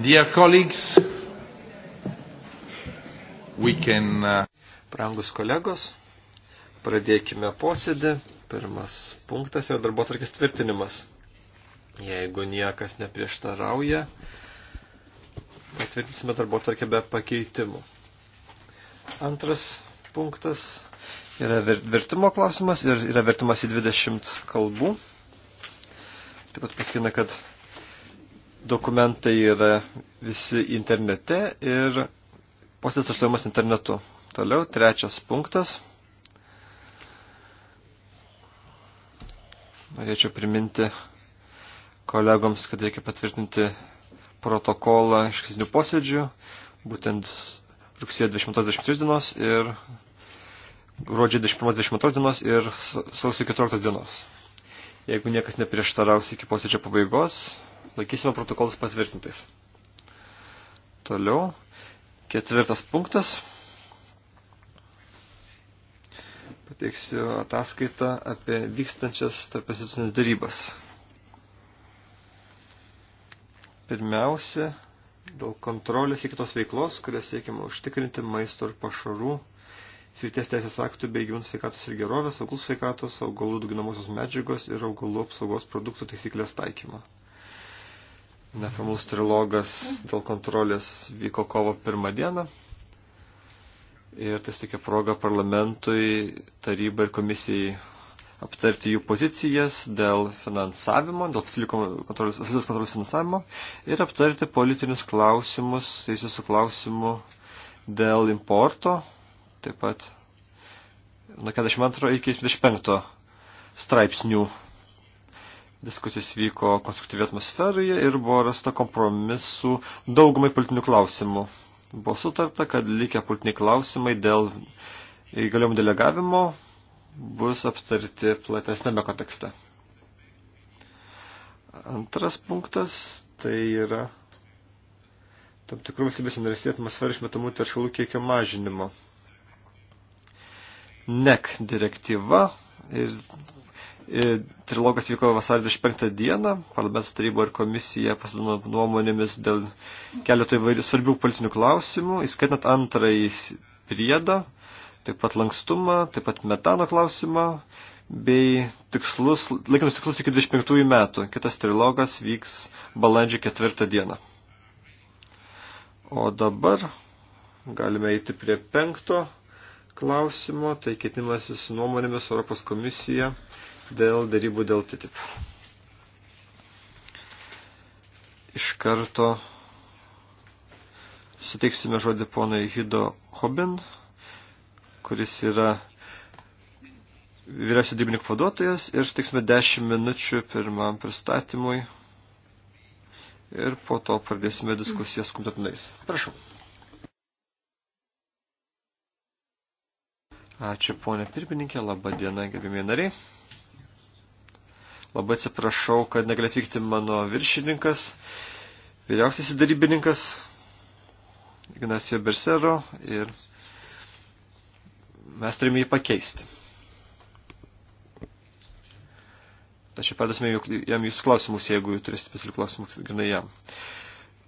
Dear colleagues, we can. Prangus uh, kolegos, pradėkime posėdį. Pirmas punktas yra darbo tarkis tvirtinimas. Jeigu niekas neprieštarauja, patvirtinsime darbo tarkį be pakeitimų. Antras punktas yra vertimo klausimas ir yra vertimas į 20 kalbų. Taip pat paskina, kad dokumentai yra visi internete ir posėdis užtojimas internetu. Toliau trečias punktas. Norėčiau priminti kolegoms, kad reikia patvirtinti protokolą iš kasinių posėdžių, būtent rugsėjo 20-23 dienos ir gruodžio 21-22 dienos ir sausio 14 dienos. Jeigu niekas neprieštaraus iki posėdžio pabaigos, laikysime protokolus patvirtintais. Toliau, ketvirtas punktas. Pateiksiu ataskaitą apie vykstančias tarpesitucinės darybas. Pirmiausia, dėl kontrolės į kitos veiklos, kurias siekime užtikrinti maisto ir pašarų srities teisės aktų bei gyvūnų sveikatos ir gerovės, augalų sveikatos, augalų duginamosios medžiagos ir augalų apsaugos produktų taisyklės taikymą. Neformalus trilogas dėl kontrolės vyko kovo pirmą dieną. Ir tai sutikė proga parlamentui, tarybai ir komisijai aptarti jų pozicijas dėl finansavimo, dėl kontrolės, kontrolės finansavimo ir aptarti politinius klausimus, teisės su klausimu dėl importo, taip pat nuo 42 iki 25 straipsnių Diskusijos vyko konstruktyvė atmosferoje ir buvo rasta kompromisų daugumai politinių klausimų. Buvo sutarta, kad likę politiniai klausimai dėl įgaliojimų delegavimo bus aptarti platesnėme kontekste. Antras punktas tai yra tam tikrų valstybės narėse atmosferų išmetamų teršalų kiekio mažinimo. NEC direktyva Trilogas vyko vasario 25 dieną, parlamento taryba ir komisija pasidino nuomonėmis dėl keletų įvairių svarbių politinių klausimų, įskaitant antrąjį priedą, taip pat lankstumą, taip pat metano klausimą, bei tikslus, laikinus tikslus iki 25 metų. Kitas trilogas vyks balandžio 4 dieną. O dabar galime eiti prie penkto klausimo, tai ketinimasis nuomonėmis Europos komisija dėl darybų dėl TTIP. Iš karto suteiksime žodį ponui Hido Hobin, kuris yra vyriausio dybininkų paduotojas ir suteiksime 10 minučių pirmam pristatymui ir po to pradėsime diskusijas komitetinais. Prašau. Ačiū, ponė pirmininkė, laba diena, gerbimie nariai. Labai atsiprašau, kad negali atvykti mano viršininkas, vyriausiasis darybininkas Ignacio Bersero ir mes turime jį pakeisti. Tačiau perdasime jam jūsų klausimus, jeigu turėsite pasilikų klausimus grinai jam. Uh,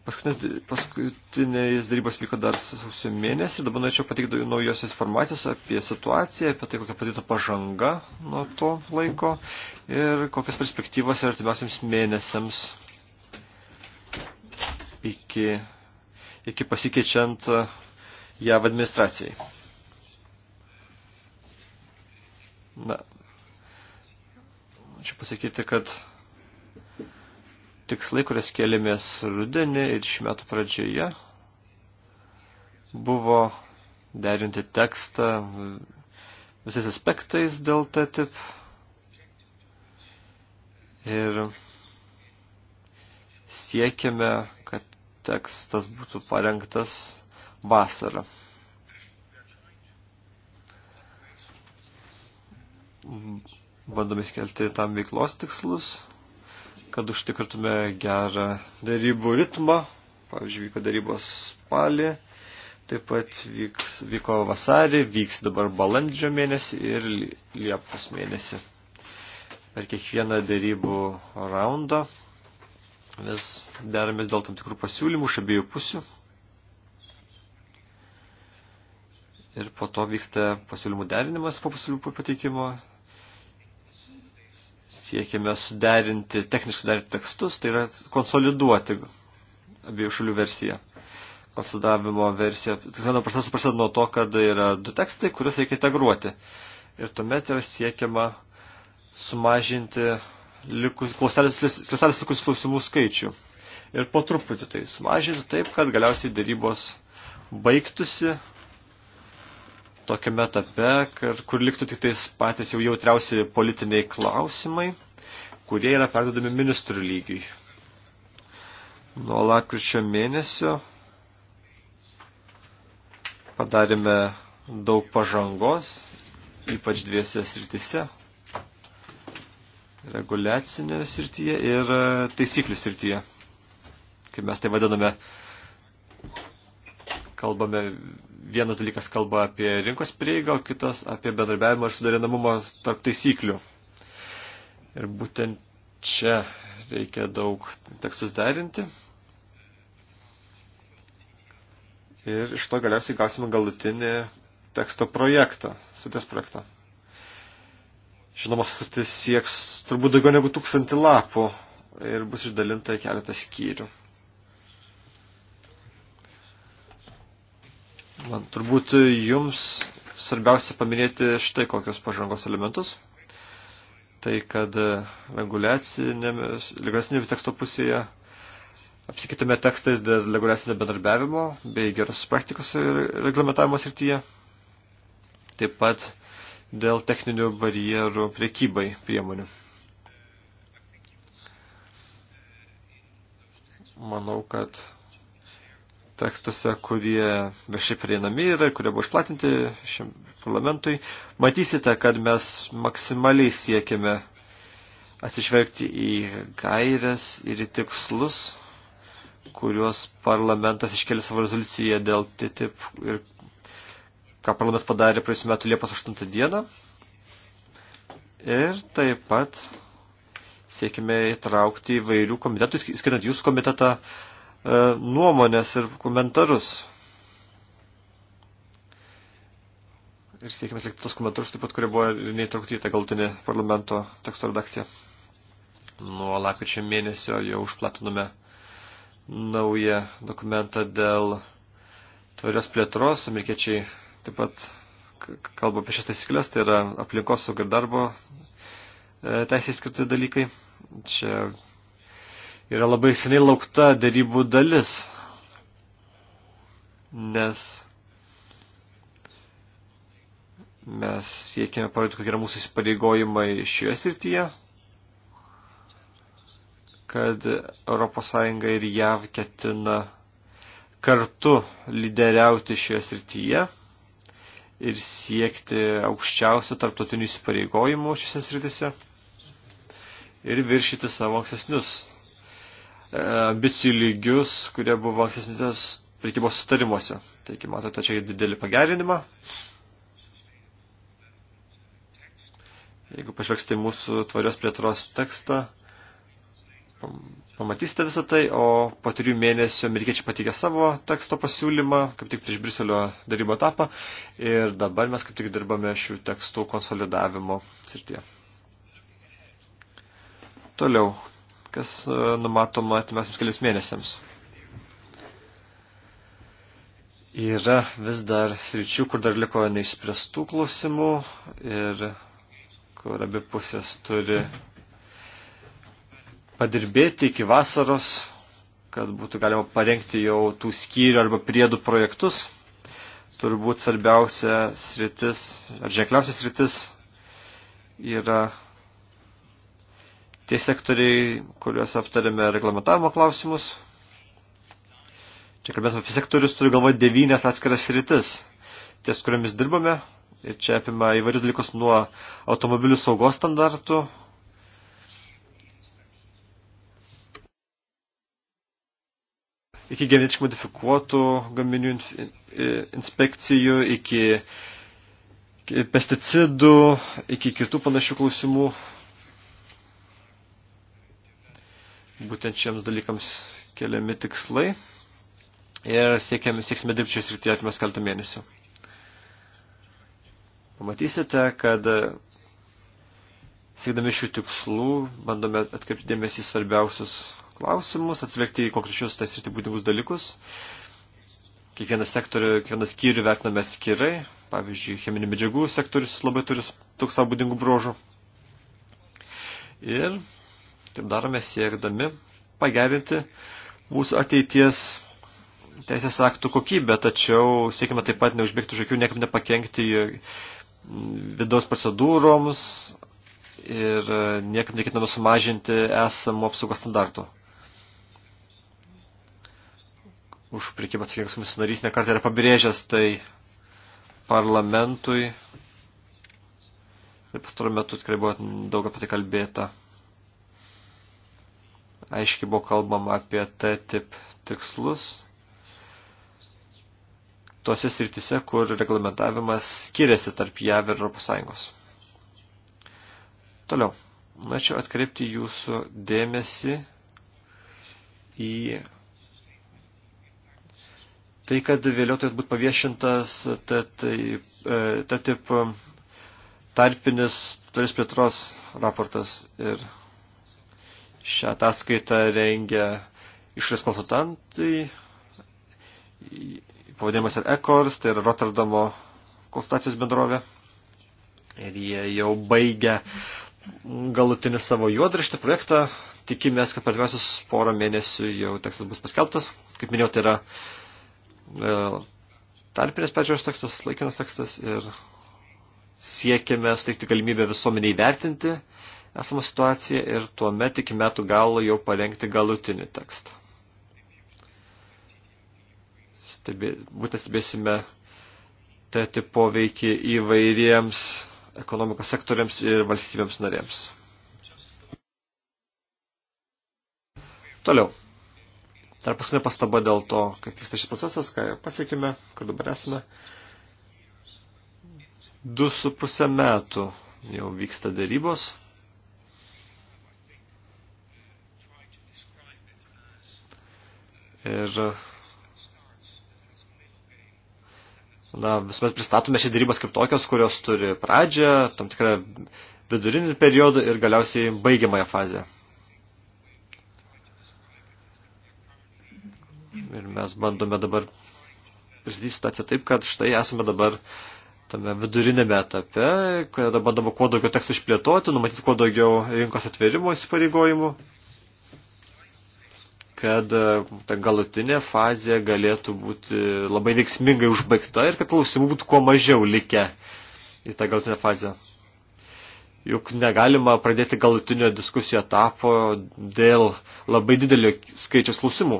Paskutinės, paskutinės darybos vyko dar sausio mėnesį, dabar norėčiau pateikti naujos informacijos apie situaciją, apie tai, kokia padėta pažanga nuo to laiko ir kokias perspektyvos yra artimiausiams mėnesiams iki, iki pasikeičiant e, JAV administracijai. Na, čia pasakyti, kad tikslai, kurias kėlėmės rudenį ir šių metų pradžioje, buvo derinti tekstą visais aspektais dėl TTIP. Ir siekiame, kad tekstas būtų parengtas vasarą. Bandome skelti tam veiklos tikslus kad užtikrintume gerą darybų ritmą. Pavyzdžiui, vyko darybos spalį, taip pat vyks, vyko vasarį, vyks dabar balandžio mėnesį ir liepos mėnesį. Per kiekvieną darybų raundą vis deramės dėl tam tikrų pasiūlymų iš abiejų pusių. Ir po to vyksta pasiūlymų derinimas po pasiūlymų pateikimo siekėme suderinti, techniškai suderinti tekstus, tai yra konsoliduoti abiejų šalių versiją. Konsolidavimo versija, tiksliau, procesas prasideda nuo to, kad yra du tekstai, kuriuos reikia integruoti. Ir tuomet yra siekiama sumažinti klauselės likusių klausimų skaičių. Ir po truputį tai sumažinti taip, kad galiausiai darybos baigtųsi tokiame etape, kur, kur liktų tik tais patys jau jautriausi politiniai klausimai, kurie yra perdodami ministrų lygiui. Nuo lakryčio mėnesio padarėme daug pažangos, ypač dviese srityse - reguliacinė srityje ir e, taisyklių srityje. Kaip mes tai vadiname, kalbame vienas dalykas kalba apie rinkos prieigą, o kitas apie bendarbiavimą ir sudarinamumą tarp taisyklių. Ir būtent čia reikia daug tekstus derinti. Ir iš to galiausiai gausime galutinį teksto projektą, sutarties projektą. Žinoma, sutartis sieks turbūt daugiau negu tūkstantį lapų ir bus išdalinta į keletą skyrių. Man turbūt jums svarbiausia paminėti štai kokios pažangos elementus. Tai, kad e, reguliacinėme teksto pusėje apsikitame tekstais dėl reguliacinio bendarbiavimo bei geros praktikos reglamentavimo srityje. Taip pat dėl techninių barjerų priekybai priemonių. Manau, kad tekstuose, kurie viešai prieinami yra, kurie buvo išplatinti šiam parlamentui, matysite, kad mes maksimaliai siekiame atsižvelgti į gairias ir į tikslus, kuriuos parlamentas iškėlė savo rezoliuciją dėl TTIP ir ką parlamentas padarė praėjusiu metu Liepos 8 dieną. Ir taip pat siekime įtraukti įvairių komitetų, skaitant jūsų komitetą, E, nuomonės ir komentarus. Ir siekime atlikti tos komentarus, taip pat, kurie buvo neįtraukti į tą galutinį parlamento teksto redakciją. Nuo lakvičio mėnesio jau užplatinome naują dokumentą dėl tvarios plėtros. Amerikiečiai taip pat kalba apie šias taisyklės, tai yra aplinkos saugai ir darbo e, teisės skirti dalykai. Čia yra labai seniai laukta darybų dalis, nes mes siekime parodyti, kokie yra mūsų įsipareigojimai šioje srityje, kad ES ir JAV ketina kartu lyderiauti šioje srityje ir siekti aukščiausių tarptautinių įsipareigojimų šiose srityse ir viršyti savo ankstesnius ambicijų lygius, kurie buvo ankstesnės prekybos sustarimuose. Taigi, matote, čia didelį pagerinimą. Jeigu pažvelgsite mūsų tvarios plėtros tekstą, pamatysite visą tai, o po trijų mėnesių amerikiečiai patikė savo teksto pasiūlymą, kaip tik prieš Briselio darybo etapą, ir dabar mes kaip tik dirbame šių tekstų konsolidavimo srityje. Toliau, kas e, numatoma atmesiams kelius mėnesiams. Yra vis dar sričių, kur dar liko neišspręstų klausimų ir kur abi pusės turi padirbėti iki vasaros, kad būtų galima parengti jau tų skyrių arba priedų projektus. Turbūt svarbiausia sritis, ar ženkliausia sritis yra tie sektoriai, kuriuos aptarėme reglamentavimo klausimus. Čia kalbėtume apie sektorius, turiu galvoje devynės atskiras rytis, ties kuriamis dirbame. Ir čia apima įvairius dalykus nuo automobilių saugos standartų. Iki genetiškai modifikuotų gaminių inspekcijų, iki pesticidų, iki kitų panašių klausimų būtent šiems dalykams keliami tikslai ir siekiame, sieksime dirbti šios rytyje atmės keltą mėnesių. Pamatysite, kad siekdami šių tikslų bandome atkreipti dėmesį į svarbiausius klausimus, atsvelgti į konkrečius tai sritį būdingus dalykus. Kiekvieną sektorių, kiekvieną skyrių vertiname atskirai. Pavyzdžiui, cheminių medžiagų sektorius labai turi toks savo būdingų brožų. Ir Taip darome siekdami pagerinti mūsų ateities teisės aktų kokybę, tačiau siekime taip pat neužbėgti už akių, niekam nepakengti vidaus procedūroms ir niekam neketiname sumažinti esamų apsaugos standartų. Už priekybą atsakingas mūsų narys nekartą yra pabrėžęs tai parlamentui ir pastaruoju metu tikrai buvo daug apie tai kalbėta aiškiai buvo kalbama apie T-tip tikslus tose sritise, kur reglamentavimas skiriasi tarp JAV ir ES. Toliau, norėčiau atkreipti jūsų dėmesį į tai, kad vėliau turėtų būti paviešintas T-tip e, tarpinis tvaris plėtros raportas ir Šią ataskaitą rengia išorės konsultantai, pavadinimas yra ECORS, tai yra Rotterdamo konsultacijos bendrovė. Ir jie jau baigia galutinį savo juodraštį projektą. Tikimės, kad per dviesius porą mėnesių jau tekstas bus paskelbtas. Kaip minėjau, tai yra e, tarpinės peržiūros tekstas, laikinas tekstas ir siekime suteikti galimybę visuomenį įvertinti esamą situaciją ir tuo met iki metų galo jau parengti galutinį tekstą. Stebė, būtent stebėsime tėti poveikį įvairiems ekonomikos sektoriams ir valstybėms narėms. Toliau. Dar paskutinė pastaba dėl to, kaip vyksta šis procesas, ką pasiekime, kur dabar esame. Du su pusę metų jau vyksta dėrybos Ir na, visuomet pristatome šias dėrybas kaip tokios, kurios turi pradžią, tam tikrą vidurinį periodą ir galiausiai baigiamąją fazę. Ir mes bandome dabar pristatyti situaciją taip, kad štai esame dabar tame vidurinėme etape, kada bandoma kuo daugiau tekstų išplėtoti, numatyti kuo daugiau rinkos atvėrimo įsipareigojimų kad e, ta galutinė fazė galėtų būti labai veiksmingai užbaigta ir kad klausimų būtų kuo mažiau likę į tą galutinę fazę. Juk negalima pradėti galutinio diskusijų etapo dėl labai didelio skaičiaus klausimų.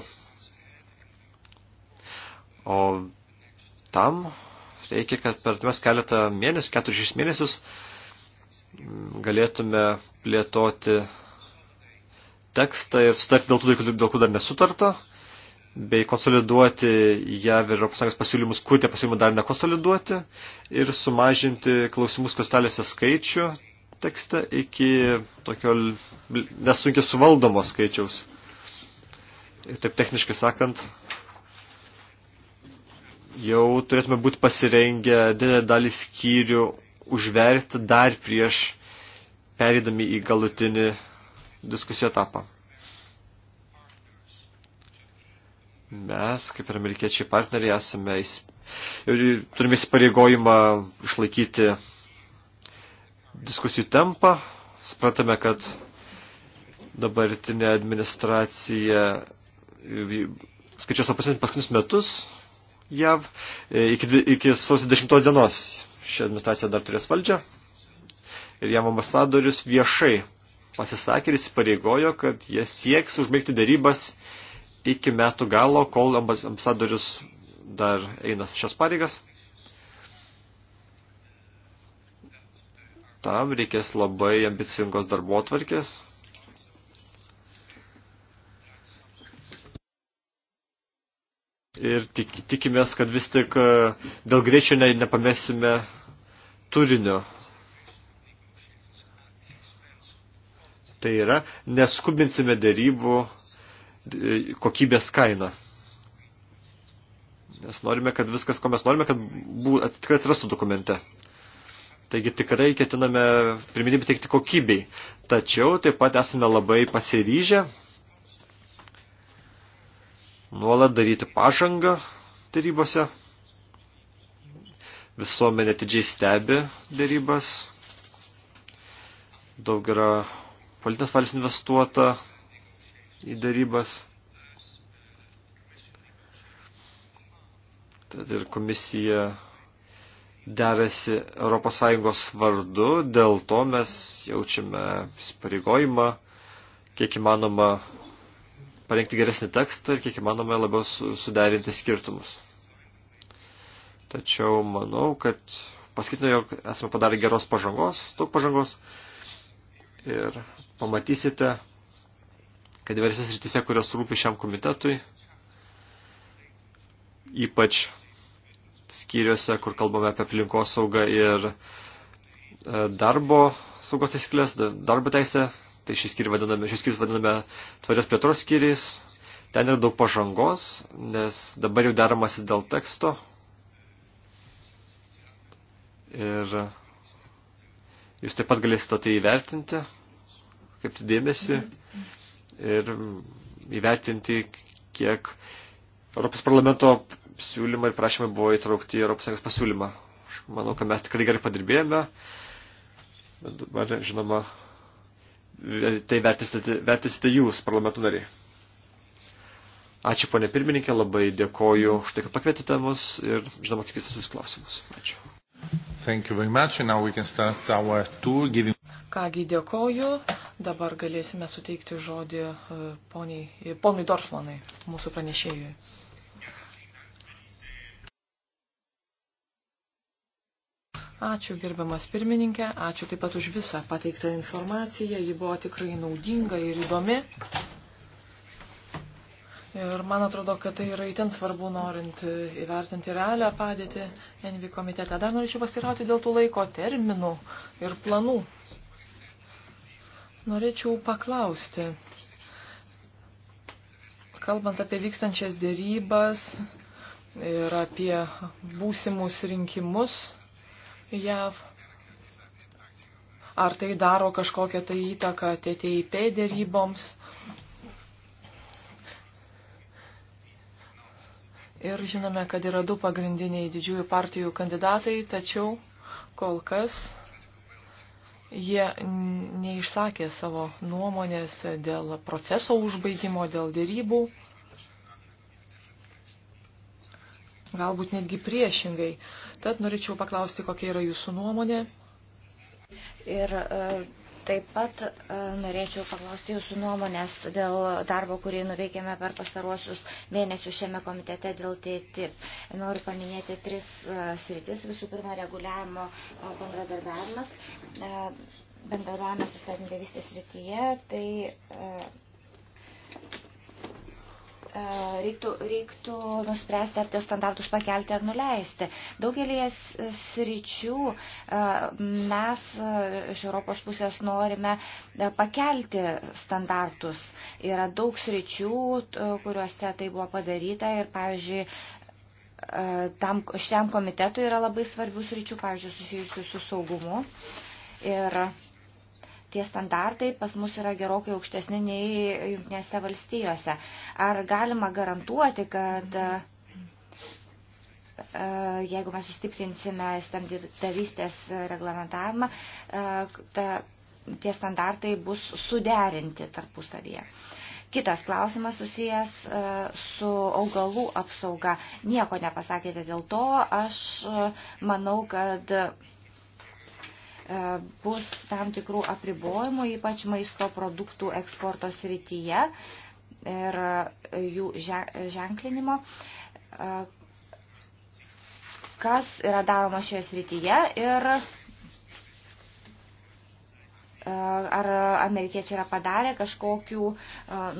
O tam reikia, kad per mes keletą mėnesių, keturis mėnesius galėtume plėtoti tekstą ir sutarti dėl tų dalykų, dėl kurių dar nesutarta, bei konsoliduoti JAV ir ES pasiūlymus, kur tie pasiūlymai dar nekonsoliduoti, ir sumažinti klausimus kostelėse skaičių tekste iki tokio nesunkiai suvaldomo skaičiaus. Ir taip techniškai sakant, jau turėtume būti pasirengę didelę dalį skyrių užverti dar prieš perėdami į galutinį diskusijų etapą. Mes, kaip ir amerikiečiai partneriai, esame, turime įsipareigojimą išlaikyti diskusijų tempą. Supratame, kad dabartinė administracija skaičiuos paskutinius metus JAV e, iki, iki sausio 10 dienos ši administracija dar turės valdžią ir jam ambasadorius viešai pasisakė ir įsipareigojo, kad jie sieks užbaigti darybas iki metų galo, kol ambasadorius dar eina šias pareigas. Tam reikės labai ambicingos darbo atvarkės. Ir tik, tikimės, kad vis tik e, dėl greičio ne, nepamėsime turinio Tai yra, neskubinsime dėrybų e, kokybės kainą. Nes norime, kad viskas, ko mes norime, kad bū, tikrai atsirastų dokumente. Taigi tikrai ketiname pirminybę teikti kokybei. Tačiau taip pat esame labai pasiryžę nuolat daryti pažangą darybose. Visuomenė atidžiai stebi darybas. Daug yra politinės valios investuota į darybas. Tad ir komisija derasi ES vardu, dėl to mes jaučiame įsipareigojimą, kiek įmanoma parengti geresnį tekstą ir kiek įmanoma labiau suderinti skirtumus. Tačiau manau, kad pasakytume, jog esame padarę geros pažangos, daug pažangos, ir pamatysite, kad įvairiose srityse, kurios rūpi šiam komitetui, ypač skyriuose, kur kalbame apie aplinkos saugą ir e, darbo saugos taisyklės, darbo teisę, tai šis skyrius vadiname, šis skyrius vadiname tvarios plėtros skyrius. Ten yra daug pažangos, nes dabar jau deramasi dėl teksto. Ir Jūs taip pat galėsite tai įvertinti, kaip dėmesį ir įvertinti, kiek Europos parlamento siūlymai ir prašymai buvo įtraukti į Europos Sąjungos pasiūlymą. Aš manau, kad mes tikrai gerai padirbėjome. Bet dabar, žinoma, tai vertisite jūs, parlamento nariai. Ačiū, ponė pirmininkė, labai dėkoju už tai, kad pakvietėte mus ir, žinoma, atsakysiu visus klausimus. Ačiū. Giving... Kągi dėkoju. Dabar galėsime suteikti žodį e, poniai, e, ponui Dorfmanai, mūsų pranešėjui. Ačiū gerbiamas pirmininkė, ačiū taip pat už visą pateiktą informaciją, ji buvo tikrai naudinga ir įdomi. Ir man atrodo, kad tai yra įtin svarbu, norint įvertinti realią padėtį Envi komitete. Dar norėčiau pasirauti dėl tų laiko terminų ir planų. Norėčiau paklausti, kalbant apie vykstančias dėrybas ir apie būsimus rinkimus JAV, ar tai daro kažkokią tai įtaką TTIP dėryboms? Ir žinome, kad yra du pagrindiniai didžiųjų partijų kandidatai, tačiau kol kas jie neišsakė savo nuomonės dėl proceso užbaigimo, dėl dėrybų. Galbūt netgi priešingai. Tad norėčiau paklausti, kokia yra jūsų nuomonė. Ir uh Taip pat e, norėčiau paklausti jūsų nuomonės dėl darbo, kurį nuveikėme per pastaruosius mėnesius šiame komitete dėl TTIP. Noriu paminėti tris e, sritis. Visų pirma, reguliavimo e, bendradarbiavimas. Bendradarbiavimas įstatymdavystės srityje. Tai E, reiktų, reiktų nuspręsti, ar tos standartus pakelti ar nuleisti. Daugelį sričių e, mes e, iš Europos pusės norime pakelti standartus. Yra daug sričių, kuriuose tai buvo padaryta ir, pavyzdžiui, tam, šiam komitetui yra labai svarbių sričių, pavyzdžiui, susijusių su saugumu. Ir tie standartai pas mus yra gerokai aukštesni nei jungtinėse valstijose. Ar galima garantuoti, kad e, jeigu mes sustiprinsime standartavystės reglamentavimą, e, ta, tie standartai bus suderinti tarpusavyje. Kitas klausimas susijęs e, su augalų apsauga. Nieko nepasakėte dėl to. Aš manau, kad E, bus tam tikrų apribojimų, ypač maisto produktų eksporto srityje ir jų ženklinimo. E, kas yra daroma šioje srityje ir e, ar amerikiečiai yra padarę kažkokių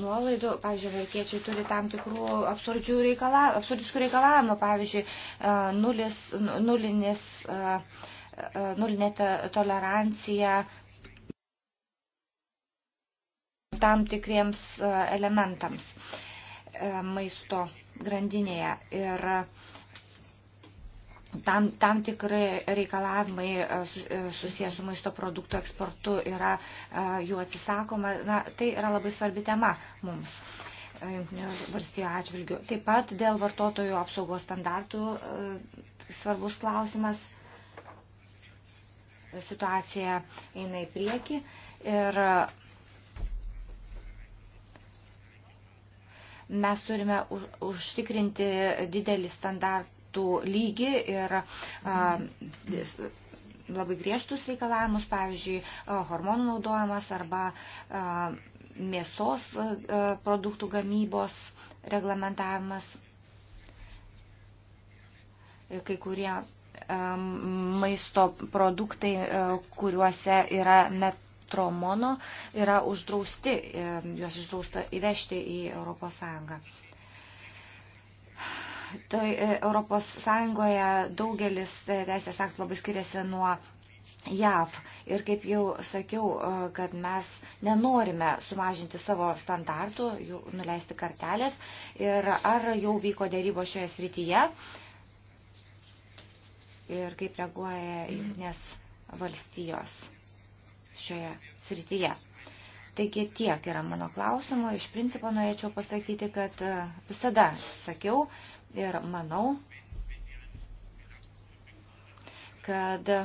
nuolaidų. Pavyzdžiui, amerikiečiai turi tam tikrų reikalavimų, absurdiškų reikalavimų, pavyzdžiui, nulis, nulinis. Uh, nulinė tolerancija tam tikriems e, elementams e, maisto grandinėje. Ir e, tam, tam tikrai reikalavimai susijęs su maisto produktų eksportu yra jų atsisakoma. Na, tai yra labai svarbi tema mums. Junktinių valstijų atžvilgių. Taip pat dėl vartotojų apsaugos standartų svarbus klausimas situacija eina į priekį ir mes turime užtikrinti didelį standartų lygį ir labai griežtus reikalavimus, pavyzdžiui, hormonų naudojimas arba mėsos produktų gamybos reglamentavimas. Kai kurie maisto produktai, e, kuriuose yra metromono, yra uždrausti, e, juos uždrausta įvežti į ES. Tai ES daugelis teisės aktų labai skiriasi nuo JAV. Ir kaip jau sakiau, e, kad mes nenorime sumažinti savo standartų, jų nuleisti kartelės. Ir ar jau vyko dėrybo šioje srityje? ir kaip reaguoja jungtinės valstijos šioje srityje. Taigi tiek yra mano klausimų. Iš principo norėčiau pasakyti, kad e, visada sakiau ir manau, kad e,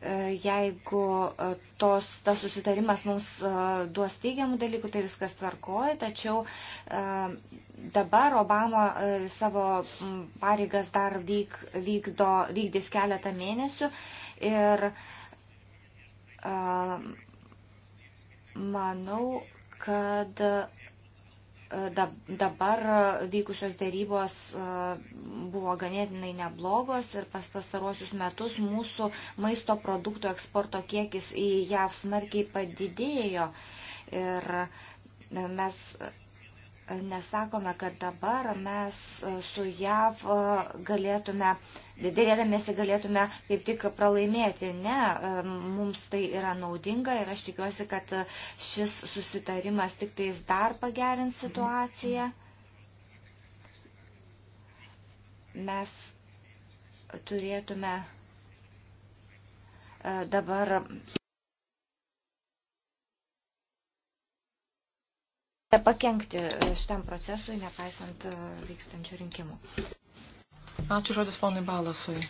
E, jeigu e, tos, tas susitarimas mums e, duos teigiamų dalykų, tai viskas tvarkoja, tačiau dabar Obama savo pareigas dar vyk, vykdo, vykdys keletą mėnesių ir manau, kad dabar vykusios dėrybos e, buvo ganėtinai neblogos ir pas pastarosius metus mūsų maisto produktų eksporto kiekis į JAV smarkiai padidėjo. Ir mes nesakome, kad dabar mes e, su JAV e, galėtume, dėrėdamėsi galėtume kaip tik pralaimėti. Ne, e, mums tai yra naudinga ir aš tikiuosi, kad šis susitarimas tik tais dar pagerins situaciją. Mes turėtume dabar pakenkti e, šitam procesui, nepaisant e, vykstančių rinkimų. Ačiū žodis ponui Balasui.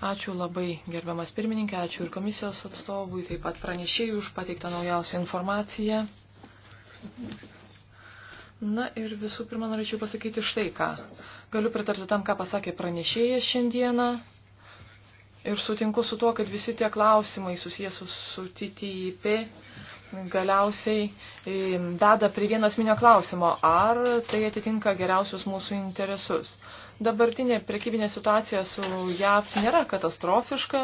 Ačiū labai gerbiamas pirmininkė, ačiū ir komisijos atstovui, taip pat pranešėjų už pateiktą naujausią informaciją. Na ir visų pirma norėčiau pasakyti štai ką. Galiu pritarti tam, ką pasakė pranešėjas šiandieną. Ir sutinku su tuo, kad visi tie klausimai susijęs su, su TTIP galiausiai veda e, prie vieno asmenio klausimo, ar tai atitinka geriausius mūsų interesus. Dabartinė prekybinė situacija su JAV nėra katastrofiška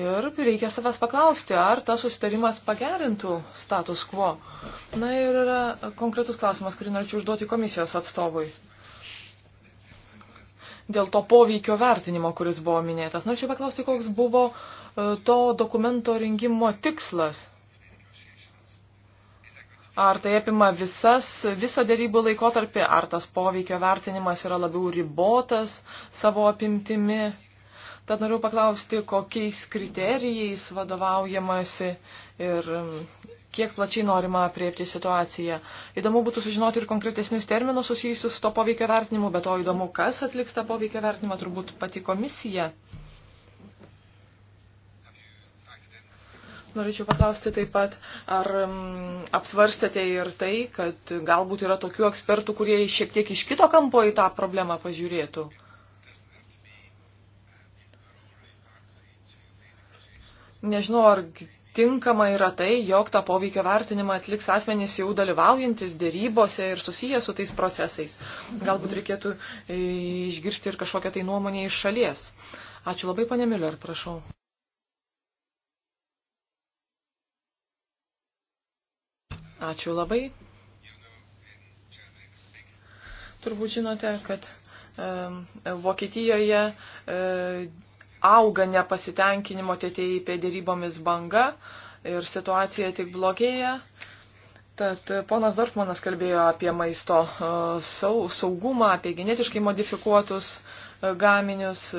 ir reikia savęs paklausti, ar tas susitarimas pagerintų status quo. Na ir yra konkretus klausimas, kurį norėčiau užduoti komisijos atstovui dėl to poveikio vertinimo, kuris buvo minėtas. Norėčiau paklausti, koks buvo e, to dokumento rengimo tikslas. Ar tai apima visas, visą dėrybų laikotarpį, ar tas poveikio vertinimas yra labiau ribotas savo apimtimi. Tad noriu paklausti, kokiais kriterijais vadovaujamasi ir kiek plačiai norima apriepti situaciją. Įdomu būtų sužinoti ir konkretesnius terminus susijusius su to poveikio vertinimu, bet to įdomu, kas atliks tą poveikio vertinimą, turbūt pati komisija. Norėčiau paklausti taip pat, ar um, apsvarstėte ir tai, kad galbūt yra tokių ekspertų, kurie šiek tiek iš kito kampo į tą problemą pažiūrėtų? Nežinau, ar tinkama yra tai, jog tą poveikio vertinimą atliks asmenys jau dalyvaujantis dėrybose ir susiję su tais procesais. Galbūt reikėtų e, išgirsti ir kažkokią tai nuomonę iš šalies. Ačiū labai, pane Miller, prašau. Ačiū labai. Turbūt žinote, kad e, Vokietijoje e, auga nepasitenkinimo TTIP dėrybomis banga ir situacija tik blogėja. Tad ponas Dorfmanas kalbėjo apie maisto e, saugumą, apie genetiškai modifikuotus uh, gaminius.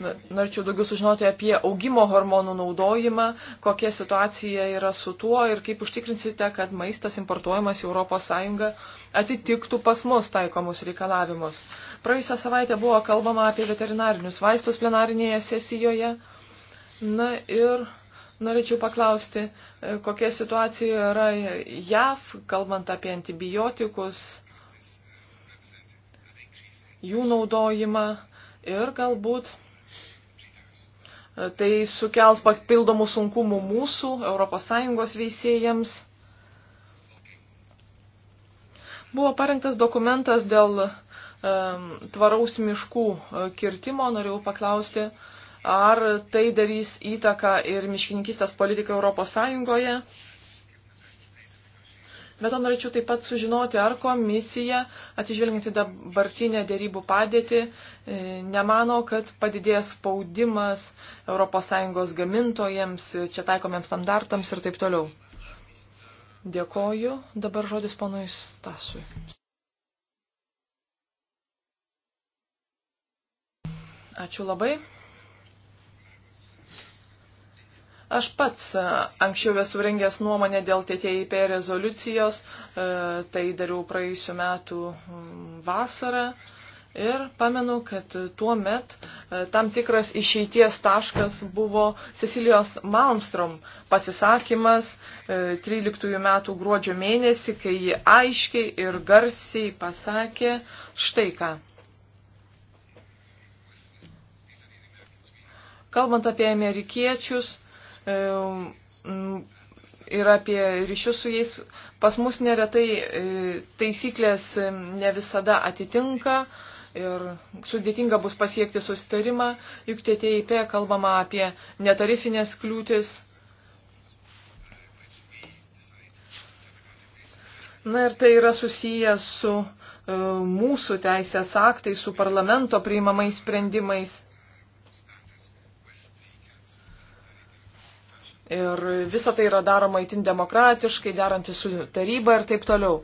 Norėčiau daugiau sužinoti apie augimo hormonų naudojimą, kokia situacija yra su tuo ir kaip užtikrinsite, kad maistas importuojamas į ES atitiktų pas mus taikomus reikalavimus. Praėjusią savaitę buvo kalbama apie veterinarinius vaistus plenarinėje sesijoje. Na ir norėčiau paklausti, e, kokia situacija yra JAV, kalbant apie antibiotikus jų naudojimą ir galbūt e, tai sukels papildomų sunkumų mūsų ES veisėjams. Buvo parengtas dokumentas dėl e, tvaraus miškų e, kirtimo, norėjau paklausti, ar tai darys įtaką ir miškininkistės politiką Europos Sąjungoje. Bet to norėčiau taip pat sužinoti, ar komisija, atižvelgiant į dabartinę dėrybų padėtį, e, nemano, kad padidės spaudimas ES gamintojams, čia taikomiems standartams ir taip toliau. Dėkoju. Dabar žodis ponui Stasui. Ačiū labai. Aš pats e, anksčiau esu rengęs nuomonę dėl TTIP rezoliucijos, e, tai dariau praėjusiu metu mm, vasarą. Ir pamenu, kad tuo met e, tam tikras išeities taškas buvo Cecilijos Malmstrom pasisakymas 13 metų gruodžio mėnesį, kai ji aiškiai ir garsiai pasakė štai ką. Kalbant apie amerikiečius, ir apie ryšius su jais. Pas mus neretai e, taisyklės ne visada atitinka ir sudėtinga bus pasiekti susitarimą, juk TTIP kalbama apie netarifinės kliūtis. Na ir tai yra susijęs su e, mūsų teisės aktai, su parlamento priimamais sprendimais. Ir visa tai yra daroma itin demokratiškai, derantys su taryba ir taip toliau.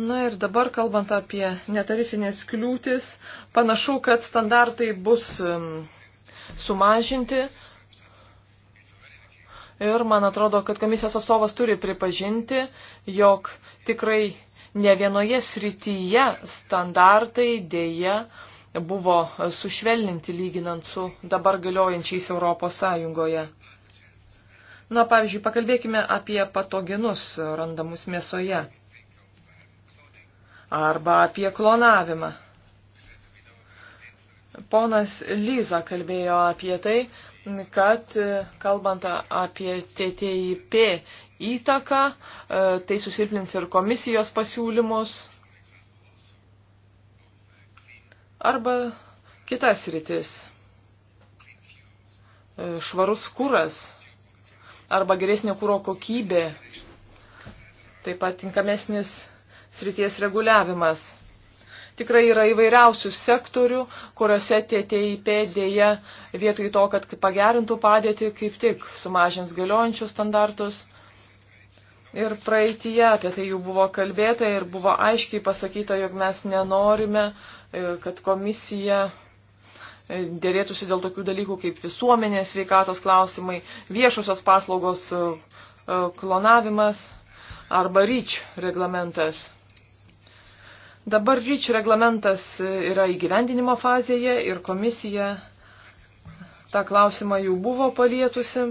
Na ir dabar, kalbant apie netarifinės kliūtis, panašu, kad standartai bus sumažinti. Ir man atrodo, kad komisijos atstovas turi pripažinti, jog tikrai ne vienoje srityje standartai dėja uh, buvo sušvelninti lyginant su dabar galiojančiais Europos Sąjungoje. Na, pavyzdžiui, pakalbėkime apie patogenus randamus mėsoje arba apie klonavimą. Ponas Lyza kalbėjo apie tai, kad kalbant apie TTIP įtaką, e, tai susilpnins ir komisijos pasiūlymus arba kitas rytis. E, švarus kūras arba geresnio kūro kokybė, taip pat tinkamesnis srities reguliavimas. Tikrai yra įvairiausių sektorių, kuriuose tie TIP dėja vietoj to, kad pagerintų padėtį, kaip tik sumažins galiojančius standartus Ir praeitie apie tai jau buvo kalbėta ir buvo aiškiai pasakyta, jog mes nenorime, e, kad komisija e, dėrėtųsi dėl tokių dalykų kaip visuomenės sveikatos klausimai, viešosios paslaugos e, klonavimas arba ryč reglamentas. Dabar ryč reglamentas yra įgyvendinimo fazėje ir komisija tą klausimą jau buvo palietusi.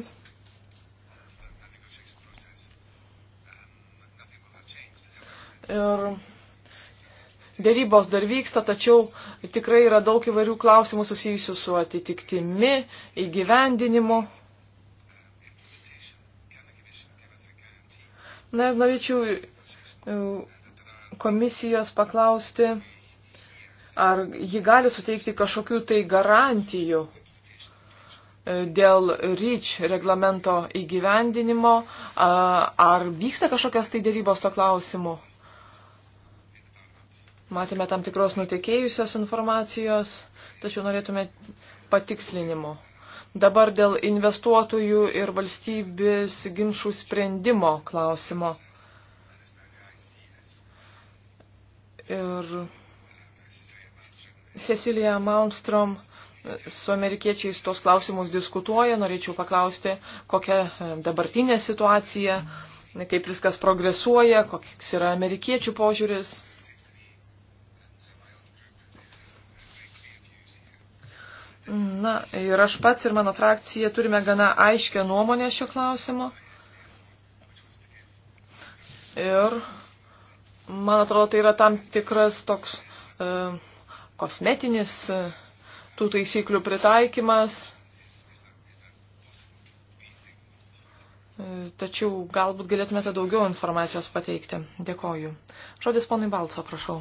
ir dėrybos dar vyksta, tačiau tikrai yra daug įvairių klausimų susijusių su atitiktimi, įgyvendinimu. Na ir norėčiau e, komisijos paklausti, ar ji gali suteikti kažkokių tai garantijų e, dėl REACH reglamento įgyvendinimo, ar vyksta kažkokias tai dėrybos to klausimu matėme tam tikros nutekėjusios informacijos, tačiau norėtume patikslinimo. Dabar dėl investuotojų ir valstybės ginčių sprendimo klausimo. Ir Cecilija Malmstrom su amerikiečiais tos klausimus diskutuoja. Norėčiau paklausti, kokia e, dabartinė situacija, kaip viskas progresuoja, koks yra amerikiečių požiūris. Na ir aš pats ir mano frakcija turime gana aiškę nuomonę šio klausimu. Ir man atrodo, tai yra tam tikras toks e, kosmetinis e, tų taisyklių pritaikymas. E, tačiau galbūt galėtumėte daugiau informacijos pateikti. Dėkoju. Žodis ponui Balco, prašau.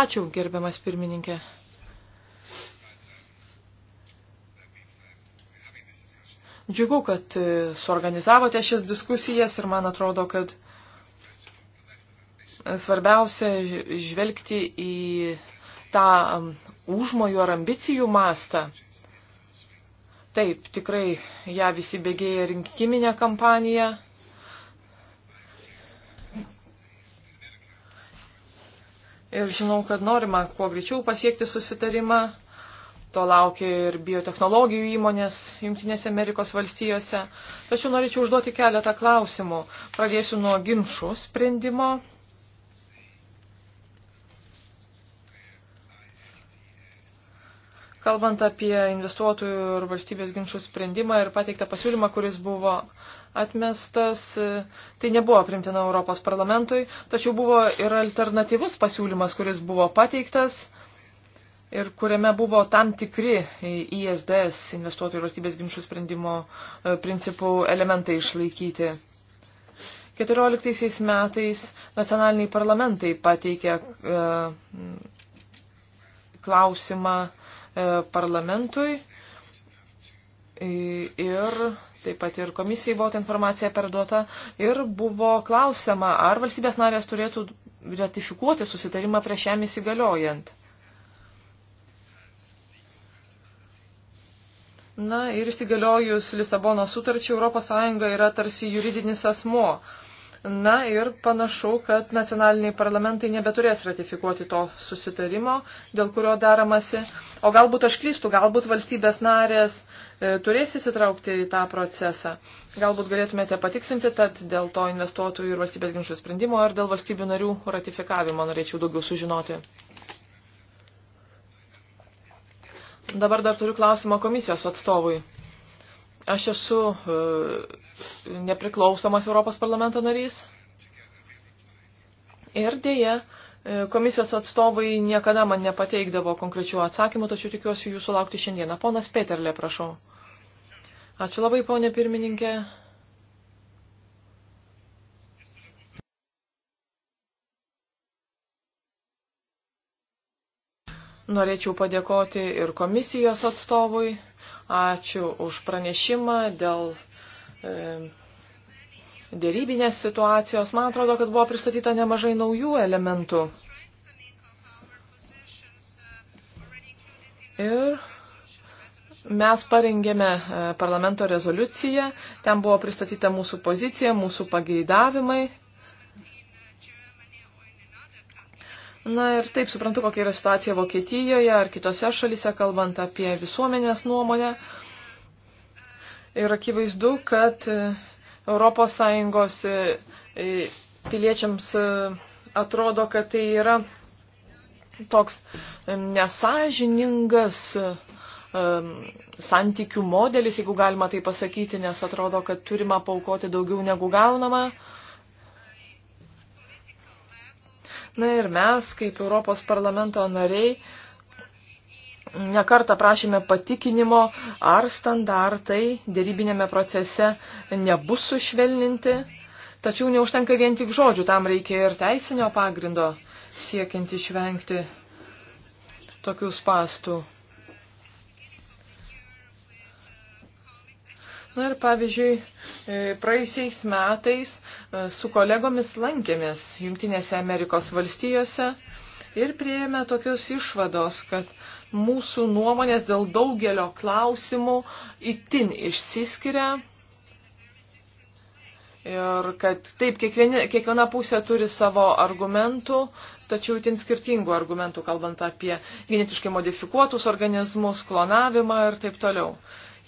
Ačiū, gerbiamas pirmininkė. Džiugu, kad e, suorganizavote šias diskusijas ir man atrodo, kad svarbiausia žvelgti į tą užmojų ar ambicijų mastą. Taip, tikrai ją visi bėgėja rinkiminė kampanija. ir žinau, kad norima kuo greičiau pasiekti susitarimą. To laukia ir biotehnologijų įmonės Junktinėse Amerikos valstijose. Tačiau norėčiau užduoti keletą klausimų. Pradėsiu nuo ginčių sprendimo. Kalbant apie investuotojų ir valstybės ginčių sprendimą ir pateiktą pasiūlymą, kuris buvo atmestas, tai nebuvo primtina Europos parlamentui, tačiau buvo ir alternatyvus pasiūlymas, kuris buvo pateiktas ir kuriame buvo tam tikri ISDS investuotojų ir valstybės ginčių sprendimo e, principų elementai išlaikyti. 2014 metais nacionaliniai parlamentai pateikė e, klausimą E, parlamentui e, ir taip pat ir komisijai buvo ta informacija perduota ir buvo klausiama, ar valstybės narės turėtų ratifikuoti susitarimą prieš jam įsigaliojant. Na ir įsigaliojus Lisabono sutarčiai ES yra tarsi juridinis asmo. Na ir panašu, kad nacionaliniai parlamentai nebeturės ratifikuoti to susitarimo, dėl kurio daromasi. O galbūt aš klystu, galbūt valstybės narės e, turės įsitraukti į tą procesą. Galbūt galėtumėte patiksinti, tad dėl to investuotojų ir valstybės ginčių sprendimo ar dėl valstybių narių ratifikavimo norėčiau daugiau sužinoti. Dabar dar turiu klausimą komisijos atstovui. Aš esu. E, nepriklausomas Europos parlamento narys. Ir dėja, e, komisijos atstovai niekada man nepateikdavo konkrečių atsakymų, tačiau tikiuosi jūsų laukti šiandieną. Ponas Peterlė, prašau. Ačiū labai, ponė pirmininkė. Norėčiau padėkoti ir komisijos atstovui. Ačiū už pranešimą dėl E, dėrybinės situacijos. Man atrodo, kad buvo pristatyta nemažai naujų elementų. Ir mes parengėme e, parlamento rezoliuciją, ten buvo pristatyta mūsų pozicija, mūsų pageidavimai. Na ir taip suprantu, kokia yra situacija Vokietijoje ar kitose šalise, kalbant apie visuomenės nuomonę. Uh, Ir akivaizdu, kad ES e, e, piliečiams e, atrodo, kad tai yra toks nesažiningas santykių modelis, jeigu galima tai pasakyti, nes atrodo, kad turima paukoti daugiau negu gaunama. Na ir mes, kaip Europos parlamento nariai, Nekartą prašėme patikinimo, ar standartai dėrybinėme procese nebus sušvelninti, tačiau neužtenka vien tik žodžių, tam reikia ir teisinio pagrindo siekiant išvengti tokių spastų. Na ir pavyzdžiui, e, praeisiais metais e, su kolegomis lankėmės Junktinėse Amerikos valstijose ir prieėmė tokios išvados, kad mūsų nuomonės dėl daugelio klausimų itin išsiskiria. Ir kad taip, kiekvieni, kiekviena pusė turi savo argumentų, tačiau itin skirtingų argumentų, kalbant apie genetiškai modifikuotus organizmus, klonavimą ir taip toliau.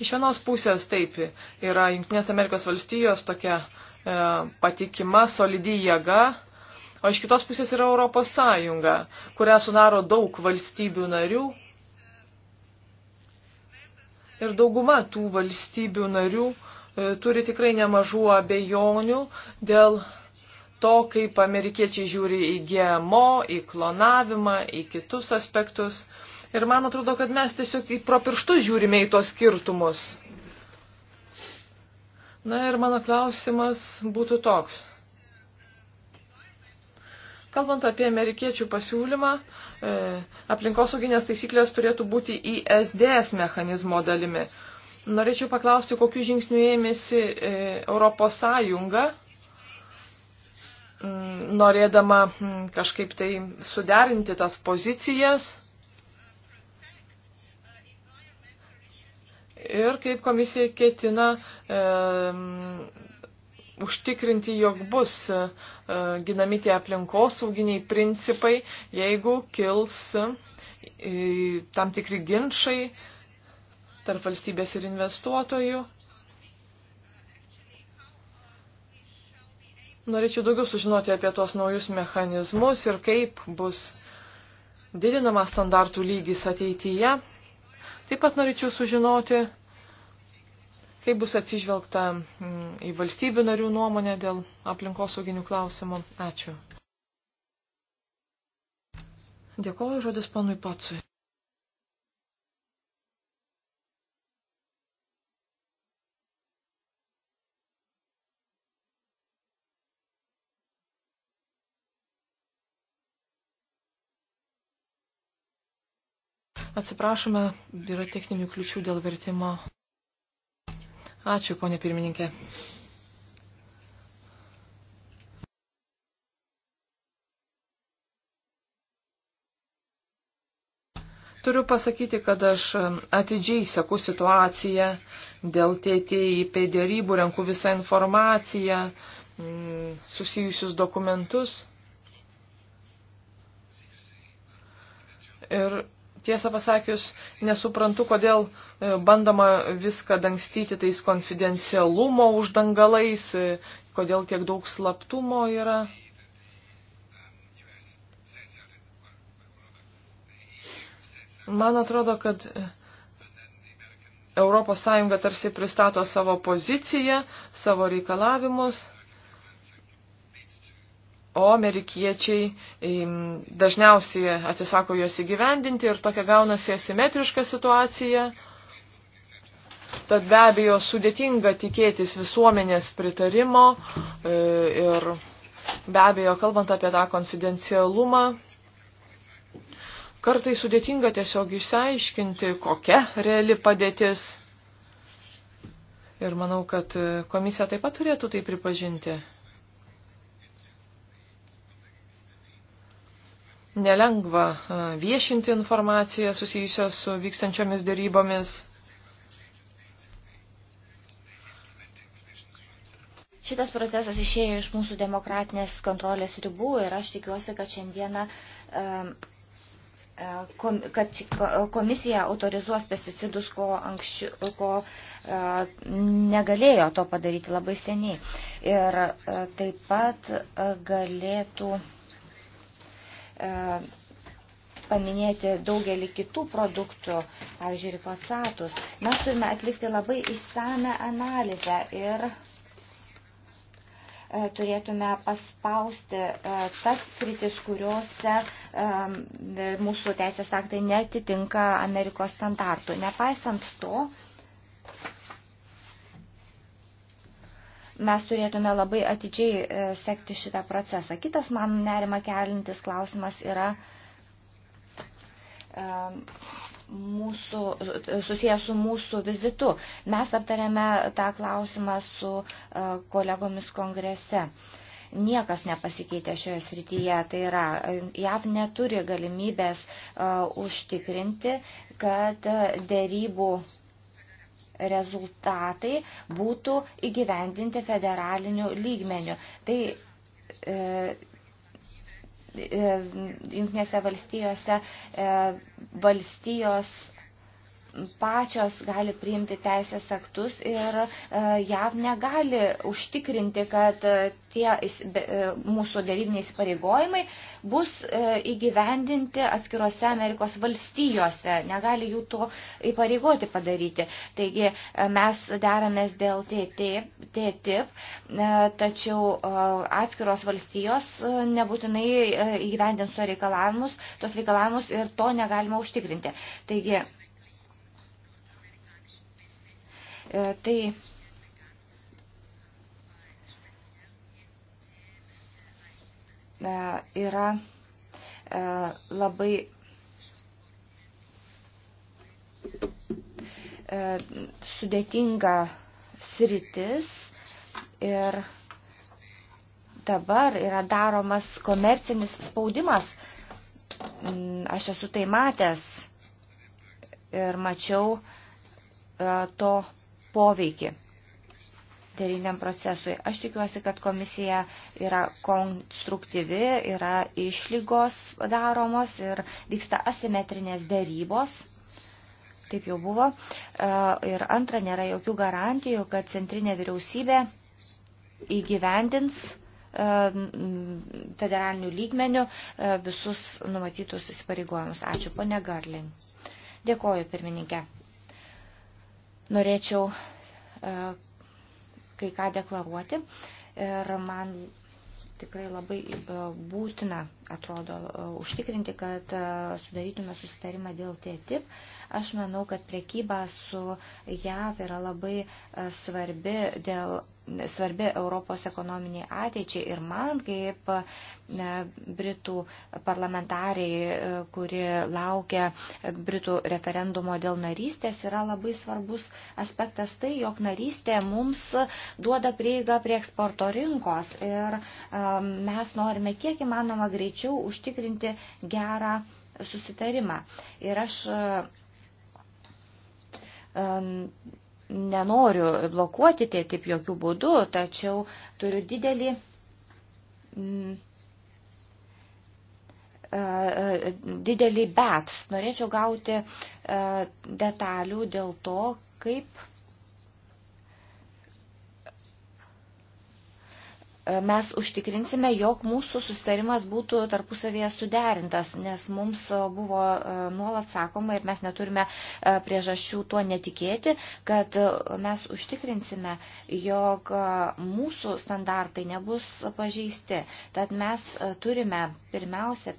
Iš vienos pusės taip yra Junktinės Amerikos valstijos tokia e, patikima, solidi jėga, o iš kitos pusės yra Europos Sąjunga, kurią sudaro daug valstybių narių, ir dauguma tų valstybių narių e, turi tikrai nemažų abejonių dėl to, kaip amerikiečiai žiūri į GMO, į klonavimą, į kitus aspektus. Ir man atrodo, kad mes tiesiog į pro pirštus žiūrime į tos skirtumus. Na ir mano klausimas būtų toks. Kalbant apie amerikiečių pasiūlymą, e, aplinkosauginės taisyklės turėtų būti ISDS mechanizmo dalimi. Norėčiau paklausti, kokiu žingsniu ėmėsi e, Europos Sąjunga, m, norėdama m, kažkaip tai suderinti tas pozicijas. Ir kaip komisija ketina e, užtikrinti, jog bus e, e, ginami tie aplinkosauginiai principai, jeigu kils e, tam tikri ginčiai tarp valstybės ir investuotojų. Norėčiau daugiau sužinoti apie tuos naujus mechanizmus ir kaip bus didinamas standartų lygis ateityje. Taip pat norėčiau sužinoti, kaip bus atsižvelgta mm, į valstybių narių nuomonę dėl aplinkosauginių klausimų. Ačiū. Dėkoju žodis panui Patsui. Atsiprašome, yra techninių kliučių dėl vertimo. Ačiū, ponė pirmininkė. Turiu pasakyti, kad aš atidžiai seku situaciją dėl TTIP dėrybų, renku visą informaciją, mm, susijusius dokumentus. Ir tiesą pasakius, nesuprantu, kodėl e, bandoma viską dangstyti tais konfidencialumo uždangalais, e, kodėl tiek daug slaptumo yra. Man atrodo, kad ES tarsi pristato savo poziciją, savo reikalavimus o amerikiečiai dažniausiai atsisako juos įgyvendinti ir tokia gaunasi asimetriška situacija. Tad be abejo sudėtinga tikėtis visuomenės pritarimo e, ir be abejo, kalbant apie tą konfidencialumą, kartai sudėtinga tiesiog išsiaiškinti, kokia reali padėtis. Ir manau, kad e, komisija taip pat turėtų tai pripažinti. nelengva viešinti informaciją susijusią su vykstančiomis dėrybomis. Šitas procesas išėjo iš mūsų demokratinės kontrolės ribų ir aš tikiuosi, kad šiandieną kad komisija autorizuos pesticidus, ko, anksčiau, ko negalėjo to padaryti labai seniai. Ir taip pat galėtų E, paminėti daugelį kitų produktų, pavyzdžiui, glifosatus. Mes turime atlikti labai išsame analizę ir e, turėtume paspausti e, tas sritis, kuriuose mūsų teisės aktai netitinka Amerikos standartų. Nepaisant to, mes turėtume labai atidžiai e, sekti šitą procesą. Kitas man nerima kelintis klausimas yra e, mūsų, e, susijęs su mūsų vizitu. Mes aptarėme tą klausimą su kolegomis kongrese niekas nepasikeitė šioje srityje. Tai yra, JAV neturi galimybės uh, užtikrinti, kad dėrybų uh, rezultatai būtų įgyvendinti federaliniu lygmeniu. Tai e, e Junktinėse valstijose e, valstijos pačios gali priimti teisės aktus ir e, JAV negali užtikrinti, kad e, tie e, mūsų dėrybiniai įsipareigojimai bus įgyvendinti atskiruose Amerikos valstijose, negali jų to įpareigoti padaryti. Taigi mes deramės dėl TTIP, tačiau atskiros valstijos nebūtinai įgyvendins to reikalavimus, tos reikalavimus ir to negalima užtikrinti. Taigi, E, tai e, yra e, labai sudėtinga sritis ir dabar yra daromas komercinis spaudimas. Mm, aš esu tai matęs ir mačiau to poveikį deriniam procesui. Aš tikiuosi, kad komisija yra konstruktyvi, yra išlygos daromos ir vyksta asimetrinės dėrybos. Taip jau buvo. E, ir antra, nėra jokių garantijų, kad centrinė vyriausybė įgyvendins e, federalinių lygmenių e, visus numatytus įsipareigojimus. Ačiū, ponė Garlin. Dėkoju, pirmininkė norėčiau e, kai ką deklaruoti ir man tikrai labai e, būtina, atrodo, e, užtikrinti, kad sudarytume susitarimą dėl TTIP Aš manau, kad priekyba su JAV yra labai e, svarbi dėl svarbi Europos ekonominiai ateičiai ir man kaip e, Britų parlamentariai, e, kuri laukia Britų referendumo dėl narystės, yra labai svarbus aspektas tai, jog narystė mums duoda prieigą prie eksporto rinkos ir mes norime kiek įmanoma greičiau užtikrinti gerą susitarimą. Ir aš nenoriu blokuoti tai taip jokių būdų, tačiau turiu didelį mm, e, e, didelį bet. Norėčiau gauti e, detalių dėl to, kaip E, mes užtikrinsime, jog mūsų susitarimas būtų tarpusavėje suderintas, nes mums e, buvo e, nuolat sakoma ir mes neturime priežasčių tuo netikėti, kad mes užtikrinsime, jog mūsų standartai nebus pažeisti. Tad mes turime pirmiausia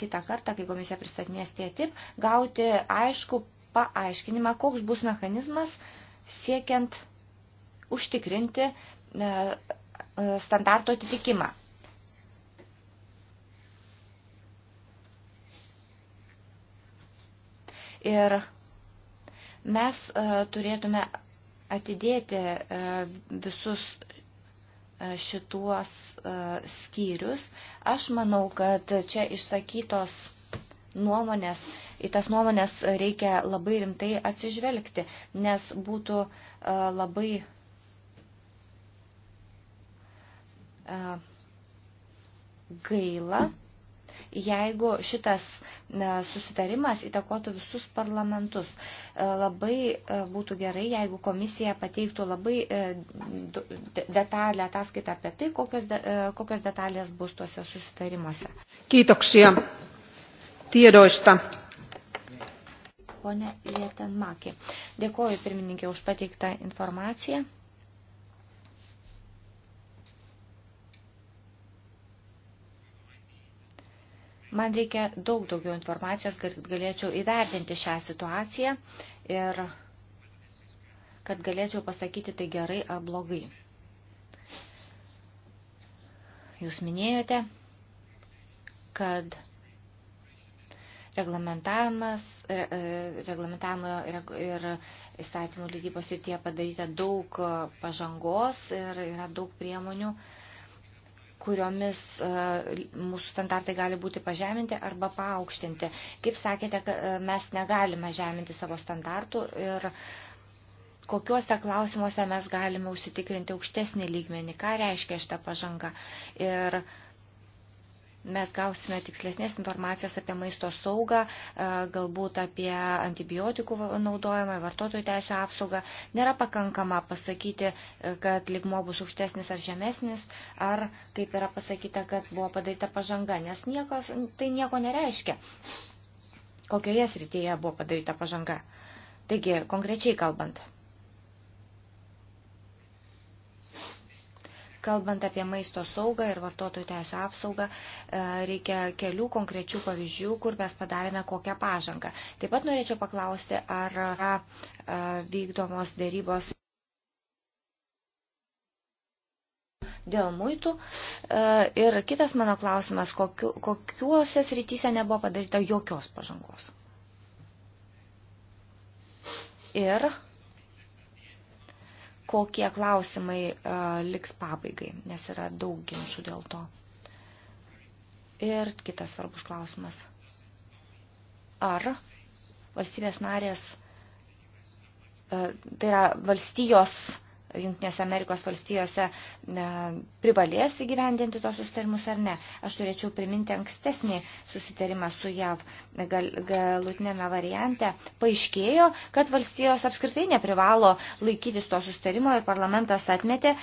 kitą kartą, kai komisija pristatinės tie tip, gauti aišku paaiškinimą, koks bus mechanizmas siekiant užtikrinti e, e, standarto atitikimą. Ir mes e, turėtume atidėti visus šituos skyrius. Aš manau, kad čia išsakytos nuomonės, į tas nuomonės reikia labai rimtai atsižvelgti, nes būtų labai E, gaila, jeigu šitas e, susitarimas įtakotų visus parlamentus. E, labai būtų gerai, jeigu komisija pateiktų labai detalę ataskaitą apie tai, kokios, de, kokios detalės bus tuose susitarimuose. Kiitoksia tiedoista. Pone Lietenmakė, dėkoju pirmininkė už pateiktą informaciją. Man reikia daug daugiau informacijos, kad galėčiau įvertinti šią situaciją ir kad galėčiau pasakyti tai gerai ar blogai. Jūs minėjote, kad reglamentavimas, e, reglamentavimo ir įstatymų lygybos ir tie padaryta daug pažangos ir yra daug priemonių, uh, kuriomis e, mūsų standartai gali būti pažeminti arba paaukštinti. Kaip sakėte, e, mes negalime žeminti savo standartų ir kokiuose klausimuose mes galime užsitikrinti aukštesnį lygmenį, ką reiškia šita pažanga. Ir uh, mes gausime tikslesnės informacijos apie maisto saugą, e, galbūt apie antibiotikų naudojimą, vartotojų teisų apsaugą. Nėra pakankama pasakyti, e, kad ligmo bus aukštesnis ar žemesnis, ar kaip yra pasakyta, kad buvo padaryta pažanga, nes nieko, tai nieko nereiškia, kokioje srityje buvo padaryta pažanga. Taigi, konkrečiai kalbant. Kalbant apie maisto saugą ir vartotojų teisų apsaugą, e, reikia kelių konkrečių pavyzdžių, kur mes padarėme kokią pažangą. Taip pat norėčiau paklausti, ar yra e, vykdomos dėrybos dėl muitų. E, ir kitas mano klausimas, kokiu, kokiuose srityse nebuvo padaryta jokios pažangos. Ir kokie klausimai e, liks pabaigai, nes yra daug ginčių dėl to. Ir kitas svarbus klausimas. Ar valstybės narės, e, tai yra valstijos Junktinėse Amerikos valstijose privalės įgyvendinti tos susitarimus ar ne. Aš turėčiau priminti ankstesnį susitarimą su JAV gal, galutinėme variante. Paaiškėjo, kad valstijos apskritai neprivalo laikytis to susitarimo ir parlamentas atmetė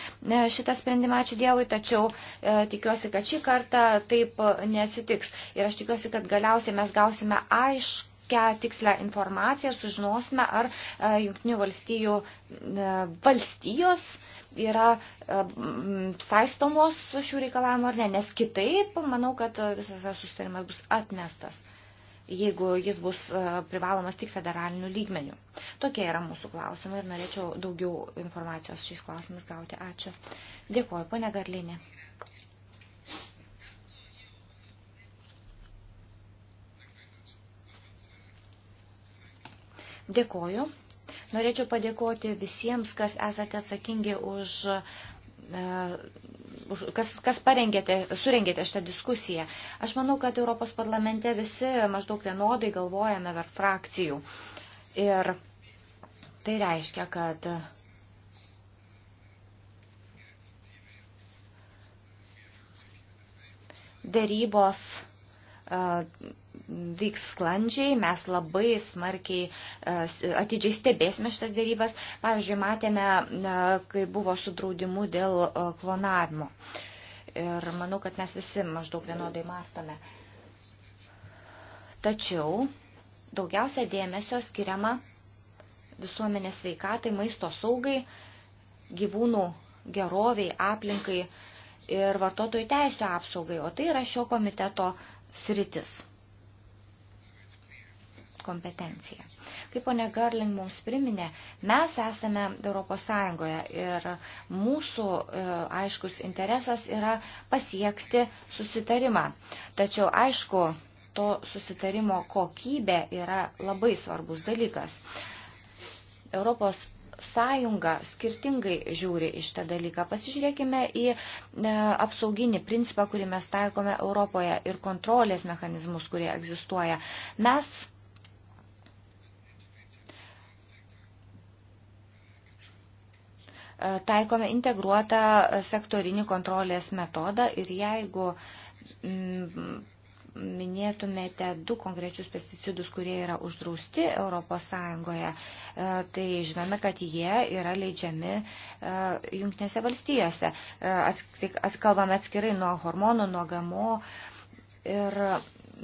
šitą sprendimą, ačiū Dievui, tačiau e, tikiuosi, kad šį kartą taip e, nesitiks. Ir aš tikiuosi, kad galiausiai mes gausime aišku kokią tikslę informaciją sužinosime, ar e, Junktinių valstijų e, valstijos yra e, saistomos šių reikalavimų ar ne, nes kitaip manau, kad visas susitarimas bus atmestas jeigu jis bus privalomas tik federaliniu lygmeniu. Tokie yra mūsų klausimai ir norėčiau daugiau informacijos šiais klausimais gauti. Ačiū. Dėkuoju, ponia Garlinė. Dėkoju. Norėčiau padėkoti visiems, kas esate atsakingi už, e, už kas, kas parengėte, surengėte šitą diskusiją. Aš manau, kad Europos parlamente visi maždaug vienodai galvojame ver frakcijų. Ir tai reiškia, kad dėrybos e, vyks sklandžiai, mes labai smarkiai e, atidžiai stebėsime šitas dėrybas. Pavyzdžiui, matėme, e, kai buvo su draudimu dėl e, klonavimo. Ir manau, kad mes visi maždaug vienodai mastome. Tačiau daugiausia dėmesio skiriama visuomenės sveikatai, maisto saugai, gyvūnų geroviai, aplinkai ir vartotojų teisų apsaugai, o tai yra šio komiteto sritis kompetencija. Kaip ponia Garling mums priminė, mes esame ES ir mūsų e, aiškus interesas yra pasiekti susitarimą. Tačiau aišku, to susitarimo kokybė yra labai svarbus dalykas. Europos sąjunga skirtingai žiūri iš tą dalyką. Pasižiūrėkime į e, apsauginį principą, kurį mes taikome Europoje ir kontrolės mechanizmus, kurie egzistuoja. Mes taikome integruotą sektorinį kontrolės metodą ir jeigu mm, minėtumėte du konkrečius pesticidus, kurie yra uždrausti Europos Sąjungoje, e, tai žinome, kad jie yra leidžiami e, jungtinėse valstijose. E, kalbame atskirai nuo hormonų, nuo gamo ir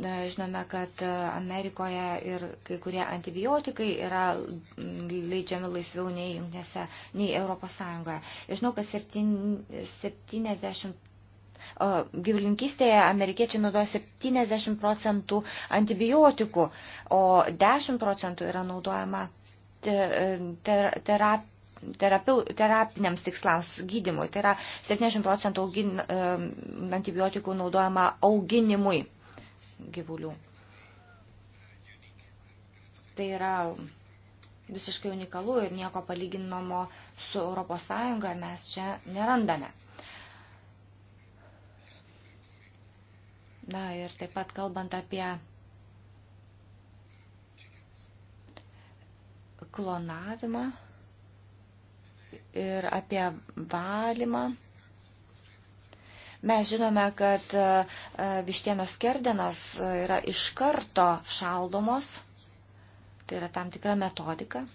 Žinome, kad e, Amerikoje ir kai kurie antibiotikai yra leidžiami laisviau nei, jungtinėse, nei Europos Sąjungoje. Žinau, kad 70 gyvulinkystėje amerikiečiai naudoja 70 procentų antibiotikų, o 10 procentų yra naudojama ter, e, terapija terapiu, terapiniams tikslams gydimui. Tai yra 70 procentų augin, e, antibiotikų naudojama auginimui gyvulių. Tai yra visiškai unikalu ir nieko palyginamo su ES mes čia nerandame. Na ir taip pat kalbant apie klonavimą ir apie valymą Mes žinome, kad e, e, vištienos skerdenos e, yra iš karto šaldomos. Tai yra tam tikra metodika.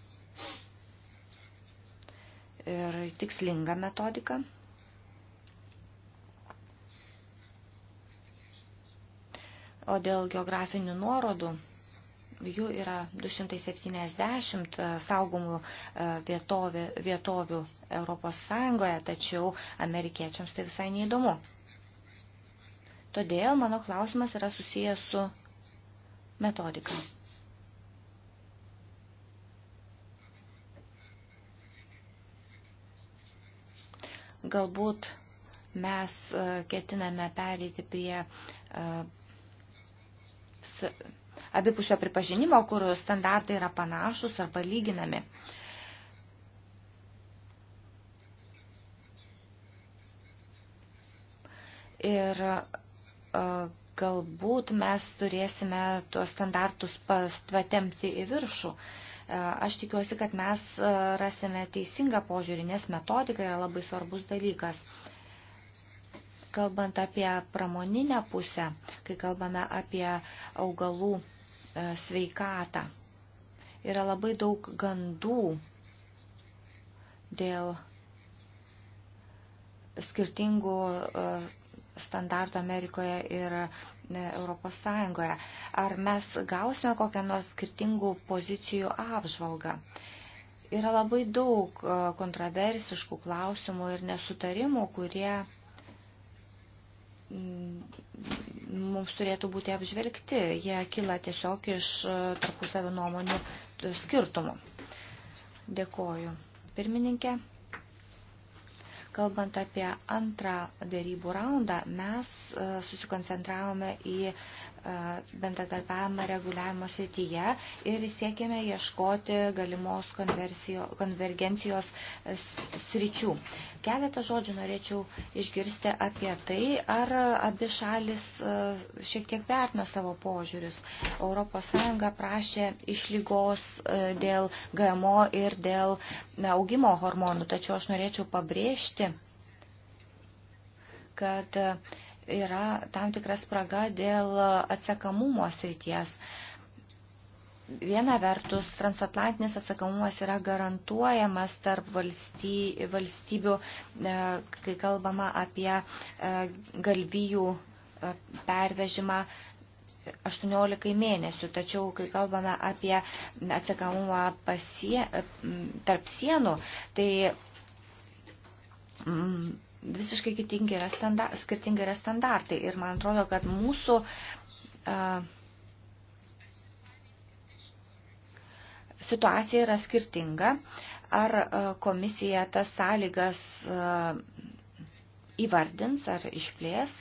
Ir tikslinga metodika. O dėl geografinių nuorodų jų yra 270 e, saugomų e, vietovių, vietovių Europos Sąjungoje, tačiau amerikiečiams tai visai neįdomu. Todėl mano klausimas yra susijęs su metodika. Galbūt mes e, ketiname pereiti prie abipusio pripažinimo, kur standartai yra panašus arba lyginami. Ir galbūt mes turėsime tuos standartus patvatemti į viršų. Aš tikiuosi, kad mes rasime teisingą požiūrį, nes metodika yra labai svarbus dalykas. Kalbant apie pramoninę pusę, kai kalbame apie augalų E, sveikatą. Yra labai daug gandų dėl skirtingų e, standartų Amerikoje ir e, Europos Sąjungoje. Ar mes gausime kokią nors skirtingų pozicijų apžvalgą? Yra labai daug kontroversiškų klausimų ir nesutarimų, kurie mums turėtų būti apžvelgti. Jie kila tiesiog iš e, tarpusavio nuomonių skirtumų. Dėkoju. Pirmininkė, kalbant apie antrą dėrybų raundą, mes e, susikoncentravome į E, bendradarbiavimą reguliavimo srityje ir siekėme ieškoti galimos konvergencijos e, sričių. Keletą žodžių norėčiau išgirsti apie tai, ar abi šalis e, šiek tiek vertino savo požiūrius. ES prašė išlygos dėl GMO ir dėl augimo hormonų, tačiau aš norėčiau pabrėžti, kad uh, yra tam tikra spraga dėl atsekamumo srities. Viena vertus, transatlantinis atsakamumas yra garantuojamas tarp valsty, valstybių, e, kai kalbama apie e, galvijų e, pervežimą 18 mėnesių. Tačiau, kai kalbame apie atsakamumą pasie, tarp sienų, tai mm, visiškai skirtingi yra, standart, skirtingi yra standartai. Ir man atrodo, kad mūsų uh, situacija yra skirtinga. Ar uh, komisija tas sąlygas uh, įvardins ar išplės?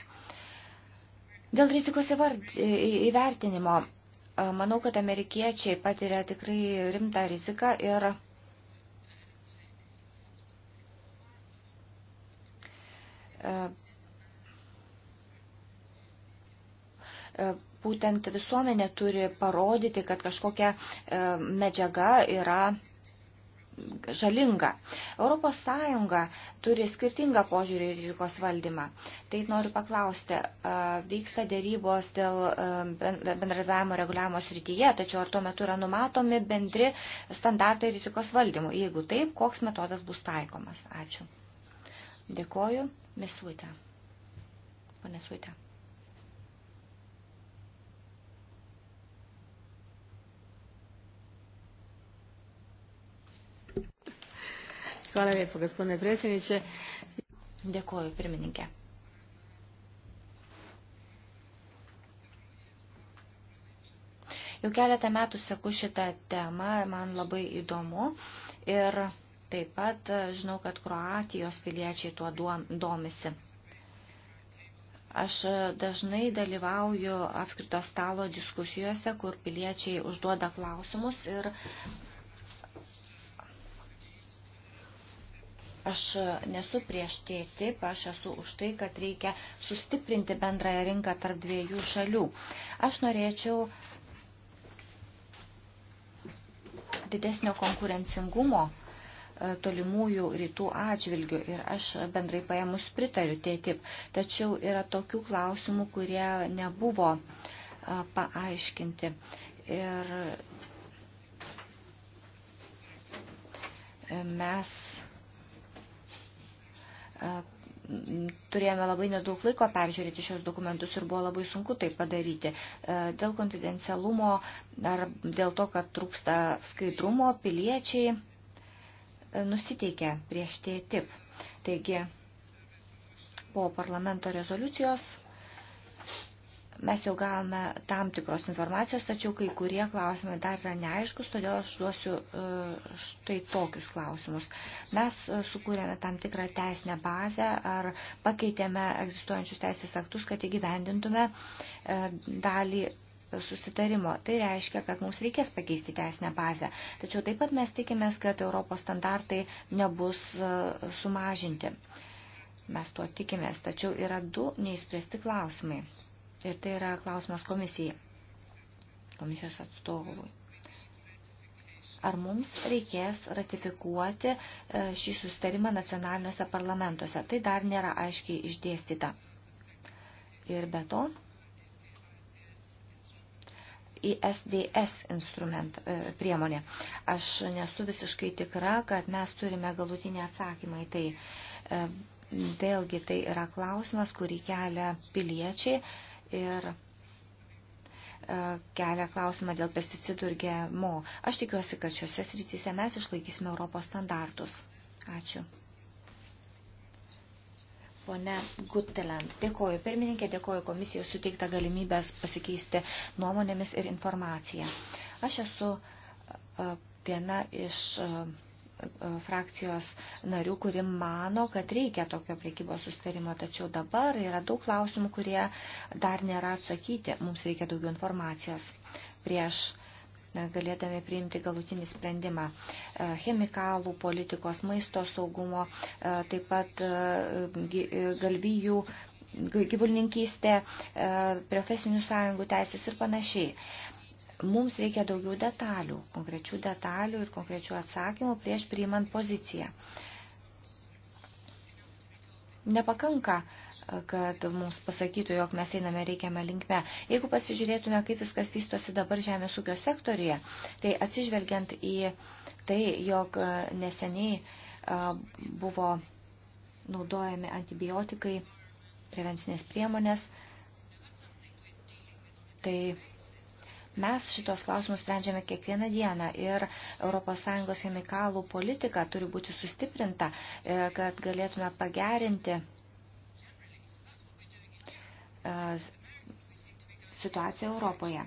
Dėl rizikos įvard, įvertinimo, uh, manau, kad amerikiečiai patiria tikrai rimtą riziką ir uh, E, e, būtent visuomenė turi parodyti, kad kažkokia e, medžiaga yra žalinga. Europos Sąjunga turi skirtingą požiūrį į rizikos valdymą. Tai noriu paklausti, vyksta dėrybos dėl bendradarbiavimo reguliavimo srityje, tačiau ar tuo metu yra numatomi bendri standartai rizikos valdymų? Jeigu taip, koks metodas bus taikomas? Ačiū. Dėkoju. Messuita. Pane Suita. Hvala lijepo, gospodine predsjedniče. Dėkuoju, pirmininkė. Jau keletą metų seku šitą temą, man labai įdomu ir Taip pat e, žinau, kad Kroatijos piliečiai tuo domisi. Aš e, dažnai dalyvauju apskrito stalo diskusijose, kur piliečiai užduoda klausimus ir Aš e, nesu prieš TTIP, aš esu už tai, kad reikia sustiprinti bendrąją rinką tarp dviejų šalių. Aš norėčiau didesnio konkurencingumo tolimųjų rytų atžvilgių ir aš bendrai paėmus pritariu TTIP, tačiau yra tokių klausimų, kurie nebuvo paaiškinti. Ir mes turėjome labai nedaug laiko peržiūrėti šios dokumentus ir buvo labai sunku tai padaryti. Dėl konfidencialumo ar dėl to, kad trūksta skaidrumo, piliečiai nusiteikę prieš TTIP. Taigi, po parlamento rezoliucijos mes jau gavome tam tikros informacijos, tačiau kai kurie klausimai dar yra neaiškus, todėl aš duosiu e, štai tokius klausimus. Mes e, sukūrėme tam tikrą teisinę bazę ar pakeitėme egzistuojančius teisės aktus, kad įgyvendintume e, dalį susitarimo. Tai reiškia, kad mums reikės pakeisti teisinę bazę. Tačiau taip pat mes tikimės, kad Europos standartai nebus e, sumažinti. Mes tuo tikimės. Tačiau yra du neįspręsti klausimai. Ir tai yra klausimas komisijai, komisijos atstovui. Ar mums reikės ratifikuoti e, šį sustarimą nacionaliniuose parlamentuose? Tai dar nėra aiškiai išdėstyta. Ir be to, ISDS instrument e, priemonė. Aš nesu visiškai tikra, kad mes turime galutinį atsakymą į tai. E, vėlgi tai yra klausimas, kurį kelia piliečiai ir e, kelia klausimą dėl pesticidų ir GMO. Aš tikiuosi, kad šiuose srityse mes išlaikysime Europos standartus. Ačiū pone Gutteland. Dėkoju pirmininkė, dėkoju komisijos suteiktą galimybę pasikeisti nuomonėmis ir informaciją. Aš esu viena iš frakcijos narių, kuri mano, kad reikia tokio priekybos sustarimo, tačiau dabar yra daug klausimų, kurie dar nėra atsakyti. Mums reikia daugiau informacijos prieš uh, galėdami priimti galutinį sprendimą. E, chemikalų, politikos, maisto saugumo, e, taip pat e, galvijų gyvulininkystė, profesinių sąjungų teisės ir panašiai. Mums reikia daugiau detalių, konkrečių detalių ir konkrečių atsakymų prieš priimant poziciją. Nepakanka kad mums pasakytų, jog mes einame reikiamą linkme. Jeigu pasižiūrėtume, kaip viskas vystosi dabar žemės ūkio sektorija, tai atsižvelgiant į tai, jog e, neseniai e, buvo naudojami antibiotikai, prevencinės priemonės, tai Mes šitos klausimus sprendžiame kiekvieną dieną ir ES chemikalų politika turi būti sustiprinta, e, kad galėtume pagerinti situaciją Europoje.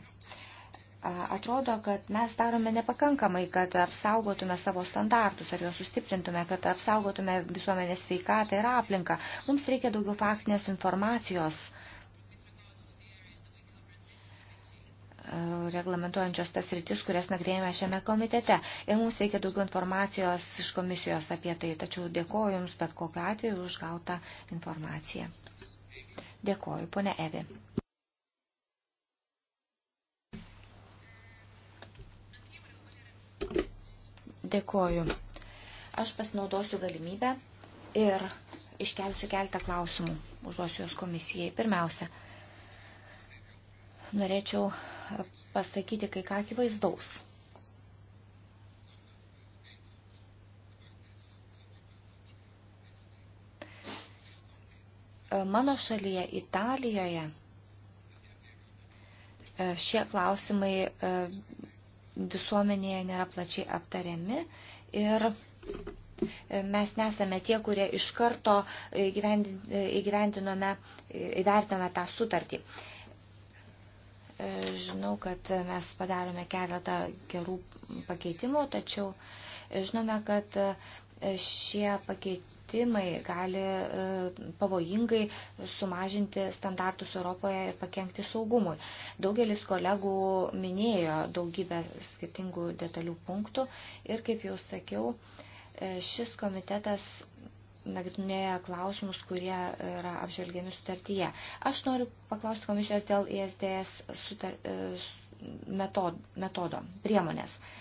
Atrodo, kad mes darome nepakankamai, kad apsaugotume savo standartus ar juos sustiprintume, kad apsaugotume visuomenės sveikatą ir aplinką. Mums reikia daugiau faktinės informacijos reglamentuojančios tas rytis, kurias nagrėjame šiame komitete. Ir mums reikia daugiau informacijos iš komisijos apie tai. Tačiau dėkoju Jums bet kokiu atveju užgautą informaciją. Dėkoju, ponė Evi. Dėkoju. Aš pasinaudosiu galimybę ir iškelsiu keltą klausimų, užduosiu jos komisijai. Pirmiausia, norėčiau pasakyti kai ką akivaizdaus. E, mano šalyje, Italijoje, e, šie klausimai e, visuomenėje nėra plačiai aptariami ir mes nesame tie, kurie iš karto įgyvendinome, įvertinome tą sutartį. Žinau, kad mes padarome keletą gerų pakeitimų, tačiau žinome, kad šie pakeitimai gali e, pavojingai sumažinti standartus Europoje ir pakengti saugumui. Daugelis kolegų minėjo daugybę skirtingų detalių punktų ir, kaip jau sakiau, e, šis komitetas nagrinėja klausimus, kurie yra apžvelgiami sutartyje. Aš noriu paklausti komisijos dėl ISDS e sutar, metod, metodo, priemonės. Uh,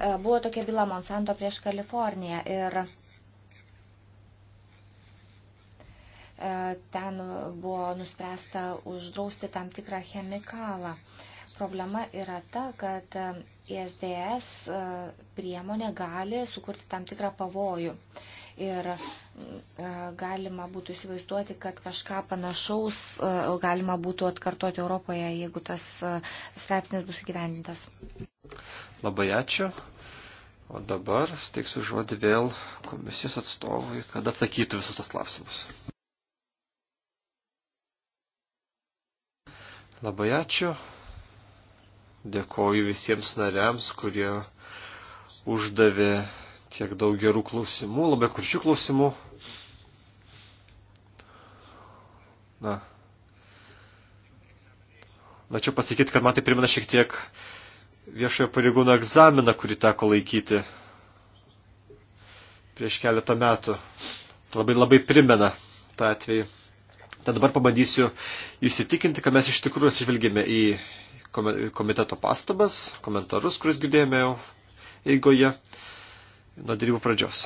E, buvo tokia byla Monsanto prieš Kaliforniją ir e, ten buvo nuspręsta uždrausti tam tikrą chemikalą. Problema yra ta, kad ISDS e priemonė gali sukurti tam tikrą pavojų ir mm, galima būtų įsivaizduoti, kad kažką panašaus galima būtų atkartoti Europoje, jeigu tas straipsnis bus įgyvendintas. Labai ačiū. O dabar steiksiu žodį vėl komisijos atstovui, kad atsakytų visus tas klausimus. Labai ačiū. Dėkoju visiems nariams, kurie uždavė tiek daug gerų klausimų, labai kurčių klausimų. Na. Na čia pasakyti, kad man tai primena šiek tiek viešojo pareigūno egzaminą, kurį teko laikyti prieš keletą metų. Labai labai primena tą atvejį. Tad dabar pabandysiu įsitikinti, kad mes iš tikrųjų atsižvelgėme į komiteto pastabas, komentarus, kuris girdėjome jau eigoje nuo darybų pradžios.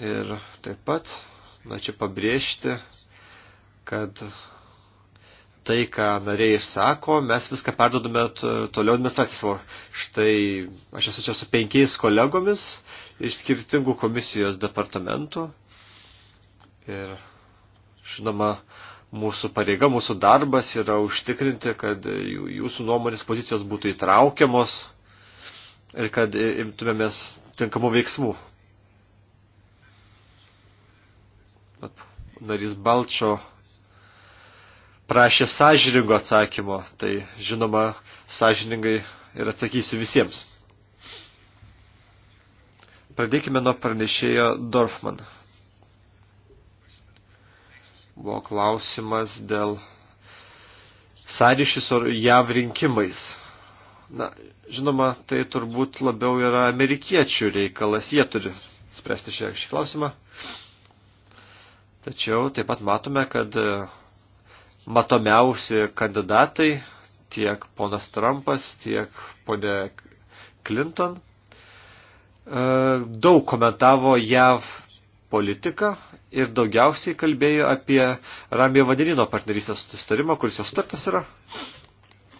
Ir taip pat, na čia pabrėžti, kad tai, ką nariai sako, mes viską perdodame toliau administracijos savo. Štai aš esu čia su penkiais kolegomis iš skirtingų komisijos departamentų. Ir žinoma, mūsų pareiga, mūsų darbas yra užtikrinti, kad jūsų nuomonės pozicijos būtų įtraukiamos ir kad imtumėmės tinkamų veiksmų. Narys Balčio prašė sąžiningo atsakymo, tai žinoma, sąžiningai ir atsakysiu visiems. Pradėkime nuo pranešėjo Dorfman. Buvo klausimas dėl sąryšys su JAV rinkimais. Na, žinoma, tai turbūt labiau yra amerikiečių reikalas, jie turi spręsti šį, šį klausimą. Tačiau taip pat matome, kad e, matomiausi kandidatai, tiek ponas Trumpas, tiek ponė Clinton, e, daug komentavo JAV politiką ir daugiausiai kalbėjo apie Ramio vandenino partnerystės sustarimą, kuris jau startas yra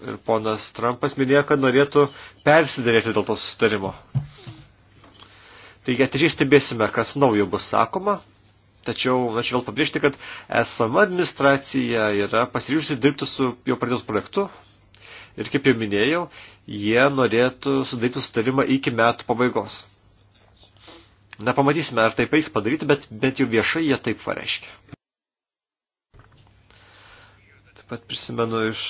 ir ponas Trumpas minėjo, kad norėtų persidarėti dėl to susitarimo. Taigi atidžiai stebėsime, kas naujo bus sakoma, tačiau aš vėl pabrėžti, kad esama administracija yra pasiryžusi dirbti su jo pradėtus projektu ir kaip jau minėjau, jie norėtų sudaryti sutarimą iki metų pabaigos. Na, pamatysime, ar tai pavyks padaryti, bet bent jau viešai jie taip pareiškia. Taip pat prisimenu iš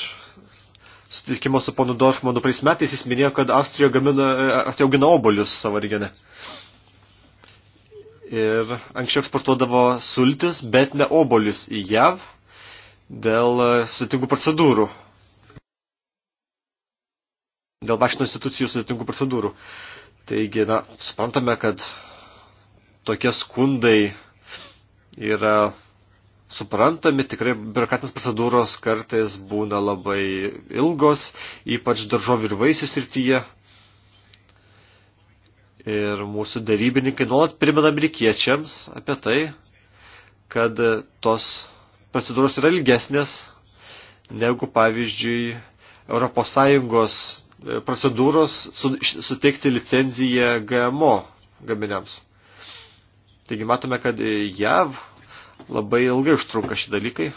sutikimo su ponu Dorfmanu praeis metais jis minėjo, kad Austrija, gamina, e, Austrija augina obolius savo regione. Ir anksčiau eksportuodavo sultis, bet ne obolius į JAV dėl e, sutingų procedūrų. Dėl vašino institucijų sudėtingų procedūrų. Taigi, na, suprantame, kad tokie skundai yra suprantami, tikrai biurokratinės procedūros kartais būna labai ilgos, ypač daržovių ir vaisių srityje. Ir mūsų darybininkai nuolat primena amerikiečiams apie tai, kad tos procedūros yra ilgesnės negu, pavyzdžiui, ES e, procedūros suteikti licenciją GMO gaminiams. Taigi matome, kad e, JAV Labai ilgai užtrunka šį dalykai.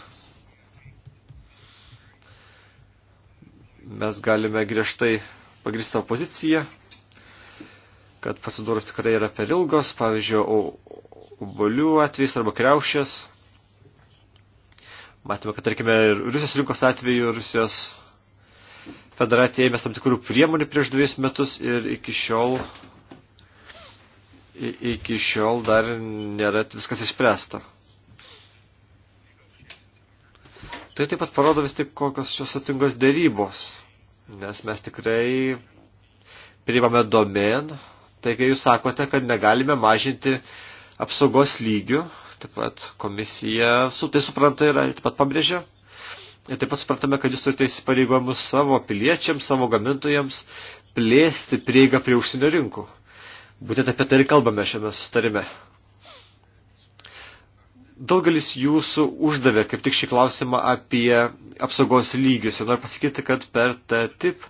Mes galime griežtai pagristi savo poziciją, kad procedūros tikrai yra per ilgos, pavyzdžiui, obolių atvejs arba kreušės. Matėme, kad tarkime ir Rusijos rinkos atveju Rusijos federacija ėmės tam tikrų priemonių prieš dviejus metus ir iki šiol, iki šiol dar nėra viskas išspręsta. Tai taip pat parodo vis tik kokios šios atingos dėrybos, nes mes tikrai priimame domen, tai kai jūs sakote, kad negalime mažinti apsaugos lygių, taip pat komisija su tai supranta ir taip pat pabrėžia. Ir taip pat suprantame, kad jūs turite įsipareigojimus savo piliečiams, savo gamintojams plėsti prieigą prie užsienio rinkų. Būtent apie tai ir kalbame šiame sustarime. Daugelis jūsų uždavė kaip tik šį klausimą apie apsaugos lygius ir noriu pasakyti, kad per tą tip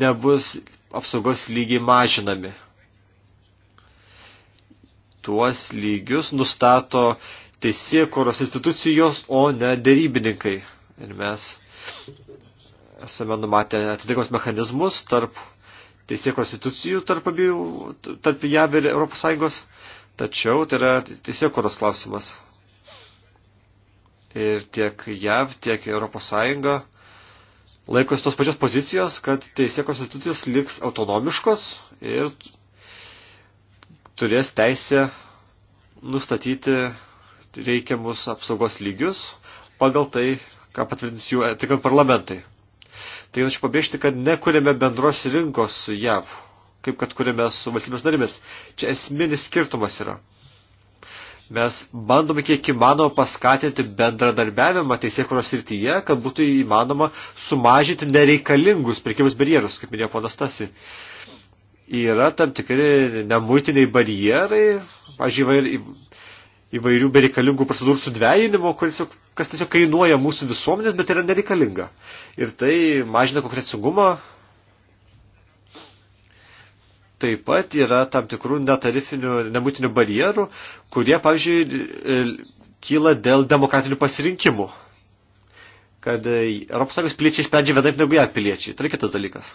nebus apsaugos lygiai mažinami. Tuos lygius nustato teisėkuros institucijos, o ne dėrybininkai. Ir mes esame numatę atitinkamos mechanizmus tarp teisėkuros institucijų, tarp abiejų, tarp JAV ir ES, tačiau tai yra teisėkuros klausimas ir tiek JAV, tiek ES laikosi tos pačios pozicijos, kad teisėkos institucijos liks autonomiškos ir turės teisę nustatyti reikiamus apsaugos lygius pagal tai, ką patvirtins jų tikrai parlamentai. Tai norėčiau pabrėžti, kad nekūrėme bendros rinkos su JAV, kaip kad kūrėme su valstybės narimis. Čia esminis skirtumas yra mes bandome kiek įmanoma paskatinti bendradarbiavimą teisėkuros srityje, kad būtų įmanoma sumažinti nereikalingus prekybos barjerus, kaip minėjo ponas Tasi. Yra tam tikri nemuitiniai barjerai, pažiūrėjau, įvairių bereikalingų procedūrų sudvejinimo, kas tiesiog kainuoja mūsų visuomenės, bet yra nereikalinga. Ir tai mažina konkurencingumą, taip pat yra tam tikrų netarifinių, nebūtinių barjerų, kurie, pavyzdžiui, e, kyla dėl demokratinių pasirinkimų. Kad ES piliečiai sprendžia vienaip negu ją piliečiai. Tai kitas dalykas.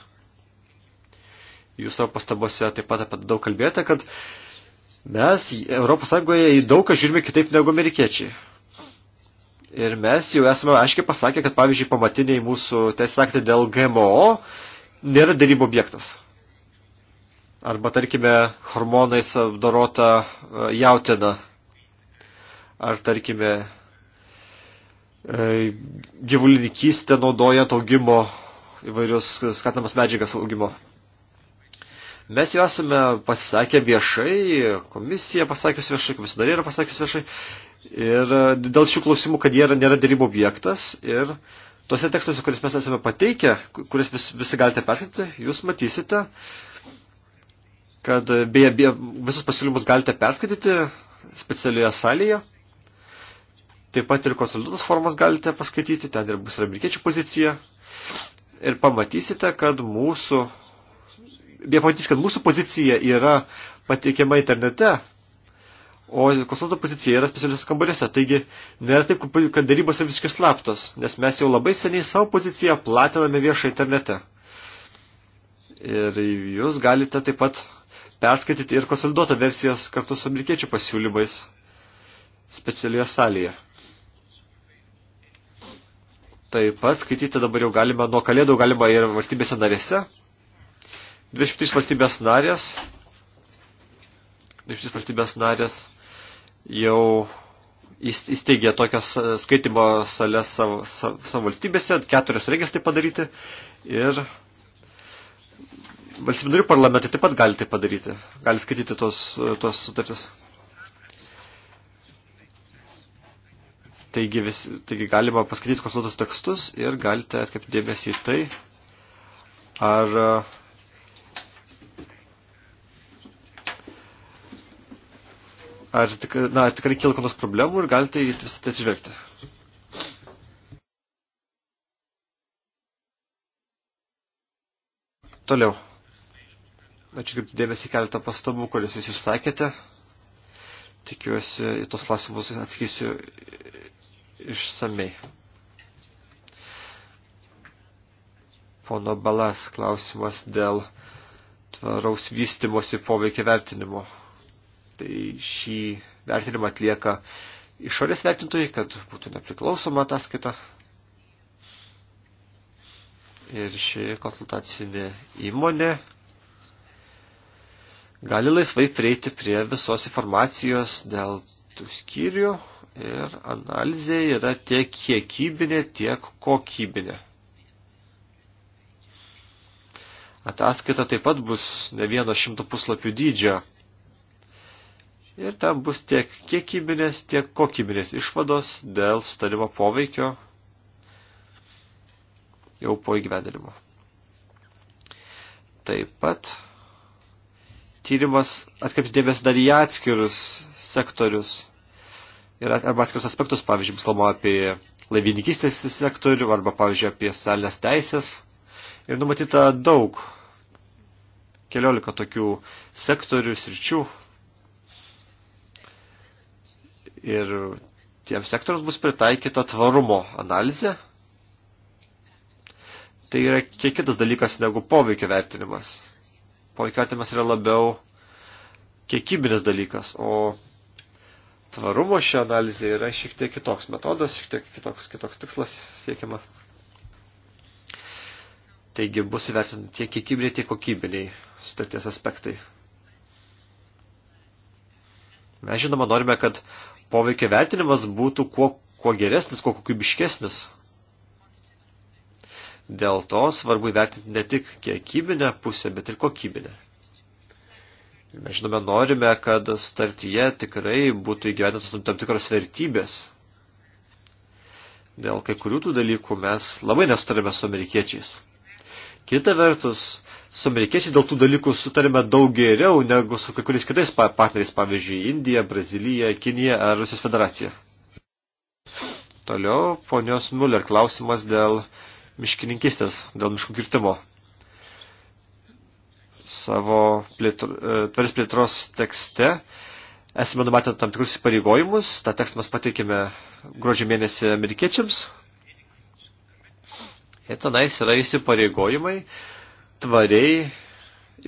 Jūs savo pastabose taip pat apie tai daug kalbėjote, kad mes ES į daug ką žiūrime kitaip negu amerikiečiai. Ir mes jau esame aiškiai pasakę, kad pavyzdžiui pamatiniai mūsų teisės aktai dėl GMO nėra darybo objektas arba tarkime hormonais apdorota e, jautina, ar tarkime e, gyvulininkystę naudojant augimo įvairius skatinamas medžiagas augimo. Mes jau esame pasisakę viešai, komisija pasakius viešai, komisija dar yra pasakius viešai, ir e, dėl šių klausimų, kad jie yra, nėra dėrybų objektas, ir tuose tekstuose, kuris mes esame pateikę, kuris vis, visi galite perskaityti, jūs matysite, kad beje, beje visus pasiūlymus galite perskaityti specialioje salėje. Taip pat ir konsoliduotas formas galite paskaityti, ten ir bus ir amerikiečių pozicija. Ir pamatysite, kad mūsų, beje, pamatysite, kad mūsų pozicija yra pateikiama internete, o konsultanto pozicija yra specialiuose kambariuose. Taigi nėra taip, kad darybos yra visiškai slaptos, nes mes jau labai seniai savo poziciją platiname viešą internete. Ir jūs galite taip pat perskaityti ir konsoliduotą versiją kartu su amerikiečių pasiūlymais specialioje salėje. Taip pat skaityti dabar jau galima, nuo kalėdų galima ir valstybėse narėse. 23 valstybės narės, 23 valstybės narės jau įsteigė tokias e, skaitimo sales savo, savo, savo valstybėse, keturios reikės tai padaryti ir Valstybinarių parlamentai taip pat gali tai padaryti, gali skaityti tos, tos sutartis. Taigi, vis, taigi galima paskaityti konsultuotus tekstus ir galite atkreipti dėmesį į tai, ar ar tik, na, tikrai kilo kokios problemų ir galite į tai visą tai atsižvelgti. Toliau. Ačiū kaip dėmesį keletą pastabų, kurias jūs išsakėte. Tikiuosi, į tos klausimus atsakysiu išsamei. Pono Balas klausimas dėl tvaraus vystimosi poveikio vertinimo. Tai šį vertinimą atlieka išorės vertintojai, kad būtų nepriklausoma ataskaita. Ir ši konsultacinė įmonė gali laisvai prieiti prie visos informacijos dėl tų skyrių ir analizė yra tiek kiekybinė, tiek kokybinė. Ataskaita taip pat bus ne vieno šimto puslapių dydžio. Ir ten bus tiek kiekybinės, tiek kokybinės išvados dėl sutarimo poveikio jau po įgyvendinimo. Taip pat tyrimas atkreips dėmesį dar į atskirus sektorius ir arba atskirus aspektus, pavyzdžiui, bus kalbama apie laivininkystės sektorių arba, pavyzdžiui, apie socialinės teisės. Ir numatyta daug, keliolika tokių sektorių, sričių. Ir tiems sektoriams bus pritaikyta tvarumo analizė. Tai yra kiek kitas dalykas negu poveikio vertinimas poveikio vertinimas yra labiau kiekybinis dalykas, o tvarumo šią analizę yra šiek tiek kitoks metodas, šiek tiek kitoks, kitoks tikslas siekiama. Taigi bus įvertinti tiek kiekybiniai, tiek kokybiniai sutarties aspektai. Mes žinoma norime, kad poveikio vertinimas būtų kuo, kuo geresnis, kuo kokybiškesnis. Dėl to svarbu įvertinti ne tik kiekybinę pusę, bet ir kokybinę. Mes žinome, norime, kad startyje tikrai būtų įgyvendintas tam tikros vertybės. Dėl kai kurių tų dalykų mes labai nesutarėme su amerikiečiais. Kita vertus, su amerikiečiais dėl tų dalykų sutarėme daug geriau negu su kai kuriais kitais partneriais, pavyzdžiui, Indija, Brazilija, Kinija ar Rusijos federacija. Toliau ponios Muller klausimas dėl miškininkistės, dėl miškų kirtimo. Savo plėtr, e, tvaris plėtros tekste esame numatę tam tikrus įpareigojimus. Tą tekstą mes pateikėme gruodžio mėnesį amerikiečiams. Ir tenais yra įsipareigojimai tvariai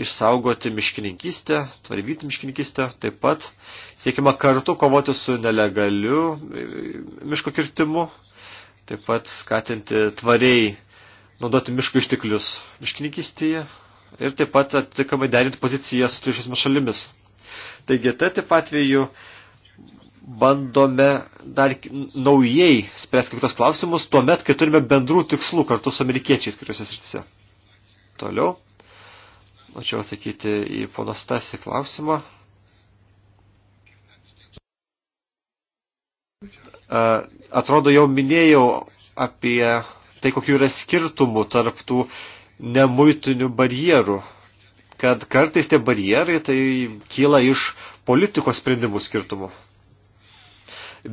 išsaugoti miškininkystę, tvarvyti miškininkystę, taip pat siekiama kartu kovoti su nelegaliu miško kirtimu taip pat skatinti tvariai naudoti miškų išteklius miškininkystėje ir taip pat atitinkamai derinti poziciją su trečiosiomis šalimis. Taigi, tai taip atveju bandome dar naujai spręsti kitos klausimus, tuomet, kai turime bendrų tikslų kartu su amerikiečiais kuriuose srityse. Toliau. Ačiū atsakyti į pono Stasi klausimą. E, atrodo, jau minėjau apie tai, kokiu yra skirtumų tarp tų nemuitinių barjerų, kad kartais tie barjerai tai kyla iš politikos sprendimų skirtumų.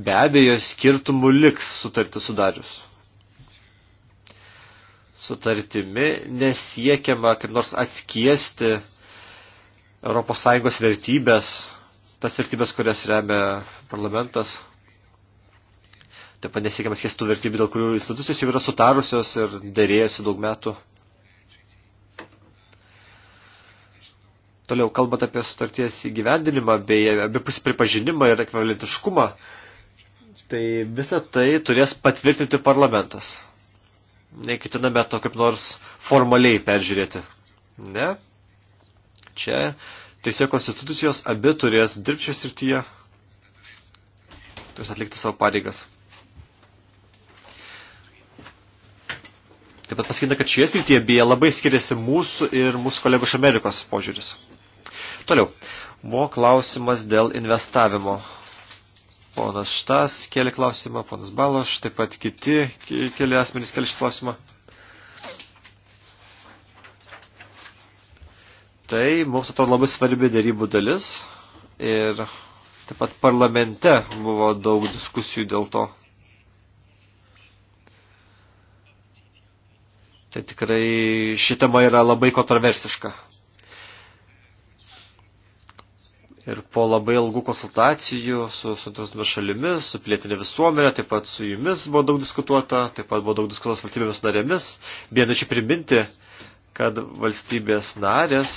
Be abejo, skirtumų liks sutartį sudarius. Sutartimi nesiekiama kaip nors atskiesti ES vertybės, tas vertybės, kurias remia parlamentas. Taip pat nesiekiama skėstų vertybių, dėl kurių institucijos jau yra sutarusios ir dėrėjosi daug metų. Toliau, kalbant apie sutarties įgyvendinimą bei abipusį pripažinimą ir ekvivalentiškumą, tai visą tai turės patvirtinti parlamentas. Nekitiname to kaip nors formaliai peržiūrėti. Ne? Čia teisėjo konstitucijos abi turės dirbti šią srityje, turės atlikti savo pareigas. Taip pat pasakyta, kad šioje srityje beje labai skiriasi mūsų ir mūsų kolegų iš Amerikos požiūris. Toliau, buvo klausimas dėl investavimo. Ponas Štas keli klausimą, ponas Baloš, taip pat kiti keli asmenys keli šį klausimą. Tai mums atrodo labai svarbi dėrybų dalis ir taip pat parlamente buvo daug diskusijų dėl to. Tai tikrai ši tema yra labai kontroversiška. Ir po labai ilgų konsultacijų su suinteresuotomis šalimis, su plėtinė visuomenė, taip pat su jumis buvo daug diskutuota, taip pat buvo daug diskutuotas valstybėmis narėmis. Vieną čia priminti, kad valstybės narės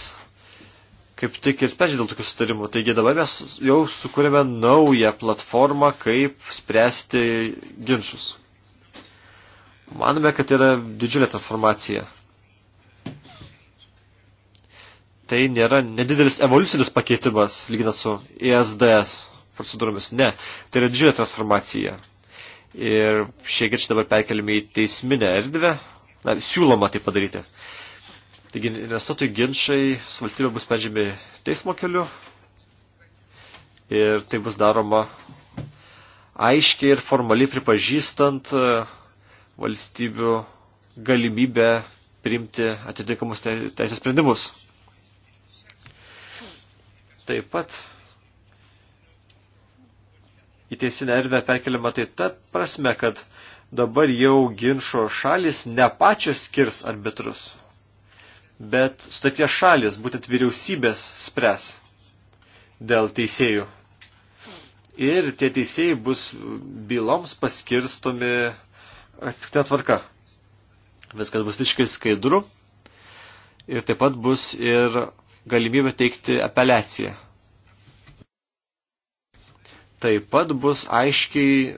kaip tik ir sprendžia dėl tokių sutarimų. Taigi dabar mes jau sukūrėme naują platformą, kaip spręsti ginčius. Manome, kad yra didžiulė transformacija. Tai nėra nedidelis evoliucinis pakeitimas, lyginant su ESDS procedūromis. Ne, tai yra didžiulė transformacija. Ir šie ginčiai dabar perkeliami į teisminę erdvę. Na, siūloma tai padaryti. Taigi, investuotojų ginčiai su valstybė bus sprendžiami teismo keliu. Ir tai bus daroma aiškiai ir formaliai pripažįstant uh, valstybių galimybę priimti atitinkamus teisės sprendimus. Taip pat į teisinę erdvę perkeliama tai ta prasme, kad dabar jau ginčio šalis ne pačios skirs arbitrus, bet sutarties šalis, būtent vyriausybės spręs dėl teisėjų. Ir tie teisėjai bus byloms paskirstomi atsitiktinė tvarka. Viskas bus visiškai skaidru ir taip pat bus ir galimybė teikti apeliaciją. Taip pat bus aiškiai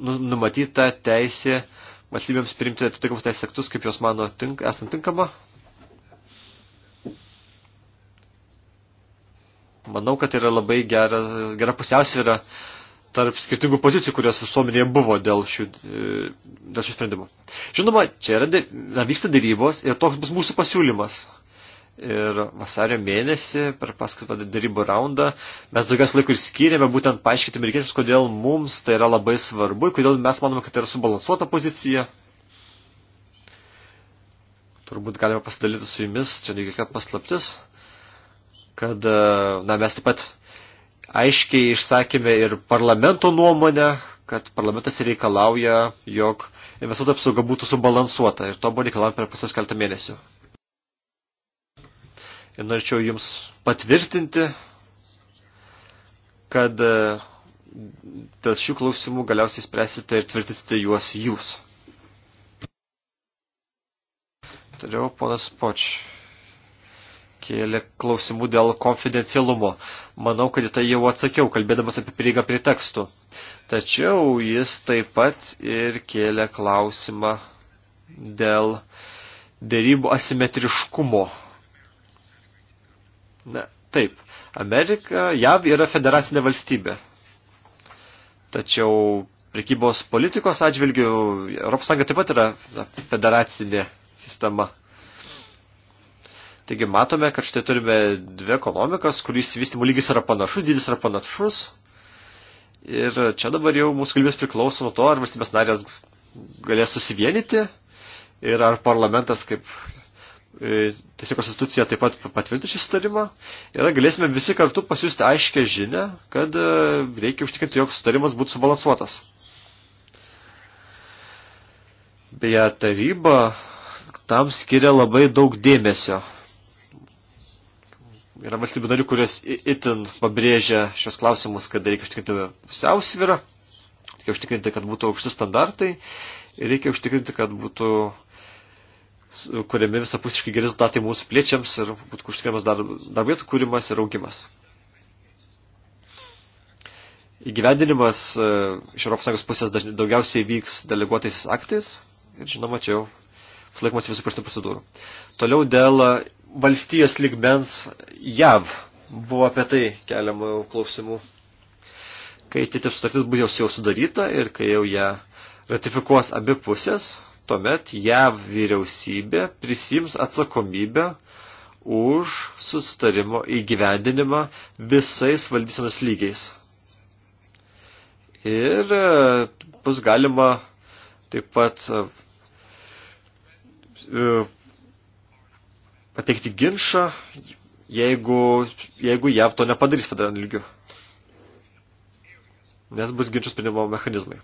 nu, numatyta teisė valstybėms priimti atitinkamus teisės aktus, kaip jos mano tink, esant tinkama. Manau, kad tai yra labai gera, gera pusiausvėra tarp skirtingų pozicijų, kurios visuomenėje buvo dėl šių, e, dėl šių sprendimų. Žinoma, čia yra, na, vyksta dėrybos ir toks bus mūsų pasiūlymas. Ir vasario mėnesį per paskatą darybų raundą mes daugiausiai laiko ir skyrėme būtent paaiškinti amerikiečiams, kodėl mums tai yra labai svarbu ir kodėl mes manome, kad tai yra subalansuota pozicija. Turbūt galime pasidalyti su jumis, čia nereikia paslaptis, kad e, na, mes taip pat aiškiai išsakėme ir parlamento nuomonę, kad parlamentas reikalauja, jog investuotojų apsauga būtų subalansuota ir to buvo reikalavimo per pasus keltą mėnesių. Ir norėčiau Jums patvirtinti, kad e, dėl šių klausimų galiausiai spręsite ir tvirtinsite juos Jūs. Toliau ponas Poč kėlė klausimų dėl konfidencialumo. Manau, kad į tai jau atsakiau, kalbėdamas apie prieigą prie tekstų. Tačiau jis taip pat ir kėlė klausimą dėl dėrybų asimetriškumo. Na, taip. Amerika, JAV yra federacinė valstybė. Tačiau prekybos politikos atžvilgių ES taip pat yra federacinė sistema. Taigi matome, kad štai turime dvi ekonomikas, kurių įsivystymų lygis yra panašus, dydis yra panašus. Ir čia dabar jau mūsų galimybės priklauso nuo to, ar valstybės narės galės susivienyti ir ar parlamentas kaip e, tiesiog konstitucija taip pat patvirtinti šį sutarimą ir galėsime visi kartu pasiūsti aiškę žinę, kad e, reikia užtikrinti, jog sutarimas būtų subalansuotas. Beje, taryba tam skiria labai daug dėmesio yra valstybių narių, kurios itin pabrėžia šios klausimus, kad reikia užtikrinti pusiausvyrą, reikia užtikrinti, kad būtų aukšti standartai ir reikia užtikrinti, kad būtų kuriami visapusiškai geri rezultatai mūsų pliečiams ir būtų užtikrinamas darbo vietų kūrimas ir augimas. Įgyvendinimas e, iš ES pusės dažniausiai daugiausiai vyks deleguotais aktais ir žinoma, čia jau sulaikomas visų prastų procedūrų. Toliau dėl valstijos ligmens JAV. Buvo apie tai keliamų klausimų. Kai TTIP sutartis bus jau sudaryta ir kai jau ją ratifikuos abi pusės, tuomet JAV vyriausybė prisims atsakomybę už sustarimo įgyvendinimą visais valdysenos lygiais. Ir e, bus galima taip pat e, pateikti ginčą, jeigu, jeigu JAV to nepadarys federaliniu lygiu. Nes bus ginčių sprendimo mechanizmai.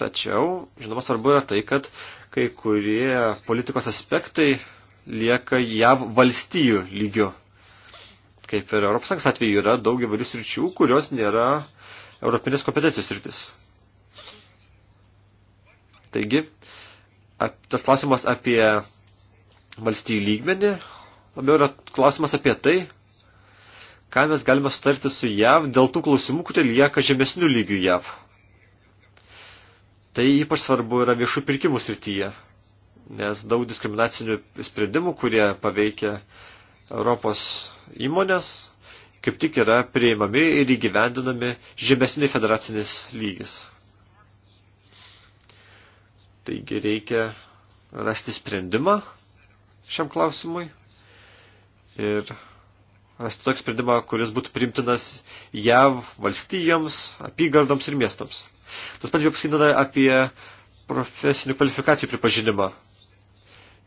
Tačiau, žinoma, svarbu yra tai, kad kai kurie politikos aspektai lieka JAV valstijų lygiu. Kaip ir ES atveju yra daug įvairių sričių, kurios nėra europinės kompetencijos sritis. Taigi, ap, tas klausimas apie valstybių lygmenį, labiau yra klausimas apie tai, ką mes galime sutarti su JAV dėl tų klausimų, kurie lieka žemesnių lygių JAV. Tai ypač svarbu yra viešų pirkimų srityje, nes daug diskriminacinių sprendimų, kurie paveikia Europos įmonės, kaip tik yra prieimami ir įgyvendinami žemesniai federacinis lygis. Taigi reikia rasti sprendimą, šiam klausimui ir rasti tokį sprendimą, kuris būtų primtinas JAV valstijoms, apygardoms ir miestams. Tas pats jau pasakytina apie profesinių kvalifikacijų pripažinimą.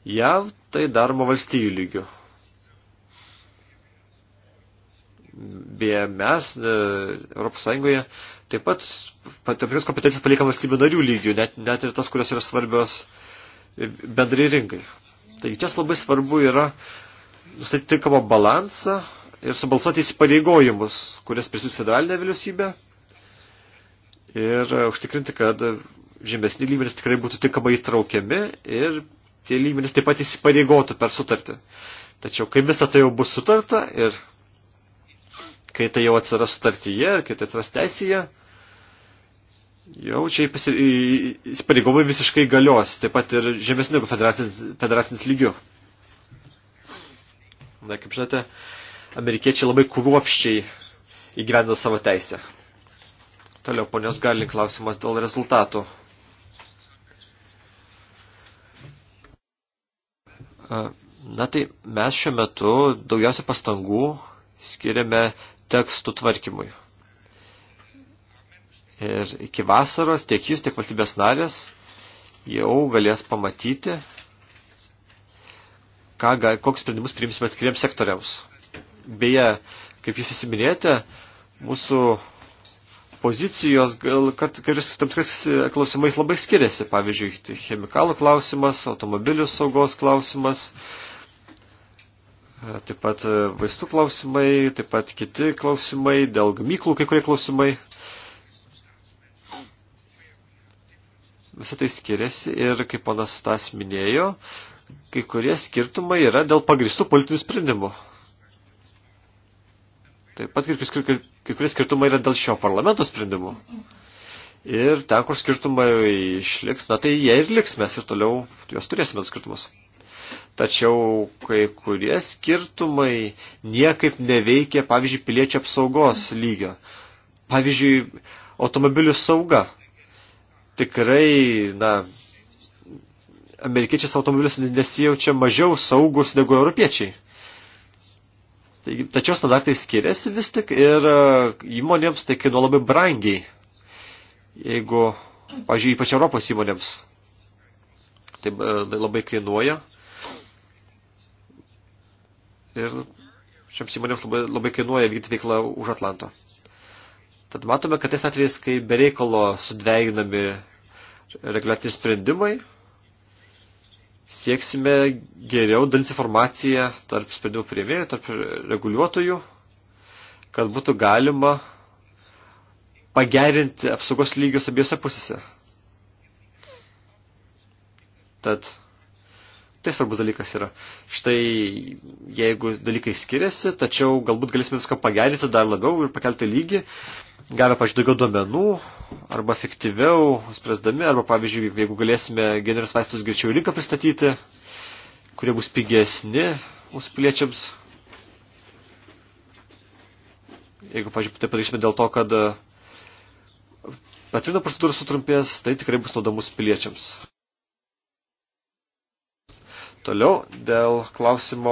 JAV tai daroma valstijų lygių. Beje, mes e, Europos Sąjungoje taip pat tam tikras kompetencijas paliekam valstybių narių lygių, net, net ir tas, kurios yra svarbios bendrai rinkai. Taigi čia labai svarbu yra nustatyti tinkamą balansą ir subalsuoti įsipareigojimus, kurias prisims federalinė vyriausybė ir užtikrinti, kad žemesni lygmenys tikrai būtų tinkamai įtraukiami ir tie lygmenys taip pat įsipareigotų per sutartį. Tačiau, kai visą tai jau bus sutarta ir kai tai jau atsiras sutartyje ir kai tai atsiras teisėje, jau čia įsipareigomai visiškai galios, taip pat ir žemesnių federacinis, federacinis lygių. Na, kaip žinote, amerikiečiai labai kruopščiai įgyvendina savo teisę. Toliau, ponios Galin, klausimas dėl rezultatų. Na tai mes šiuo metu daugiausia pastangų skiriame tekstų tvarkymui. Ir iki vasaros tiek jūs, tiek valstybės narės jau galės pamatyti, ką, kokius sprendimus priimsime atskiriems sektoriams. Beje, kaip jūs visi minėjote, mūsų pozicijos gal kartais tam tikras klausimais labai skiriasi. Pavyzdžiui, tai chemikalų klausimas, automobilių saugos klausimas, taip pat vaistų klausimai, taip pat kiti klausimai, dėl gamyklų kai kurie klausimai. visą tai skiriasi ir, kaip panas Tas minėjo, kai kurie skirtumai yra dėl pagristų politinių sprendimų. Taip pat kai, kai, kai kurie skirtumai yra dėl šio parlamento sprendimų. Ir ten, kur skirtumai išliks, na tai jie ir liks, mes ir toliau juos turėsime skirtumus. Tačiau kai kurie skirtumai niekaip neveikia, pavyzdžiui, piliečio apsaugos lygio. Pavyzdžiui, automobilių sauga tikrai, na, amerikiečiais automobilis nesijaučia mažiau saugus negu europiečiai. Taigi, tačiau standartai skiriasi vis tik ir e, įmonėms tai kainuoja labai brangiai. Jeigu, pažiūrėjau, ypač Europos įmonėms, tai, e, tai labai kainuoja. Ir šiams įmonėms labai, labai kainuoja vykdyti veiklą už Atlanto. Tad matome, kad tais atvejais, kai bereikalo sudveginami reguliaciniai sprendimai, sieksime geriau dalis informaciją tarp sprendimų prieimėjų, tarp reguliuotojų, kad būtų galima pagerinti apsaugos lygius abiejose pusėse. Tad Tai svarbus dalykas yra. Štai jeigu dalykai skiriasi, tačiau galbūt galėsime viską pagerinti dar labiau ir pakelti lygį, gavę, pažiūrėjau, daugiau duomenų, arba efektyviau spręsdami, arba, pavyzdžiui, jeigu galėsime generis vaistus greičiau į rinką pristatyti, kurie bus pigesni mūsų piliečiams. Jeigu, pažiūrėjau, tai padarysime dėl to, kad patvirtinimo procedūra sutrumpės, tai tikrai bus nauda mūsų piliečiams. Toliau dėl klausimo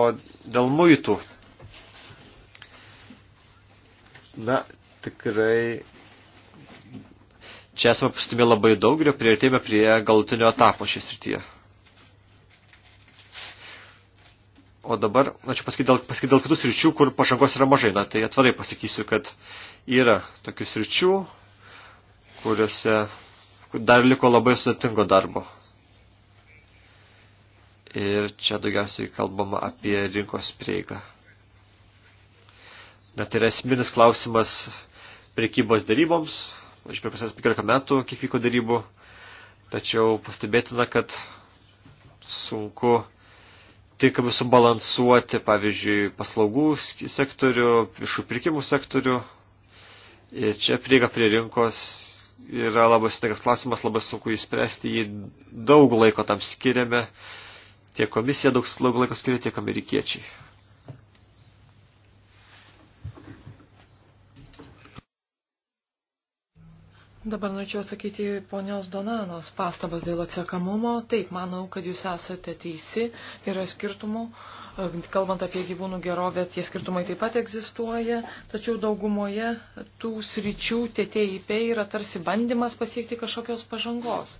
dėl muitų. Na, tikrai. Čia esame pastumė labai daug ir prieartėjome prie galutinio etapo šis rytyje. O dabar, na čia pasakyti dėl, pasakyti dėl kitų sričių, kur pažangos yra mažai. Na, tai atvarai pasakysiu, kad yra tokių sričių, kuriuose kur dar liko labai sudėtingo darbo ir čia daugiausiai kalbama apie rinkos prieigą. Na, tai yra esminis klausimas prekybos daryboms. Aš per pasas 15 metų, kiek vyko darybų, tačiau pastebėtina, kad sunku tinkamai subalansuoti, pavyzdžiui, paslaugų sektorių, viešų pirkimų sektorių. Ir čia prieiga prie rinkos yra labai sudėtingas klausimas, labai sunku įspręsti, jį daug laiko tam skiriame, Tiek komisija daug slaugų laiko skiria, tiek amerikiečiai. Dabar norėčiau atsakyti ponios Donanos pastabas dėl atsiekamumo. Taip, manau, kad jūs esate teisi, yra skirtumų. Kalbant apie gyvūnų gerovę, tie skirtumai taip pat egzistuoja, tačiau daugumoje tų sričių TTIP yra tarsi bandymas pasiekti kažkokios pažangos.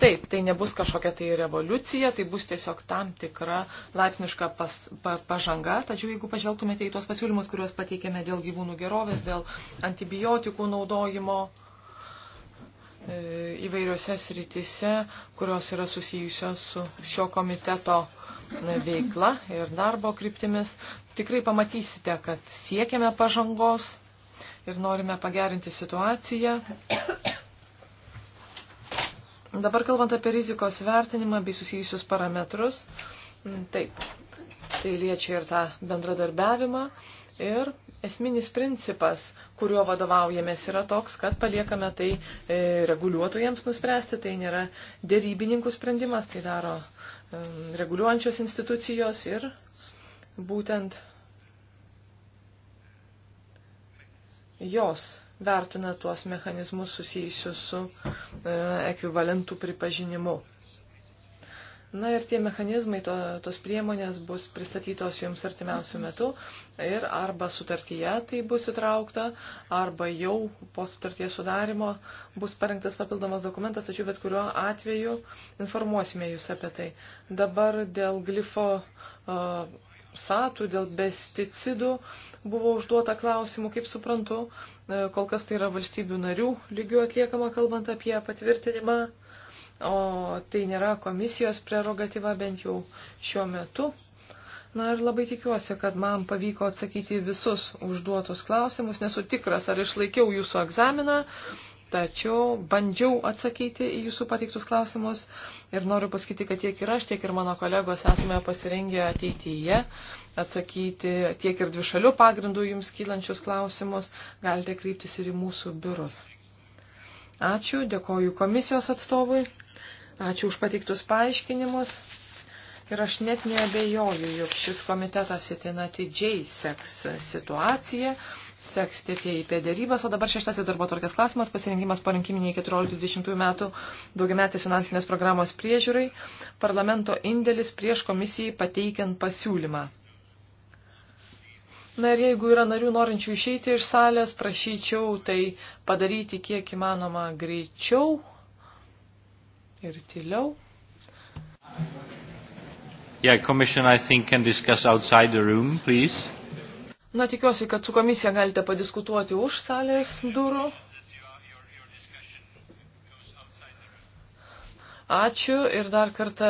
Taip, tai nebus kažkokia tai revoliucija, tai bus tiesiog tam tikra laipsniška pas, pa, pažanga, tačiau jeigu pažvelgtumėte į tuos pasiūlymus, kuriuos pateikėme dėl gyvūnų gerovės, dėl antibiotikų naudojimo e, įvairiose sritise, kurios yra susijusios su šio komiteto e, veikla ir darbo kryptimis, tikrai pamatysite, kad siekiame pažangos ir norime pagerinti situaciją. Dabar kalbant apie rizikos vertinimą bei susijusius parametrus, taip, tai liečia ir tą bendradarbiavimą. Ir esminis principas, kuriuo vadovaujamės, yra toks, kad paliekame tai e, reguliuotojams nuspręsti, tai nėra dėrybininkų sprendimas, tai daro e, reguliuojančios institucijos ir būtent jos vertina tuos mechanizmus susijusius su e, ekvivalentų pripažinimu. Na ir tie mechanizmai, to, tos priemonės bus pristatytos jums artimiausių metų ir arba sutartyje tai bus įtraukta, arba jau po sutarties sudarimo bus parengtas papildomas dokumentas, tačiau bet kuriuo atveju informuosime jūs apie tai. Dabar dėl glifo uh, e, satų, dėl pesticidų. Uh, buvo užduota klausimų, kaip suprantu, e, kol kas tai yra valstybių narių lygių atliekama, kalbant apie patvirtinimą, o tai nėra komisijos prerogatyva bent jau šiuo metu. Na ir labai tikiuosi, kad man pavyko atsakyti visus užduotus klausimus, nesu tikras, ar išlaikiau jūsų egzaminą, Tačiau bandžiau atsakyti į jūsų pateiktus klausimus ir noriu pasakyti, kad tiek ir aš, tiek ir mano kolegos esame pasirengę ateityje atsakyti tiek ir dvišalių pagrindų jums kylančius klausimus. Galite kryptis ir į mūsų biurus. Ačiū, dėkoju komisijos atstovui, ačiū už pateiktus paaiškinimus. Ir aš net neabejoju, jog šis komitetas itin atidžiai seks situaciją seks TTIP dėrybas, o dabar šeštasis darbo tvarkės klausimas - pasirinkimas porinkiminiai 14-20 metų daugiametės finansinės programos priežiūrai, parlamento indėlis prieš komisijai pateikiant pasiūlymą. Na ir jeigu yra narių norinčių išeiti iš salės, prašyčiau tai padaryti kiek įmanoma greičiau ir tyliau. Yeah, Commission, I think, can discuss outside the room, please. Na, tikiuosi, kad su komisija galite padiskutuoti už salės durų. Ačiū ir dar kartą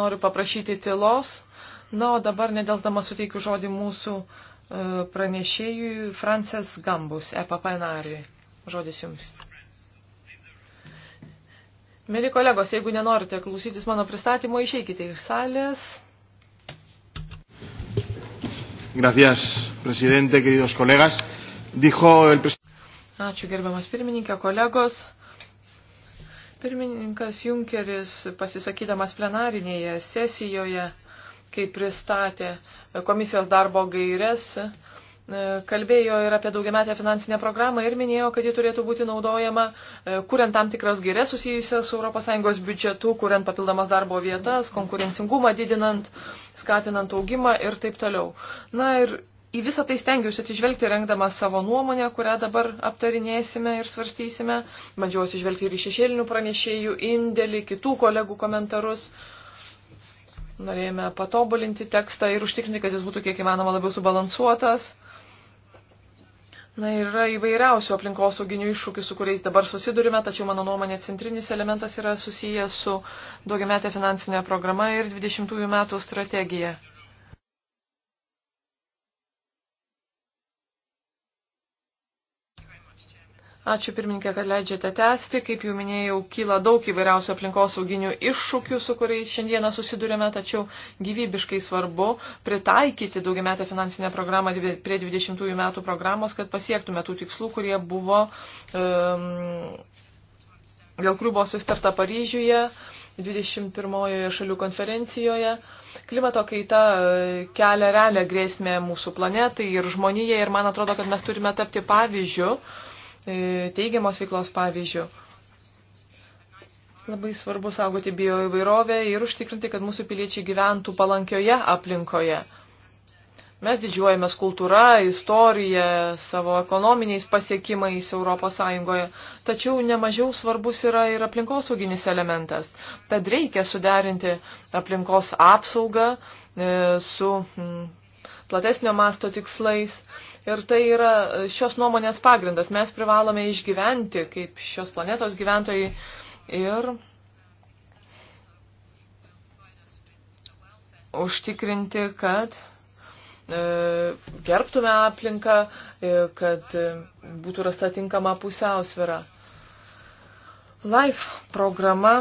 noriu paprašyti tylos. Na, o dabar nedelsdama suteikiu žodį mūsų e, pranešėjui Frances Gambus, EPP nariui. Žodis jums. Mėly kolegos, jeigu nenorite klausytis mano pristatymo, išeikite iš salės. Gracias, presidente, queridos colegas. Dijo el Ačiū gerbiamas pirmininkė, kolegos. Pirmininkas Junkeris pasisakydamas plenarinėje sesijoje, kai pristatė komisijos darbo gairias, E, kalbėjo ir apie daugiametę finansinę programą ir minėjo, kad ji turėtų būti naudojama, e, kuriant tam tikras gerės susijusias su ES biudžetu, kuriant papildomas darbo vietas, konkurencingumą didinant, skatinant augimą ir taip toliau. Na ir į visą tai stengiuosi atsižvelgti, rengdamas savo nuomonę, kurią dabar aptarinėsime ir svarstysime. Bandžiau atsižvelgti ir į šešėlinių pranešėjų indėlį, kitų kolegų komentarus. Norėjome patobulinti tekstą ir užtikrinti, kad jis būtų kiek įmanoma labiau subalansuotas. Na ir yra įvairiausių aplinkosauginių iššūkių, su kuriais dabar susidurime, tačiau mano nuomonė centrinis elementas yra susijęs su daugiametė finansinė programa ir 20 metų strategija. Ačiū pirmininkė, kad leidžiate tęsti. Kaip jau minėjau, kyla daug įvairiausių aplinkosauginių iššūkių, su kuriais šiandieną susidurėme, tačiau gyvybiškai svarbu pritaikyti daugiametę finansinę programą prie 20 metų programos, kad pasiektume tų tikslų, kurie buvo, um, dėl kurių buvo sustarta Paryžiuje, 21 šalių konferencijoje. Klimato kaita e, kelia realią grėsmę mūsų planetai ir žmonijai ir man atrodo, kad mes turime tapti pavyzdžių E, teigiamos veiklos pavyzdžių. Labai svarbu saugoti bioįvairovę ir užtikrinti, kad mūsų piliečiai gyventų palankioje aplinkoje. Mes didžiuojamės kultūra, istorija, savo ekonominiais pasiekimais ES, tačiau nemažiau svarbus yra ir aplinkosauginis elementas. Tad reikia suderinti aplinkos apsaugą e, su platesnio masto tikslais. Ir tai yra šios nuomonės pagrindas. Mes privalome išgyventi kaip šios planetos gyventojai. Ir užtikrinti, kad e, gerbtume aplinką, e, kad būtų rasta tinkama pusiausvėra. LIFE programa,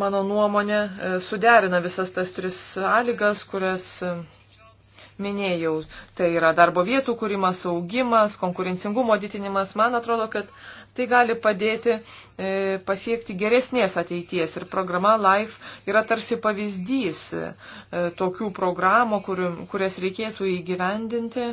mano nuomonė, e, suderina visas tas tris sąlygas, kurias minėjau. Tai yra darbo vietų kūrimas, augimas, konkurencingumo didinimas. Man atrodo, kad tai gali padėti e, pasiekti geresnės ateities. Ir programa LIFE yra tarsi pavyzdys e, tokių programų, kur, kurias reikėtų įgyvendinti.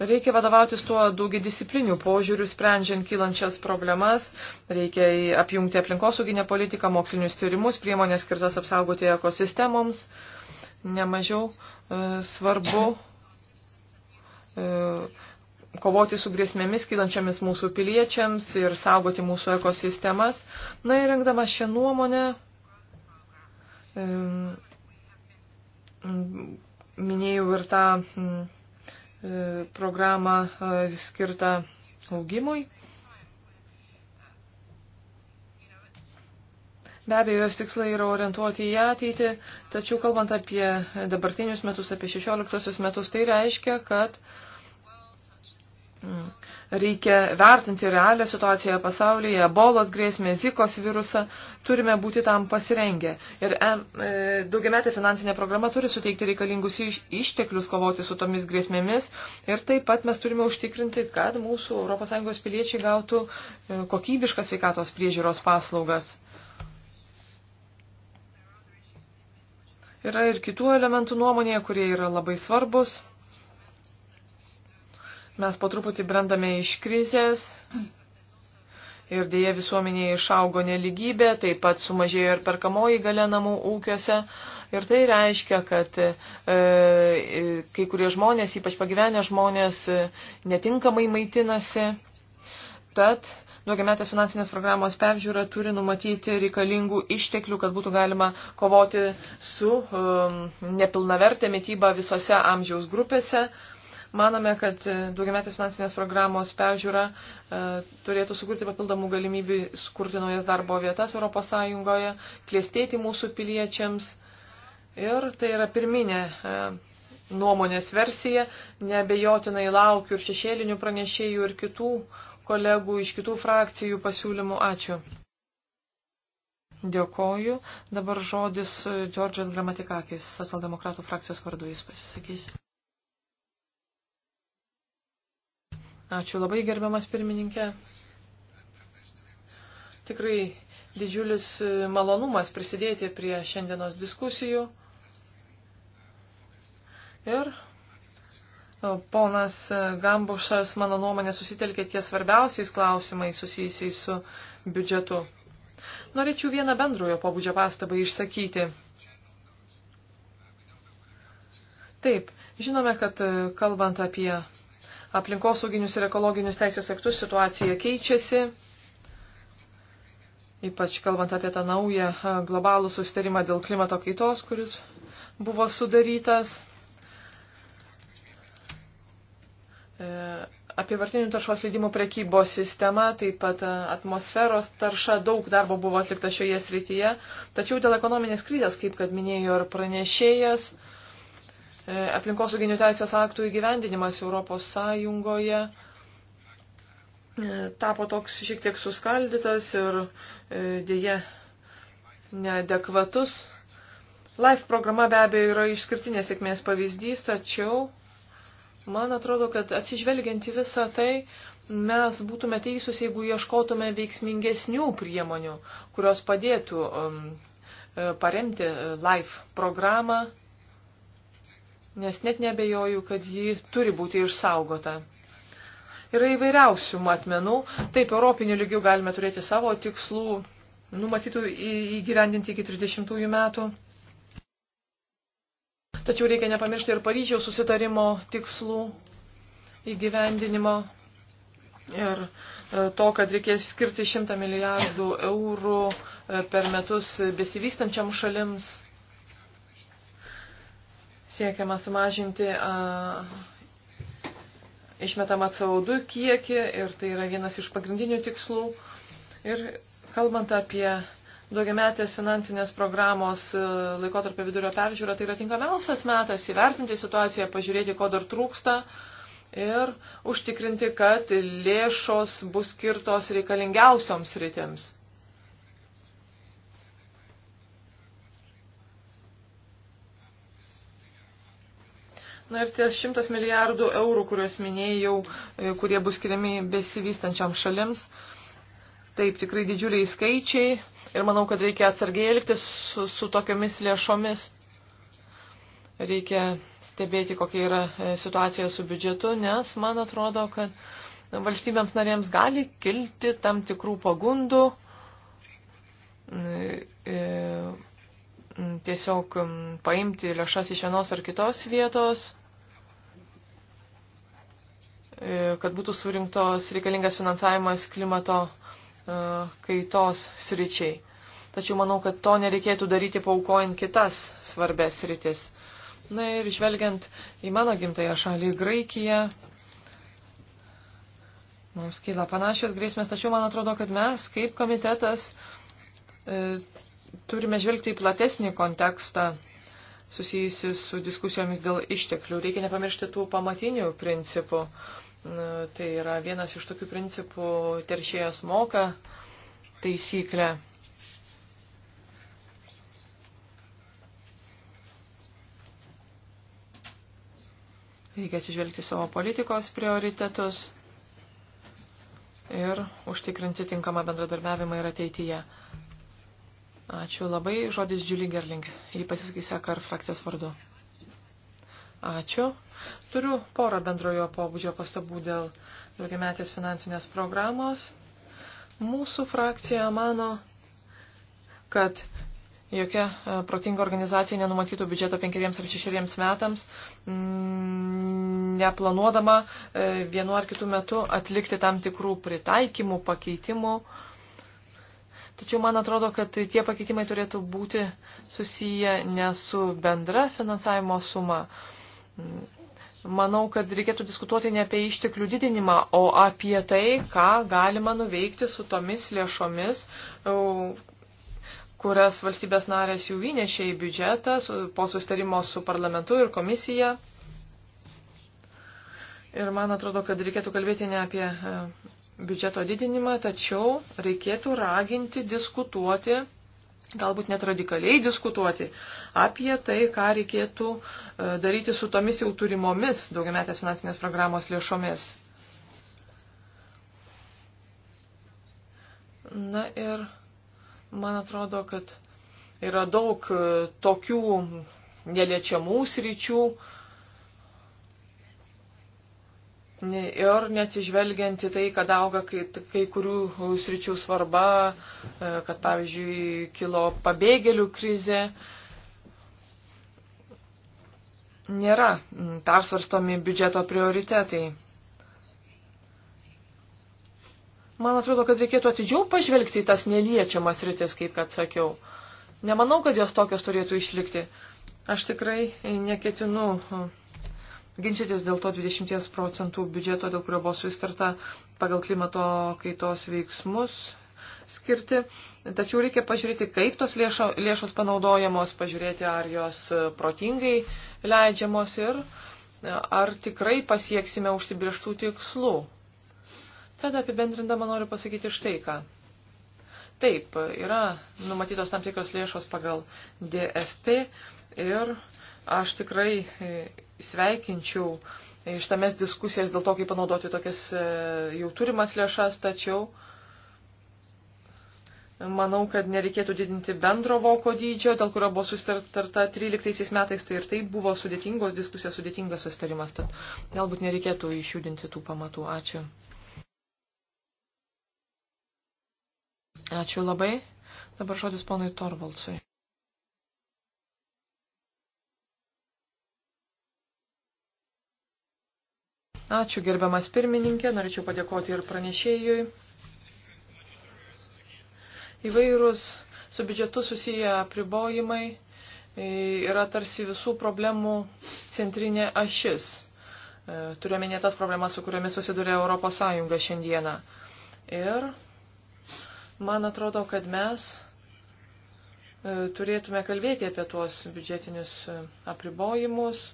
Reikia vadovautis tuo daugiadisciplinių požiūrių, sprendžiant kylančias problemas, reikia apjungti aplinkosauginę politiką, mokslinius tyrimus, priemonės skirtas apsaugoti ekosistemoms. Nemažiau e, svarbu e, kovoti su grėsmėmis kylančiamis mūsų piliečiams ir saugoti mūsų ekosistemas. Na ir rengdama šią nuomonę. E, minėjau ir tą. E, E, programą e, skirtą augimui. Be abejo, jos tikslai yra orientuoti į ateitį, tačiau kalbant apie dabartinius metus, apie 16 metus, tai reiškia, kad mm, reikia vertinti realią situaciją pasaulyje, bolos grėsmė, zikos virusą, turime būti tam pasirengę. Ir e, daugiametė finansinė programa turi suteikti reikalingus iš, išteklius kovoti su tomis grėsmėmis ir taip pat mes turime užtikrinti, kad mūsų ES piliečiai gautų e, kokybiškas sveikatos priežiūros paslaugas. Yra ir kitų elementų nuomonėje, kurie yra labai svarbus. Mes po truputį brandame iš krizės ir dėje visuomenėje išaugo neligybė, taip pat sumažėjo ir perkamoji galia namų ūkiuose. Ir tai reiškia, kad e, e kai kurie žmonės, ypač pagyvenę žmonės, e, netinkamai maitinasi. Tad daugiametės finansinės programos peržiūra turi numatyti reikalingų išteklių, kad būtų galima kovoti su um, nepilnavertė mytyba visose amžiaus grupėse. Uh, Manome, kad e, daugiametės finansinės programos peržiūra e, turėtų sukurti papildomų galimybių skurti naujas darbo vietas ES, klėstėti mūsų piliečiams. Ir tai yra pirminė e, nuomonės versija. Nebejotinai laukiu ir šešėlinių pranešėjų ir kitų kolegų iš kitų frakcijų pasiūlymų. Ačiū. Dėkoju. Dabar žodis Džordžas Gramatikakis, socialdemokratų frakcijos vardu jis pasisakys. Ačiū labai gerbiamas pirmininkė. Tikrai didžiulis e, malonumas prisidėti prie šiandienos diskusijų. Ir e, Ponas e, Gambušas, mano nuomonė, susitelkė ties svarbiausiais klausimais susijusiais su biudžetu. Norėčiau vieną bendrojo pobūdžio pastabą išsakyti. Taip, žinome, kad kalbant apie aplinkosauginius ir ekologinius teisės aktus situacija keičiasi, ypač kalbant apie tą naują globalų susitarimą dėl klimato kaitos, kuris buvo sudarytas. E, apivartinių taršos leidimų prekybos sistema, taip pat atmosferos tarša, daug darbo buvo atlikta šioje srityje, tačiau dėl ekonominės krizės, kaip kad minėjo ir pranešėjas, E, aplinkosauginių teisės aktų įgyvendinimas Europos Sąjungoje e, tapo toks šiek tiek suskaldytas ir e, dėje neadekvatus. Life programa be abejo yra išskirtinė sėkmės pavyzdys, tačiau man atrodo, kad atsižvelgiant į visą tai, mes būtume teisūs, jeigu ieškotume veiksmingesnių priemonių, kurios padėtų um, paremti Life programą nes net nebejoju, kad ji turi būti išsaugota. Yra įvairiausių matmenų, taip, europinių lygių galime turėti savo tikslų, numatytų įgyvendinti iki 30 metų. Tačiau reikia nepamiršti ir Paryžiaus susitarimo tikslų įgyvendinimo ir e, to, kad reikės skirti 100 milijardų eurų e, per metus besivystančiam šalims. Siekiama sumažinti a, išmetamą CO2 kiekį ir tai yra vienas iš pagrindinių tikslų. Ir kalbant apie daugiametės finansinės programos laikotarpio vidurio peržiūrą, tai yra tinkamiausias metas įvertinti situaciją, pažiūrėti, ko dar trūksta ir užtikrinti, kad lėšos bus skirtos reikalingiausioms rytims. Na ir tie šimtas milijardų eurų, kuriuos minėjau, e, kurie bus skiriami besivystančiam šalims. Taip, tikrai didžiuliai skaičiai ir manau, kad reikia atsargiai elgtis su, su tokiamis lėšomis. Reikia stebėti, kokia yra e, situacija su biudžetu, nes man atrodo, kad valstybėms narėms gali kilti tam tikrų pagundų. E, e tiesiog paimti lėšas iš vienos ar kitos vietos. E, kad būtų surinktos reikalingas finansavimas klimato e, kaitos sričiai. Tačiau manau, kad to nereikėtų daryti paukojant kitas svarbės sritis. Na ir žvelgiant į mano gimtąją šalį Graikiją, mums kyla panašios grėsmės, tačiau man atrodo, kad mes kaip komitetas e, turime žvelgti į platesnį kontekstą susijusi su diskusijomis dėl išteklių. Reikia nepamiršti tų pamatinių principų. Tai yra vienas iš tokių principų teršėjas moka taisyklę. Reikia atsižvelgti savo politikos prioritetus ir užtikrinti tinkamą bendradarbiavimą ir ateityje. Ačiū labai. Žodis Julie Gerling. Jį pasiskaisė kar frakcijos vardu. Ačiū. Turiu porą bendrojo pobūdžio pastabų dėl daugiametės finansinės programos. Mūsų frakcija mano, kad jokia e, protinga organizacija nenumatytų biudžeto penkeriems ar šešeriems metams, mm, neplanuodama e, vienu ar kitu metu atlikti tam tikrų pritaikymų, pakeitimų. Tačiau man atrodo, kad tie pakeitimai turėtų būti susiję ne su bendra finansavimo suma, Manau, kad reikėtų diskutuoti ne apie išteklių didinimą, o apie tai, ką galima nuveikti su tomis lėšomis, e, kurias valstybės narės jau įnešė į biudžetą po sustarimo su parlamentu ir komisija. Ir man atrodo, kad reikėtų kalbėti ne apie e, biudžeto didinimą, tačiau reikėtų raginti diskutuoti galbūt net radikaliai diskutuoti apie tai, ką reikėtų e, daryti su tomis jau turimomis daugiametės finansinės programos lėšomis. Na ir man atrodo, kad yra daug e, tokių neliečiamų sričių, uh, ir neatsižvelgianti tai, kad auga kai, kai kurių sričių svarba, e, kad pavyzdžiui kilo pabėgėlių krizė, nėra persvarstomi biudžeto prioritetai. Man atrodo, kad reikėtų atidžiau pažvelgti į tas neliečiamas rytis, kaip kad sakiau. Nemanau, kad jos tokios turėtų išlikti. Aš tikrai neketinu ginčytis dėl to 20 procentų biudžeto, dėl kurio buvo suistarta pagal klimato kaitos veiksmus skirti. Tačiau reikia pažiūrėti, kaip tos lėšo, lėšos panaudojamos, pažiūrėti, ar jos protingai leidžiamos ir e, ar tikrai pasieksime užsibrieštų tikslų. Tada apibendrindama noriu pasakyti štai ką. Taip, yra numatytos tam tikros lėšos pagal DFP ir Aš tikrai e, sveikinčiau e, ištames diskusijas dėl to, kaip panaudoti tokias e, jau turimas lėšas, tačiau manau, kad nereikėtų didinti bendro voko dydžio, dėl kurio buvo susitarta 13 metais, tai ir tai buvo sudėtingos diskusijos, sudėtingas susitarimas, tad galbūt nereikėtų išjudinti tų pamatų. Ačiū. Ačiū labai. Dabar žodis ponui Torvaldsui. Ačiū gerbiamas pirmininkė, norėčiau padėkoti ir pranešėjui. Įvairūs su biudžetu susiję apribojimai e, yra tarsi visų problemų centrinė ašis. E, Turime ne tas problemas, su kuriamis susiduria Europos Sąjunga šiandieną. Ir man atrodo, kad mes e, turėtume kalbėti apie tuos biudžetinius apribojimus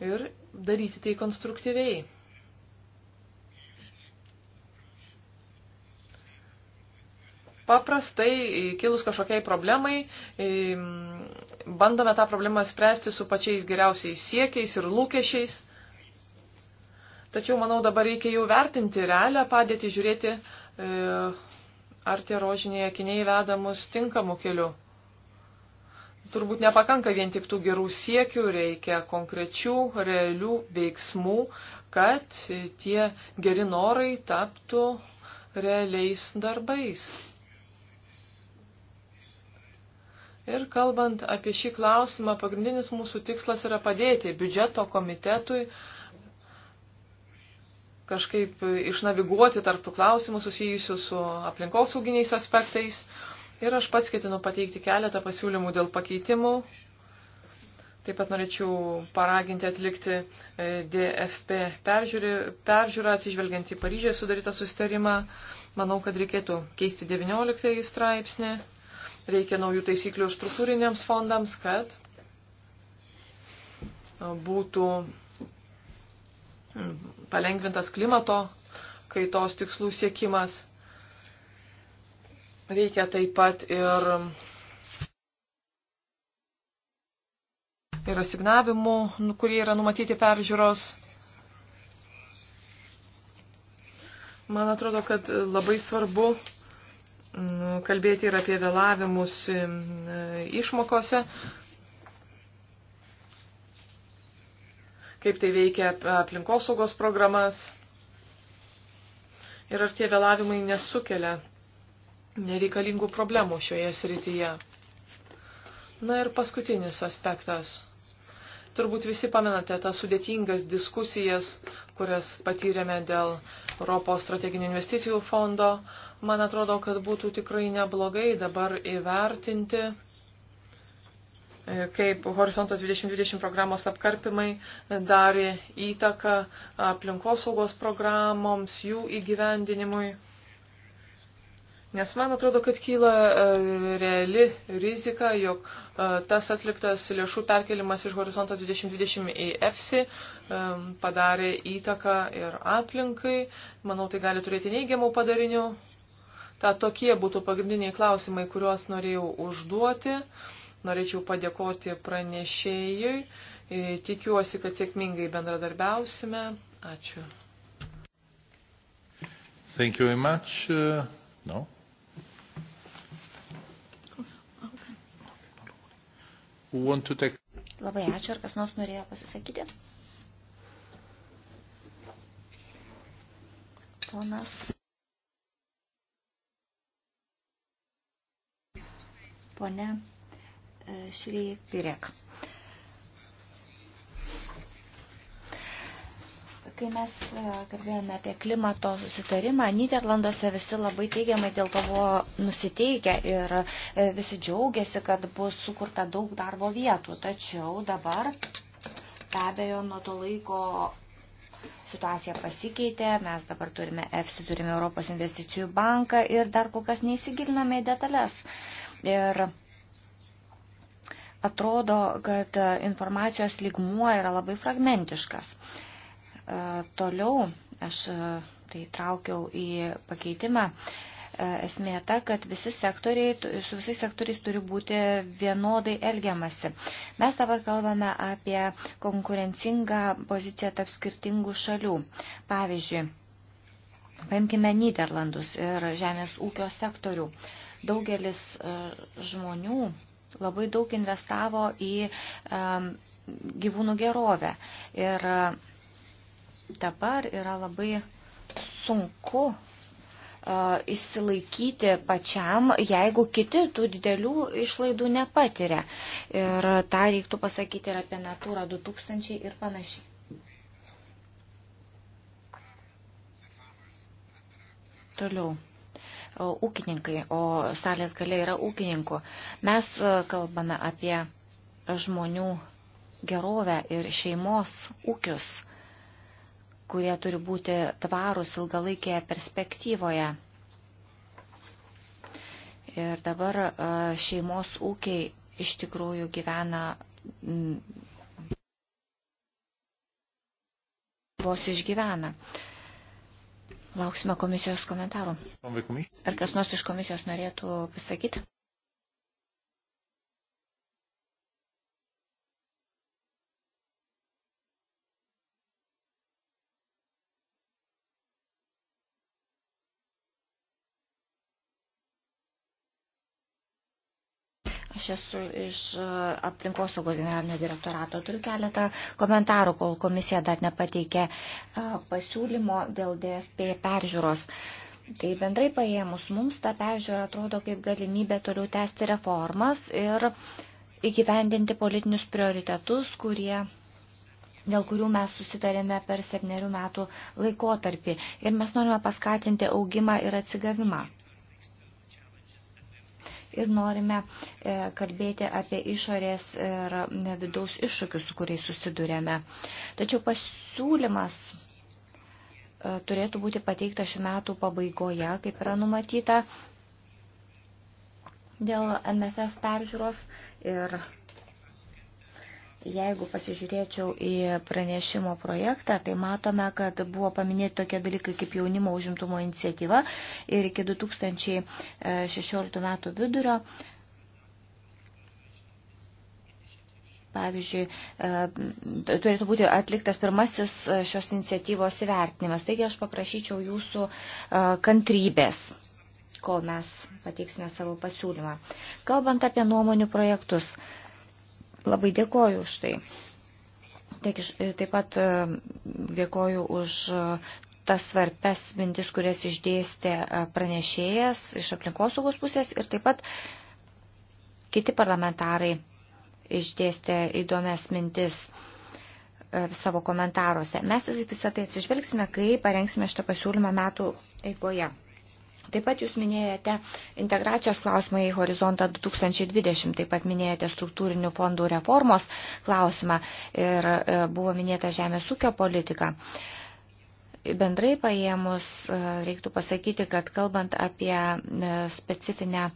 ir daryti tai konstruktyviai. Paprastai, e, kilus kažkokiai problemai, e, bandome tą problemą spręsti su pačiais geriausiais siekiais ir lūkesčiais. Tačiau, manau, dabar reikia jau vertinti realią padėtį, žiūrėti, e, ar tie rožiniai akiniai veda mus tinkamu keliu turbūt nepakanka vien tik tų gerų siekių, reikia konkrečių, realių veiksmų, kad tie geri norai taptų realiais darbais. Ir kalbant apie šį klausimą, pagrindinis mūsų tikslas yra padėti biudžeto komitetui kažkaip išnaviguoti tarptų klausimų susijusių su aplinkosauginiais aspektais, Ir aš pats ketinu pateikti keletą pasiūlymų dėl pakeitimų. Taip pat norėčiau paraginti atlikti e, DFP peržiūrį, peržiūrą atsižvelgiant į Paryžėje sudarytą sustarimą. Manau, kad reikėtų keisti 19 straipsnį. Reikia naujų taisyklių struktūriniams fondams, kad e, būtų palengvintas klimato kaitos tikslų siekimas. Reikia taip pat ir, ir asignavimų, nu, kurie yra numatyti peržiūros. Man atrodo, kad labai svarbu nu, kalbėti ir apie vėlavimus išmokose, kaip tai veikia aplinkosaugos programas ir ar tie vėlavimai nesukelia nereikalingų problemų šioje srityje. Na ir paskutinis aspektas. Turbūt visi pamenate tas sudėtingas diskusijas, kurias patyrėme dėl Europos strateginių investicijų fondo. Man atrodo, kad būtų tikrai neblogai dabar įvertinti, e, kaip Horizontas 2020 programos apkarpimai darė įtaką aplinkosaugos programoms, jų įgyvendinimui. Nes man atrodo, kad kyla e, reali rizika, jog e, tas atliktas lėšų perkelimas iš horizontas 2020 į EFSI e, padarė įtaką ir aplinkai. Manau, tai gali turėti neigiamų padarinių. Ta tokie būtų pagrindiniai klausimai, kuriuos norėjau užduoti. Norėčiau padėkoti pranešėjui. Tikiuosi, kad sėkmingai bendradarbiausime. Ačiū. Thank you very much. Uh, no. Take... Labai ačiū, ar kas nors norėjo pasisakyti? Ponas. Pone e, Šri Pirek. Kai mes e, kalbėjome apie klimato susitarimą, Niderlanduose visi labai teigiamai dėl to buvo nusiteikę ir e, visi džiaugiasi, kad bus sukurta daug darbo vietų. Tačiau dabar, be abejo, nuo to laiko situacija pasikeitė, mes dabar turime EFSI, turime Europos investicijų banką ir dar kol kas neįsigiliname į detalės. Ir atrodo, kad informacijos lygmuo yra labai fragmentiškas. E, toliau aš e, tai traukiau į pakeitimą. E, esmė ta, kad visi sektoriai, su visais sektoriais turi būti vienodai elgiamasi. Mes dabar kalbame apie konkurencingą poziciją tarp skirtingų šalių. Pavyzdžiui, paimkime Niderlandus ir žemės ūkio sektorių. Daugelis žmonių labai daug investavo į gyvūnų gerovę. Ir dabar yra labai sunku įsilaikyti pačiam, jeigu kiti tų didelių išlaidų nepatiria. Ir tą reiktų pasakyti ir apie Natūrą 2000 ir panašiai. Toliau. O, ūkininkai, o salės galia yra ūkininkų. Mes kalbame apie žmonių gerovę ir šeimos ūkius kurie turi būti tvarūs ilgalaikėje perspektyvoje. Ir dabar e, šeimos ūkiai iš tikrųjų gyvena mm, vos išgyvena. Lauksime komisijos komentarų. Ar kas nors iš komisijos norėtų pasakyti? aš esu iš e, aplinkosaugos generalinio direktorato. Turiu keletą komentarų, kol komisija dar nepateikė e, pasiūlymo dėl DFP peržiūros. Tai bendrai paėmus mums ta peržiūra atrodo kaip galimybė toliau tęsti reformas ir įgyvendinti politinius prioritetus, kurie dėl kurių mes susitarėme per septynerių metų laikotarpį. Ir mes norime paskatinti augimą ir atsigavimą ir norime e, kalbėti apie išorės ir e, vidaus iššūkius, su kuriais susidurėme. Tačiau pasiūlymas e, turėtų būti pateikta šių metų pabaigoje, kaip yra numatyta dėl MFF peržiūros ir Jeigu pasižiūrėčiau į pranešimo projektą, tai matome, kad buvo paminėti tokie dalykai kaip jaunimo užimtumo iniciatyva ir iki 2016 metų vidurio. Pavyzdžiui, e, turėtų būti atliktas pirmasis e, šios iniciatyvos įvertinimas. Taigi aš paprašyčiau jūsų e, kantrybės kol mes pateiksime savo pasiūlymą. Kalbant apie nuomonių projektus, Labai dėkoju už tai. E, taip pat e, dėkoju už e, tas svarbes mintis, kurias išdėstė pranešėjas iš aplinkosaugos pusės ir taip pat kiti parlamentarai išdėstė įdomias mintis savo komentaruose. Mes visą tai atsižvelgsime, kai parengsime šitą pasiūlymą metų eigoje. Taip pat jūs minėjote integracijos klausimą į horizontą 2020, taip pat minėjote struktūrinių fondų reformos klausimą ir e, buvo minėta žemės ūkio politika. Bendrai paėmus e, reiktų pasakyti, kad kalbant apie e, specifinę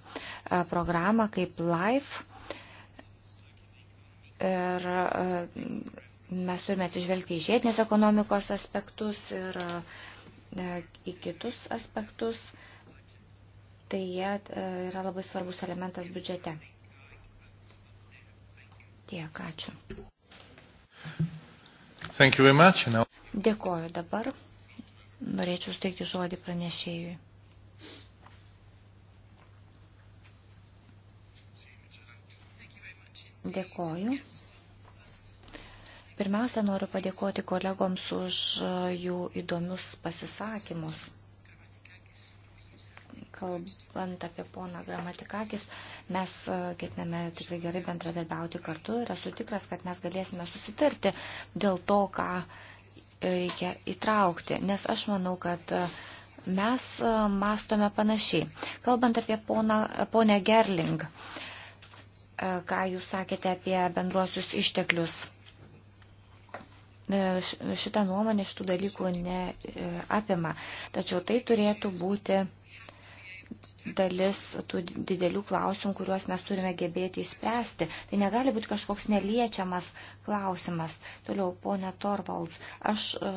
programą kaip LIFE, ir mes turime atsižvelgti į žiedinės ekonomikos aspektus ir į kitus aspektus tai jie e, yra labai svarbus elementas biudžete. Tiek, ačiū. Thank you very much. Now... Dėkoju dabar. Norėčiau suteikti žodį pranešėjui. Dėkoju. Pirmiausia, noriu padėkoti kolegoms už e, jų įdomius pasisakymus kalbant apie poną Gramatikakis, mes e, ketiname tikrai gerai bendradarbiauti kartu ir esu tikras, kad mes galėsime susitarti dėl to, ką reikia įtraukti, nes aš manau, kad e, mes e, mastome panašiai. Kalbant apie poną, ponę Gerling, ką jūs sakėte apie bendruosius išteklius šitą nuomonę šitų dalykų neapima. Tačiau tai turėtų būti dalis tų didelių klausimų, kuriuos mes turime gebėti išspręsti. Tai negali būti kažkoks neliečiamas klausimas. Toliau, ponė Torvalds, aš e,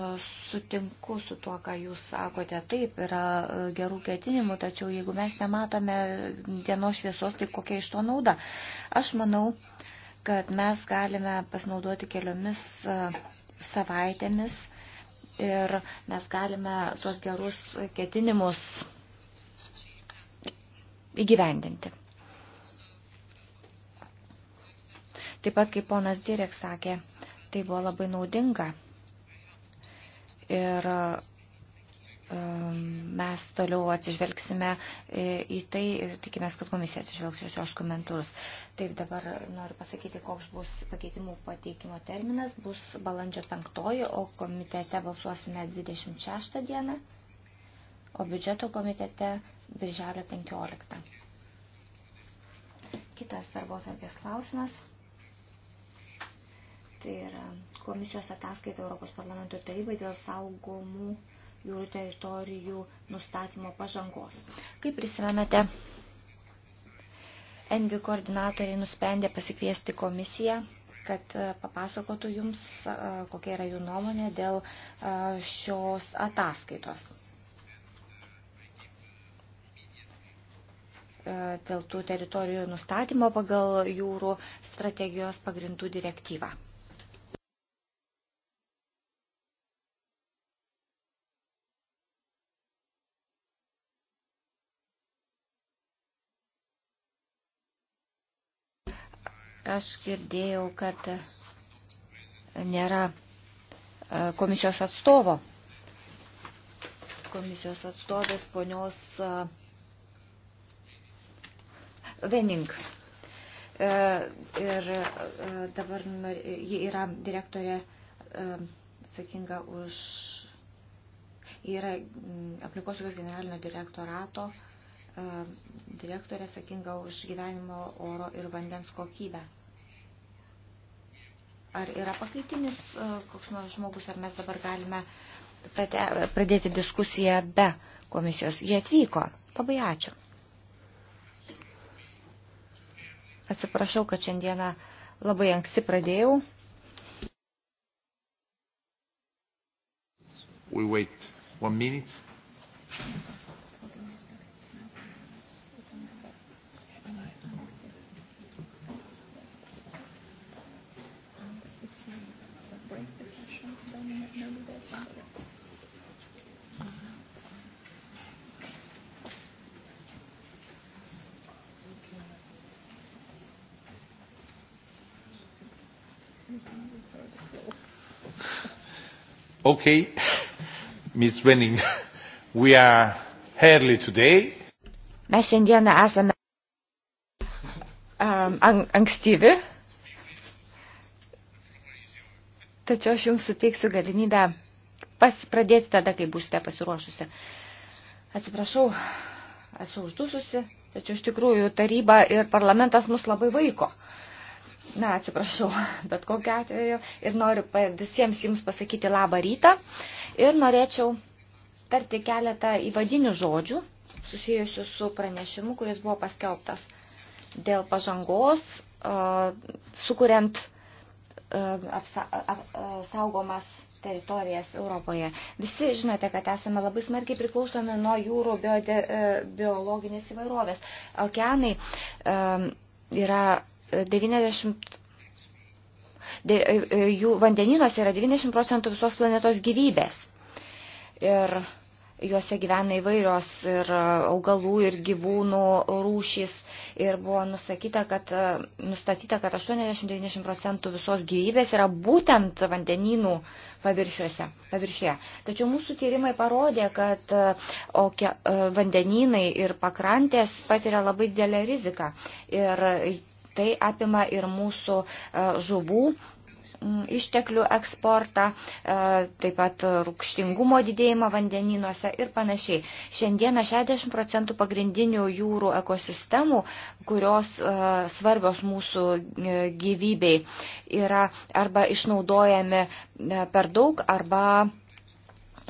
sutinku su tuo, ką jūs sakote. Taip, yra e, gerų ketinimų, tačiau jeigu mes nematome dienos šviesos, tai kokia iš to nauda? Aš manau, kad mes galime pasinaudoti keliomis e, savaitėmis ir mes galime tuos gerus ketinimus įgyvendinti. Taip pat, kaip ponas Direk sakė, tai buvo labai naudinga. Ir um, mes toliau atsižvelgsime e, į tai ir tikimės, kad komisija atsižvelgs šios komentarus. Taip dabar noriu pasakyti, koks bus pakeitimų pateikimo terminas. Bus balandžio 5, o komitete balsuosime 26 dieną, o biudžeto komitete birželio 15. Kitas darbo tvarkės klausimas. Tai yra komisijos ataskaita Europos parlamento ir tarybai dėl saugomų jūrų teritorijų nustatymo pažangos. Kaip prisimenate, Envi koordinatoriai nusprendė pasikviesti komisiją kad e, papasakotų jums, e, kokia yra jų nuomonė dėl e, šios ataskaitos. E, dėl tų teritorijų nustatymo pagal jūrų strategijos pagrindų direktyvą. Aš girdėjau, kad nėra e, komisijos atstovo. Komisijos atstovės ponios uh, Venink. E, ir e, dabar ji yra direktorė e, atsakinga už. Yra aplinkosaugos generalinio direktorato direktorė atsakinga už gyvenimo oro ir vandens kokybę. Ar yra pakaitinis koks nors žmogus, ar mes dabar galime pradėti diskusiją be komisijos. Jie atvyko. Labai ačiū. Atsiprašau, kad šiandieną labai anksti pradėjau. We wait one minute. Okay, Ms. Wenning, we are early today. Mes šiandieną esame um, an, ankstyvi, tačiau aš jums suteiksiu galimybę pradėti tada, kai būsite pasiruošusi. Atsiprašau, esu uždususi, tačiau iš tikrųjų taryba ir parlamentas mus labai vaiko. Uh, Na, atsiprašau, bet kokiu atveju. Ir noriu visiems jums pasakyti labą rytą. Ir norėčiau tarti keletą įvadinių žodžių susijusių su pranešimu, kuris buvo paskelbtas dėl pažangos, sukuriant saugomas teritorijas Europoje. Visi žinote, kad esame labai smarkiai priklausomi nuo jūrų e, biologinės įvairovės. Okeanai yra 90 de, e, e, jų vandeninuose yra 90 procentų visos planetos gyvybės. Ir juose gyvena įvairios ir augalų, ir gyvūnų rūšys. Ir buvo nusakyta, kad, e, nustatyta, kad 80-90 procentų visos gyvybės yra būtent vandeninų paviršiuje. Tačiau mūsų tyrimai parodė, kad okia, vandeninai ir pakrantės patiria labai didelę riziką. Ir Tai apima ir mūsų e, žuvų išteklių eksportą, e, taip pat rūkštingumo didėjimą vandeninuose ir panašiai. Šiandieną 60 procentų pagrindinių jūrų ekosistemų, kurios e, svarbios mūsų gyvybei, yra arba išnaudojami per daug, arba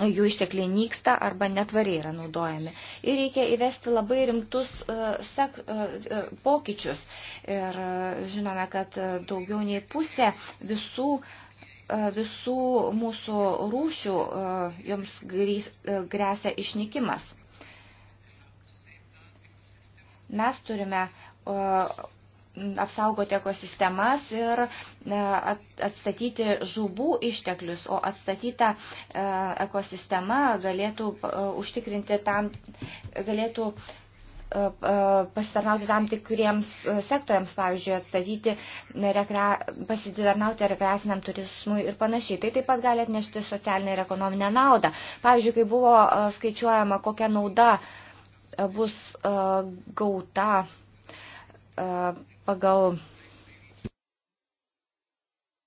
jų ištekliai nyksta arba netvariai yra naudojami. Ir reikia įvesti labai rimtus e, sek, e, e, pokyčius. Ir žinome, kad daugiau nei pusė visų visų mūsų rūšių joms grėsia išnykimas. Mes turime apsaugoti ekosistemas ir e, atstatyti žuvų išteklius, o atstatyta e, ekosistema galėtų e, užtikrinti tam, galėtų pasitarnauti tam tikriems sektoriams, pavyzdžiui, atstatyti, rekre, pasitarnauti rekreaciniam turismui ir panašiai. Tai taip pat gali atnešti socialinę ir ekonominę naudą. Pavyzdžiui, kai buvo skaičiuojama, kokia nauda bus gauta pagal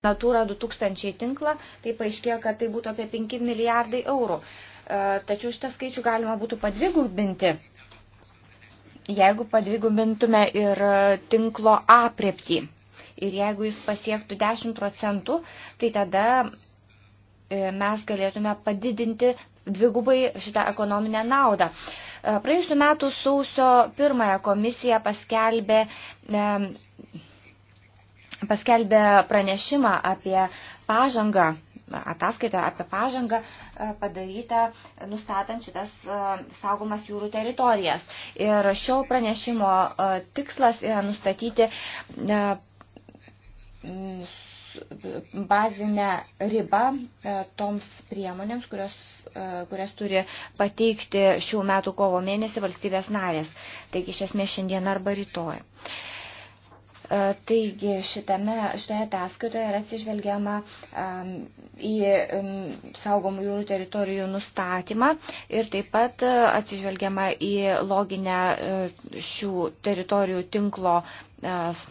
Natūra 2000 tinklą, tai paaiškėjo, kad tai būtų apie 5 milijardai eurų. E, tačiau šitą skaičių galima būtų padvigubinti, jeigu padvigubintume ir tinklo apriepti. Ir jeigu jis pasiektų 10 procentų, tai tada e, mes galėtume padidinti dvigubai šitą ekonominę naudą. E, praėjusiu metu sausio pirmąją komisija paskelbė, e, paskelbė pranešimą apie pažangą ataskaitą apie pažangą e, padarytą, nustatant šitas saugomas jūrų teritorijas. Ir šio pranešimo tikslas yra nustatyti bazinę ribą e, toms priemonėms, kurios, e, kurias turi pateikti šių metų kovo mėnesį valstybės narės. Taigi iš esmės šiandien arba rytoj. E, taigi šitame, šitoje ataskaitoje yra atsižvelgiama um, į um, saugomų jūrų teritorijų nustatymą ir taip pat uh, atsižvelgiama į loginę uh, šių teritorijų tinklo uh,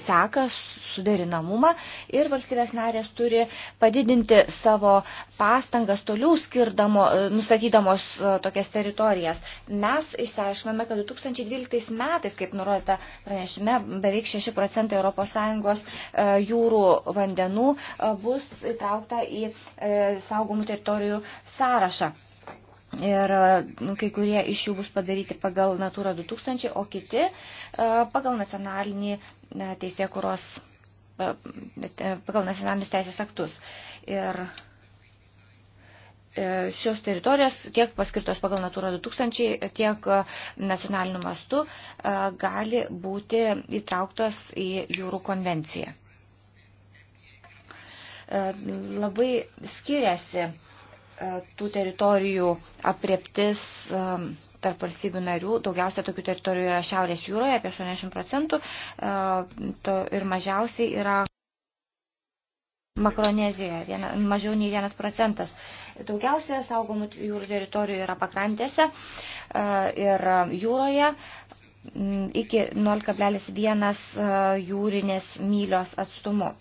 seką, suderinamumą ir valstybės narės turi padidinti savo pastangas toliau skirdamo, e, nustatydamos e, tokias teritorijas. Mes išsiaiškiname, kad 2012 metais, kaip nurodyta pranešime, beveik 6 procentai ES e, jūrų vandenų bus įtraukta į saugomų teritorijų sąrašą. Ir e, kai kurie iš jų bus padaryti pagal Natūra 2000, o kiti e, pagal nacionalinį e, teisėkuros pagal nacionalinius teisės aktus. Ir šios teritorijos, tiek paskirtos pagal Natūra 2000, tiek nacionaliniu mastu, gali būti įtrauktos į jūrų konvenciją. Labai skiriasi E, tų teritorijų apreptis e, tarp valstybių narių. Daugiausia tokių teritorijų yra Šiaurės jūroje, apie 80 procentų, e, ir mažiausiai yra Makronezijoje, viena, mažiau nei vienas procentas. Daugiausia saugomų jūrų teritorijų yra pakrantėse ir jūroje iki 0,1 jūrinės mylios atstumu.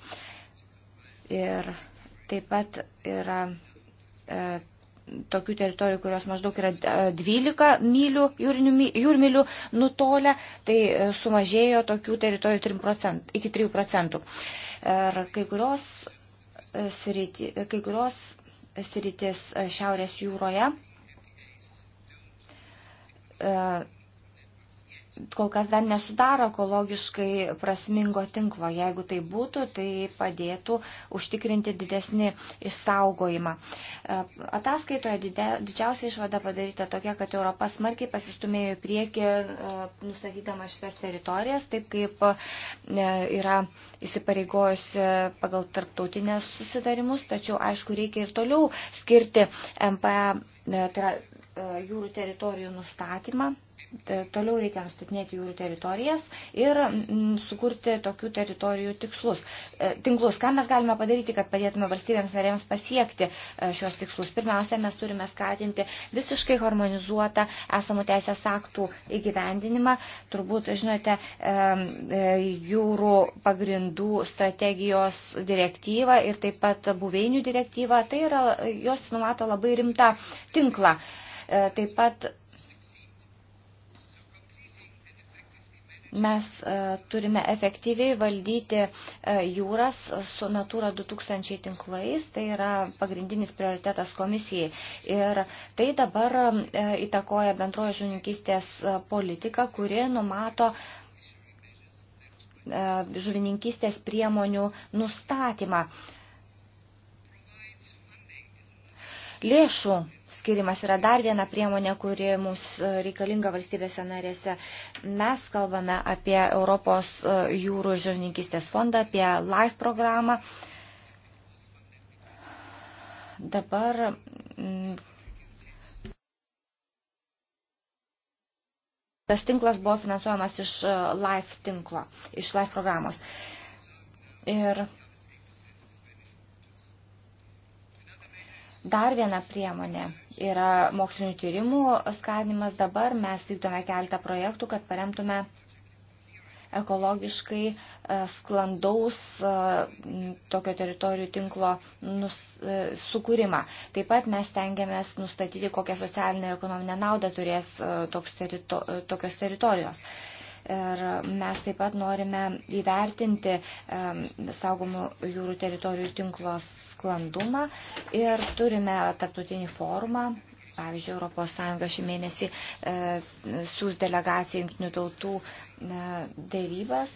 Ir taip pat yra E, tokių teritorijų, kurios maždaug yra 12 e, mylių, jūrmylių nutolę, tai e, sumažėjo tokių teritorijų 3 procent, iki 3 procentų. Ir kai kurios, sriti, kai kurios sritis Šiaurės jūroje kol kas dar nesudaro ekologiškai prasmingo tinklo. Jeigu tai būtų, tai padėtų užtikrinti didesnį išsaugojimą. E, ataskaitoje didžiausia išvada padaryta tokia, kad Europa smarkiai pasistumėjo į priekį, e, nustatydama šitas teritorijas, taip kaip e, yra įsipareigojusi pagal tarptautinės susidarimus, tačiau aišku reikia ir toliau skirti MPA tai yra E, jūrų teritorijų nustatymą. Toliau reikia nustatinėti jūrų teritorijas ir sukurti tokių teritorijų tikslus. E, tinklus. Ką mes galime padaryti, kad padėtume valstybėms narėms pasiekti e, šios tikslus? Pirmiausia, mes turime skatinti visiškai harmonizuotą esamų teisės aktų įgyvendinimą. Turbūt, žinote, jūrų pagrindų strategijos direktyva ir taip pat buveinių direktyva. Tai yra, jos numato labai rimtą tinklą. Uh, E, taip pat mes e, turime efektyviai valdyti e, jūras su Natura 2000 tinklais, tai yra pagrindinis prioritetas komisijai. Ir tai dabar įtakoja bendrojo žuvininkystės politiką, kuri numato žuvininkystės priemonių nustatymą. Lėšų skirimas yra dar viena priemonė, kuri mums e, reikalinga valstybėse narėse. Mes kalbame apie Europos e, jūrų žuvininkistės fondą, apie LIFE programą. Dabar mm, tas tinklas buvo finansuojamas iš e, LIFE tinklo, iš LIFE programos. Ir Dar viena priemonė yra mokslinių tyrimų skatinimas. Dabar mes vykdome keletą projektų, kad paremtume ekologiškai e, sklandaus e, tokio teritorijų tinklo nus, e, sukūrimą. Taip pat mes tengiamės nustatyti, kokią socialinę ir ekonominę naudą turės terito, tokios teritorijos. Ir mes taip pat norime įvertinti saugomų jūrų teritorijų tinklo sklandumą ir turime tarptautinį forumą pavyzdžiui, ES šį mėnesį e, siūs delegaciją jungtinių tautų e, dėrybas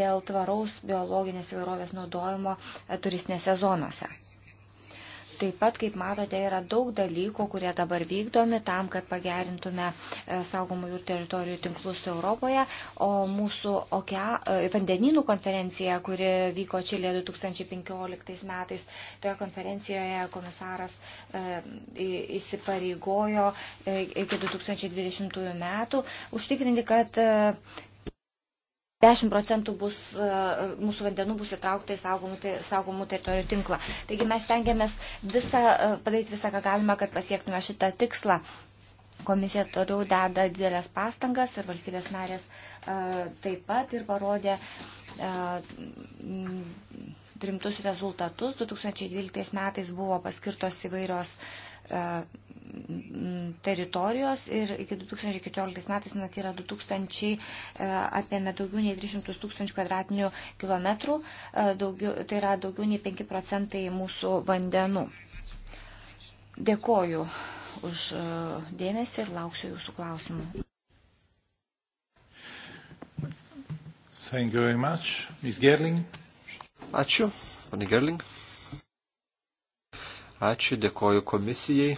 dėl tvaraus biologinės įvairovės naudojimo e, turistinėse zonose. Taip pat, kaip matote, yra daug dalykų, kurie dabar vykdomi tam, kad pagerintume e, saugomų jūrų teritorijų tinklus Europoje, o mūsų okea, e, vandeninų konferencija, kuri vyko Čilė 2015 metais, toje konferencijoje komisaras e, įsipareigojo iki 2020 metų užtikrinti, kad 10 procentų bus, e, mūsų vandenų bus įtraukta į saugomų, saugomų teritorijų tinklą. Taigi mes tengiamės visą, e, padaryti visą, ką galima, kad pasiektume šitą tikslą. Komisija toliau deda didelės pastangas ir valstybės narės e, taip pat ir parodė rimtus rezultatus. 2012 metais buvo paskirtos įvairios teritorijos ir iki 2014 metais Natyra tai 2000 e, apėmė daugiau nei 300 tūkstančių kvadratinių kilometrų, e, daugiau, tai yra daugiau nei 5 procentai mūsų vandenų. Dėkoju už e, dėmesį ir lauksiu jūsų klausimų. Thank you very much. Ms. Gerling. Ačiū, pane Gerling. Ačiū, dėkoju komisijai.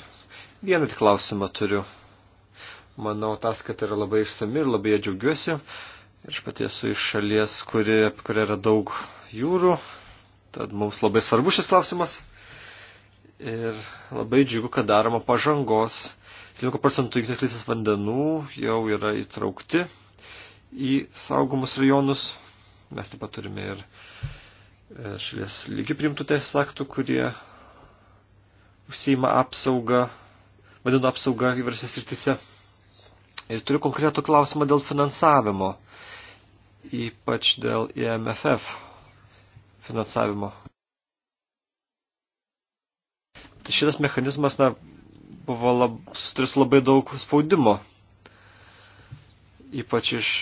Vieną tik klausimą turiu. Manau, ataskaita yra labai išsami ir labai ją džiaugiuosi. Ir aš pati esu iš šalies, kuri, apie kurią yra daug jūrų. Tad mums labai svarbu šis klausimas. Ir labai džiugu, kad daroma pažangos. 17 procentų jungtinės lysės vandenų jau yra įtraukti į saugomus rajonus. Mes taip pat turime ir e, šalies lygi priimtų teisės aktų, kurie užsima apsaugą vadino apsaugą įvairiose srityse. Ir turiu konkretų klausimą dėl finansavimo, ypač dėl IMFF finansavimo. Tai šitas mechanizmas na, buvo lab, susiduris labai daug spaudimo, ypač iš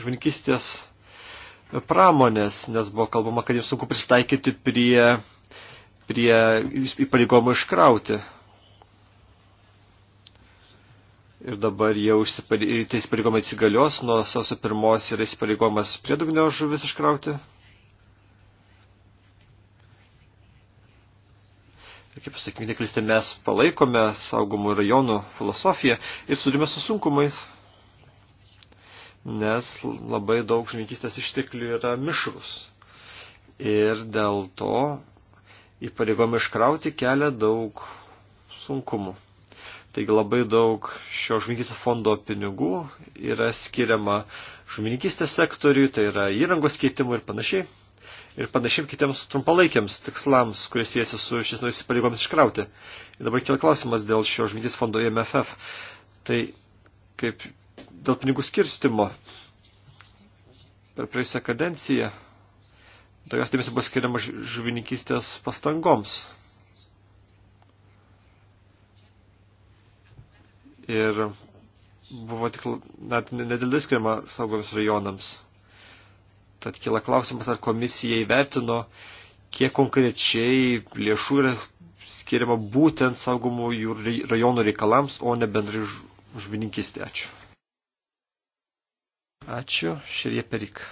žvinkistės pramonės, nes buvo kalbama, kad jiems sunku pristaikyti prie, prie įpareigojimo iškrauti ir dabar jau tie įsipareigojimai atsigalios, nuo sausio pirmos yra įsipareigojimas priedugnio žuvis iškrauti. Ir kaip sakykime, neklystė, mes palaikome saugomų rajonų filosofiją ir sudime su sunkumais, nes labai daug žuvininkystės išteklių yra mišrus. Ir dėl to įpareigojimai iškrauti kelia daug sunkumų. Taigi labai daug šio žuvininkystės fondo pinigų yra skiriama žuvininkystės sektoriui, tai yra įrangos keitimui ir panašiai. Ir panašiai kitiems trumpalaikiams tikslams, kurie siejasi su šis naujus įpareigomis iškrauti. Ir dabar kila klausimas dėl šio žuvininkystės fondo IMFF. Tai kaip dėl pinigų skirstimo per praėjusią kadenciją daugiausiai dėmesio buvo skiriama žuvininkystės pastangoms ir buvo tik net nedidelis skiriama saugomis rajonams. Tad kila klausimas, ar komisija įvertino, kiek konkrečiai lėšų yra skiriama būtent saugomų jūrų rajonų reikalams, o ne bendrai žuvininkistė. Ačiū. Ačiū, Širje Perik.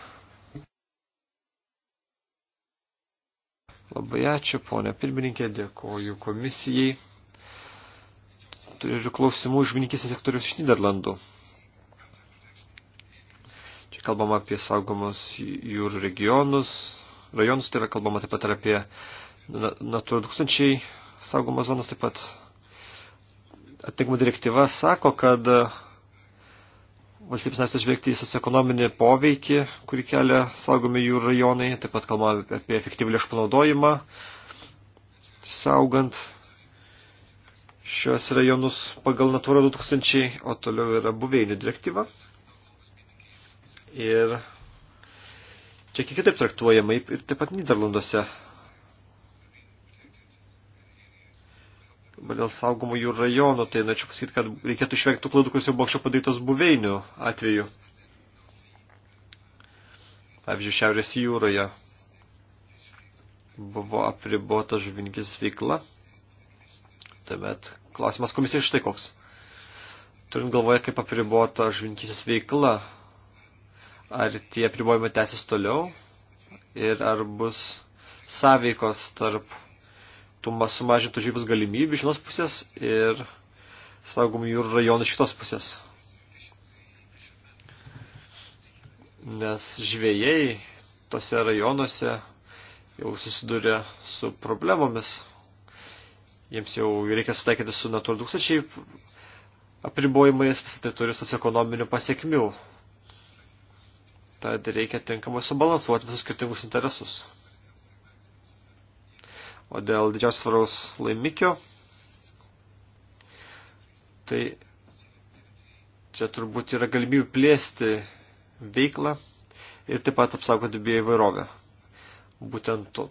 Labai ačiū, ponė pirmininkė, dėkoju komisijai turiu klausimų iš žuvininkysės sektoriaus iš Niderlandų. Čia kalbama apie saugomus jūrų regionus, rajonus, tai yra kalbama taip pat ir apie Natura 2000 saugomas zonas, taip pat atitinkama direktyva sako, kad valstybės narės žvelgti į socioekonominį poveikį, kurį kelia saugomi jų rajonai, taip pat kalbama apie efektyvų lėšų panaudojimą, saugant šios rajonus pagal Natura 2000, o toliau yra buveinių direktyva. Ir čia kiek kitaip traktuojama ir taip pat Niderlanduose. Dėl saugomų jų rajonų, tai norėčiau pasakyti, kad reikėtų išvengti klaidų, kurios jau buvo anksčiau padarytos buveinių atveju. Pavyzdžiui, Šiaurės jūroje buvo apribota žuvininkis veikla Tuomet tai klausimas komisijai štai koks. Turint galvoje, kaip apribota žvinkysis veikla, ar tie apribojimai tęsis toliau ir ar bus sąveikos tarp tų sumažintų žvybos galimybių iš vienos pusės ir saugomų jūrų rajonų iš kitos pusės. Nes žvėjai tose rajonuose jau susiduria su problemomis jiems jau reikia sutaikyti su Natura 2000 apribojimais, visą tai turi socioekonominių pasiekmių. Tad reikia tinkamai subalansuoti visus skirtingus interesus. O dėl didžiausios svaraus laimikio, tai čia turbūt yra galimybių plėsti veiklą ir taip pat apsaugoti bioįvairovę. Būtent to,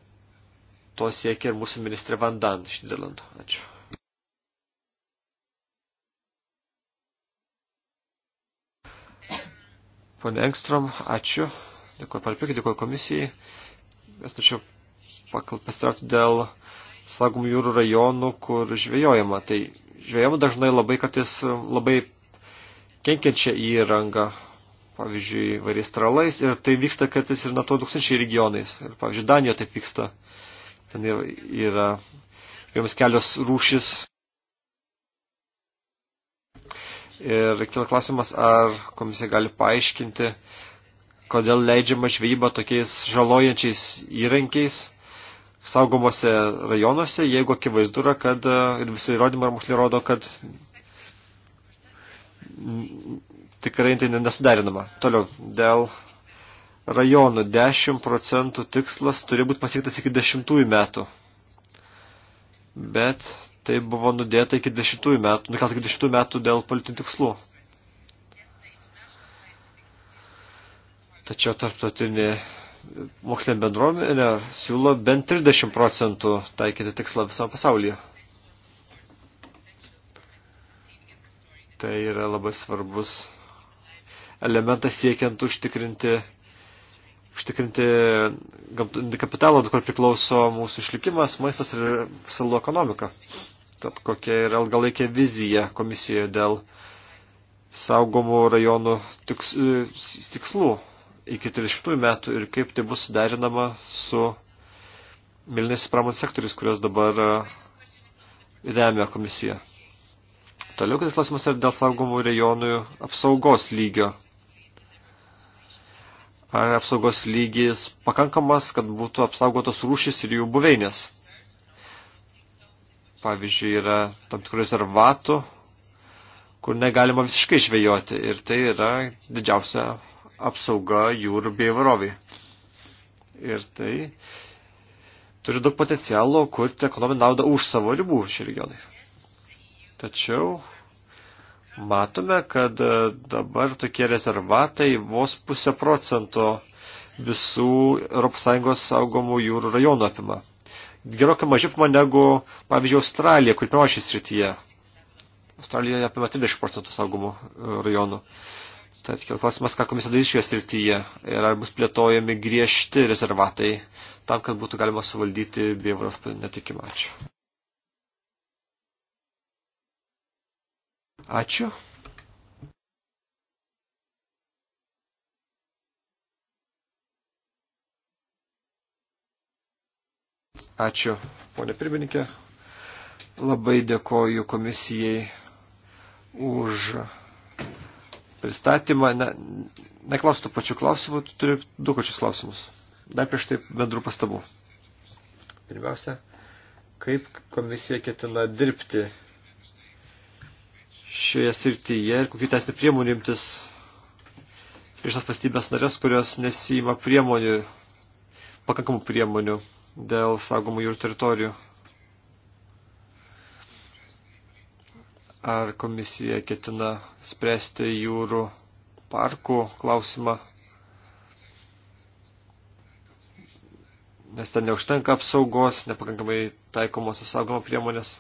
to siekia ir mūsų ministrė Vandan iš Niderlandų. Ačiū. Pone Engstrom, ačiu. Dėkuoju Palpikai, dėkuoju komisijai. Mes norėčiau pasitraukti dėl sagumų jūrų rajonų, kur žvejojama. Tai žvejojama dažnai labai kartais labai kenkiančia įranga, pavyzdžiui, variais tralais, ir tai vyksta kartais ir NATO 2000 regionais. Ir, pavyzdžiui, Danijoje taip vyksta. Ten yra joms kelios rūšis. Ir kila klausimas, ar komisija gali paaiškinti, kodėl leidžiama žvejyba tokiais žalojančiais įrankiais saugomose rajonuose, jeigu akivaizdu yra, kad ir visi įrodymai ir moksliai rodo, kad tikrai tai nesudarinama. Toliau, dėl rajonų 10 procentų tikslas turi būti pasiektas iki 10 metų. Bet tai buvo nudėta iki 10 metų, nukelt iki 10 metų dėl politinių tikslų. Tačiau tarptautinė mokslinė bendruomenė siūlo bent 30 procentų taikyti tikslą visam pasaulyje. Tai yra labai svarbus elementas siekiant užtikrinti užtikrinti kapitalą, kur priklauso mūsų išlikimas, maistas ir salų ekonomika. Tad kokia yra ilgalaikė vizija komisijoje dėl saugomų rajonų tiks, e, tikslų iki 30 metų ir kaip tai bus derinama su milinės pramonės sektoriais, kurios dabar e, remia komisija. Toliau kitas klausimas yra dėl saugomų rajonų apsaugos lygio ar apsaugos lygis pakankamas, kad būtų apsaugotos rūšis ir jų buveinės. Pavyzdžiui, yra tam tikrų rezervatų, kur negalima visiškai žvejoti ir tai yra didžiausia apsauga jūrų bei varoviai. Ir tai turi daug potencialo kurti ekonominę naudą už savo ribų šie regionai. Tačiau matome, kad e, dabar tokie rezervatai vos pusę procento visų ES saugomų jūrų rajonų apima. Gerokai mažiau apima negu, pavyzdžiui, Australija, kur pirmoji srityje. Australijoje apima 30 procentų saugomų e, rajonų. Tad kėl klausimas, ką komisija darys šioje srityje ir ar bus plėtojami griežti rezervatai tam, kad būtų galima suvaldyti bėvaros netikimą. Ačiū. Ačiū. Ačiū, ponė pirmininkė. Labai dėkoju komisijai už pristatymą. Ne, neklausiu tų pačių klausimų, turiu du pačius klausimus. Dar prieš tai bendrų pastabų. Pirmiausia, kaip komisija ketina dirbti šioje srityje ir kokių teisinių priemonių imtis prieš tas valstybės narės, kurios nesima priemonių, pakankamų priemonių dėl saugomų jūrų teritorijų. Ar komisija ketina spręsti jūrų parkų klausimą? Nes ten neužtenka apsaugos, nepakankamai taikomos apsaugoma priemonės.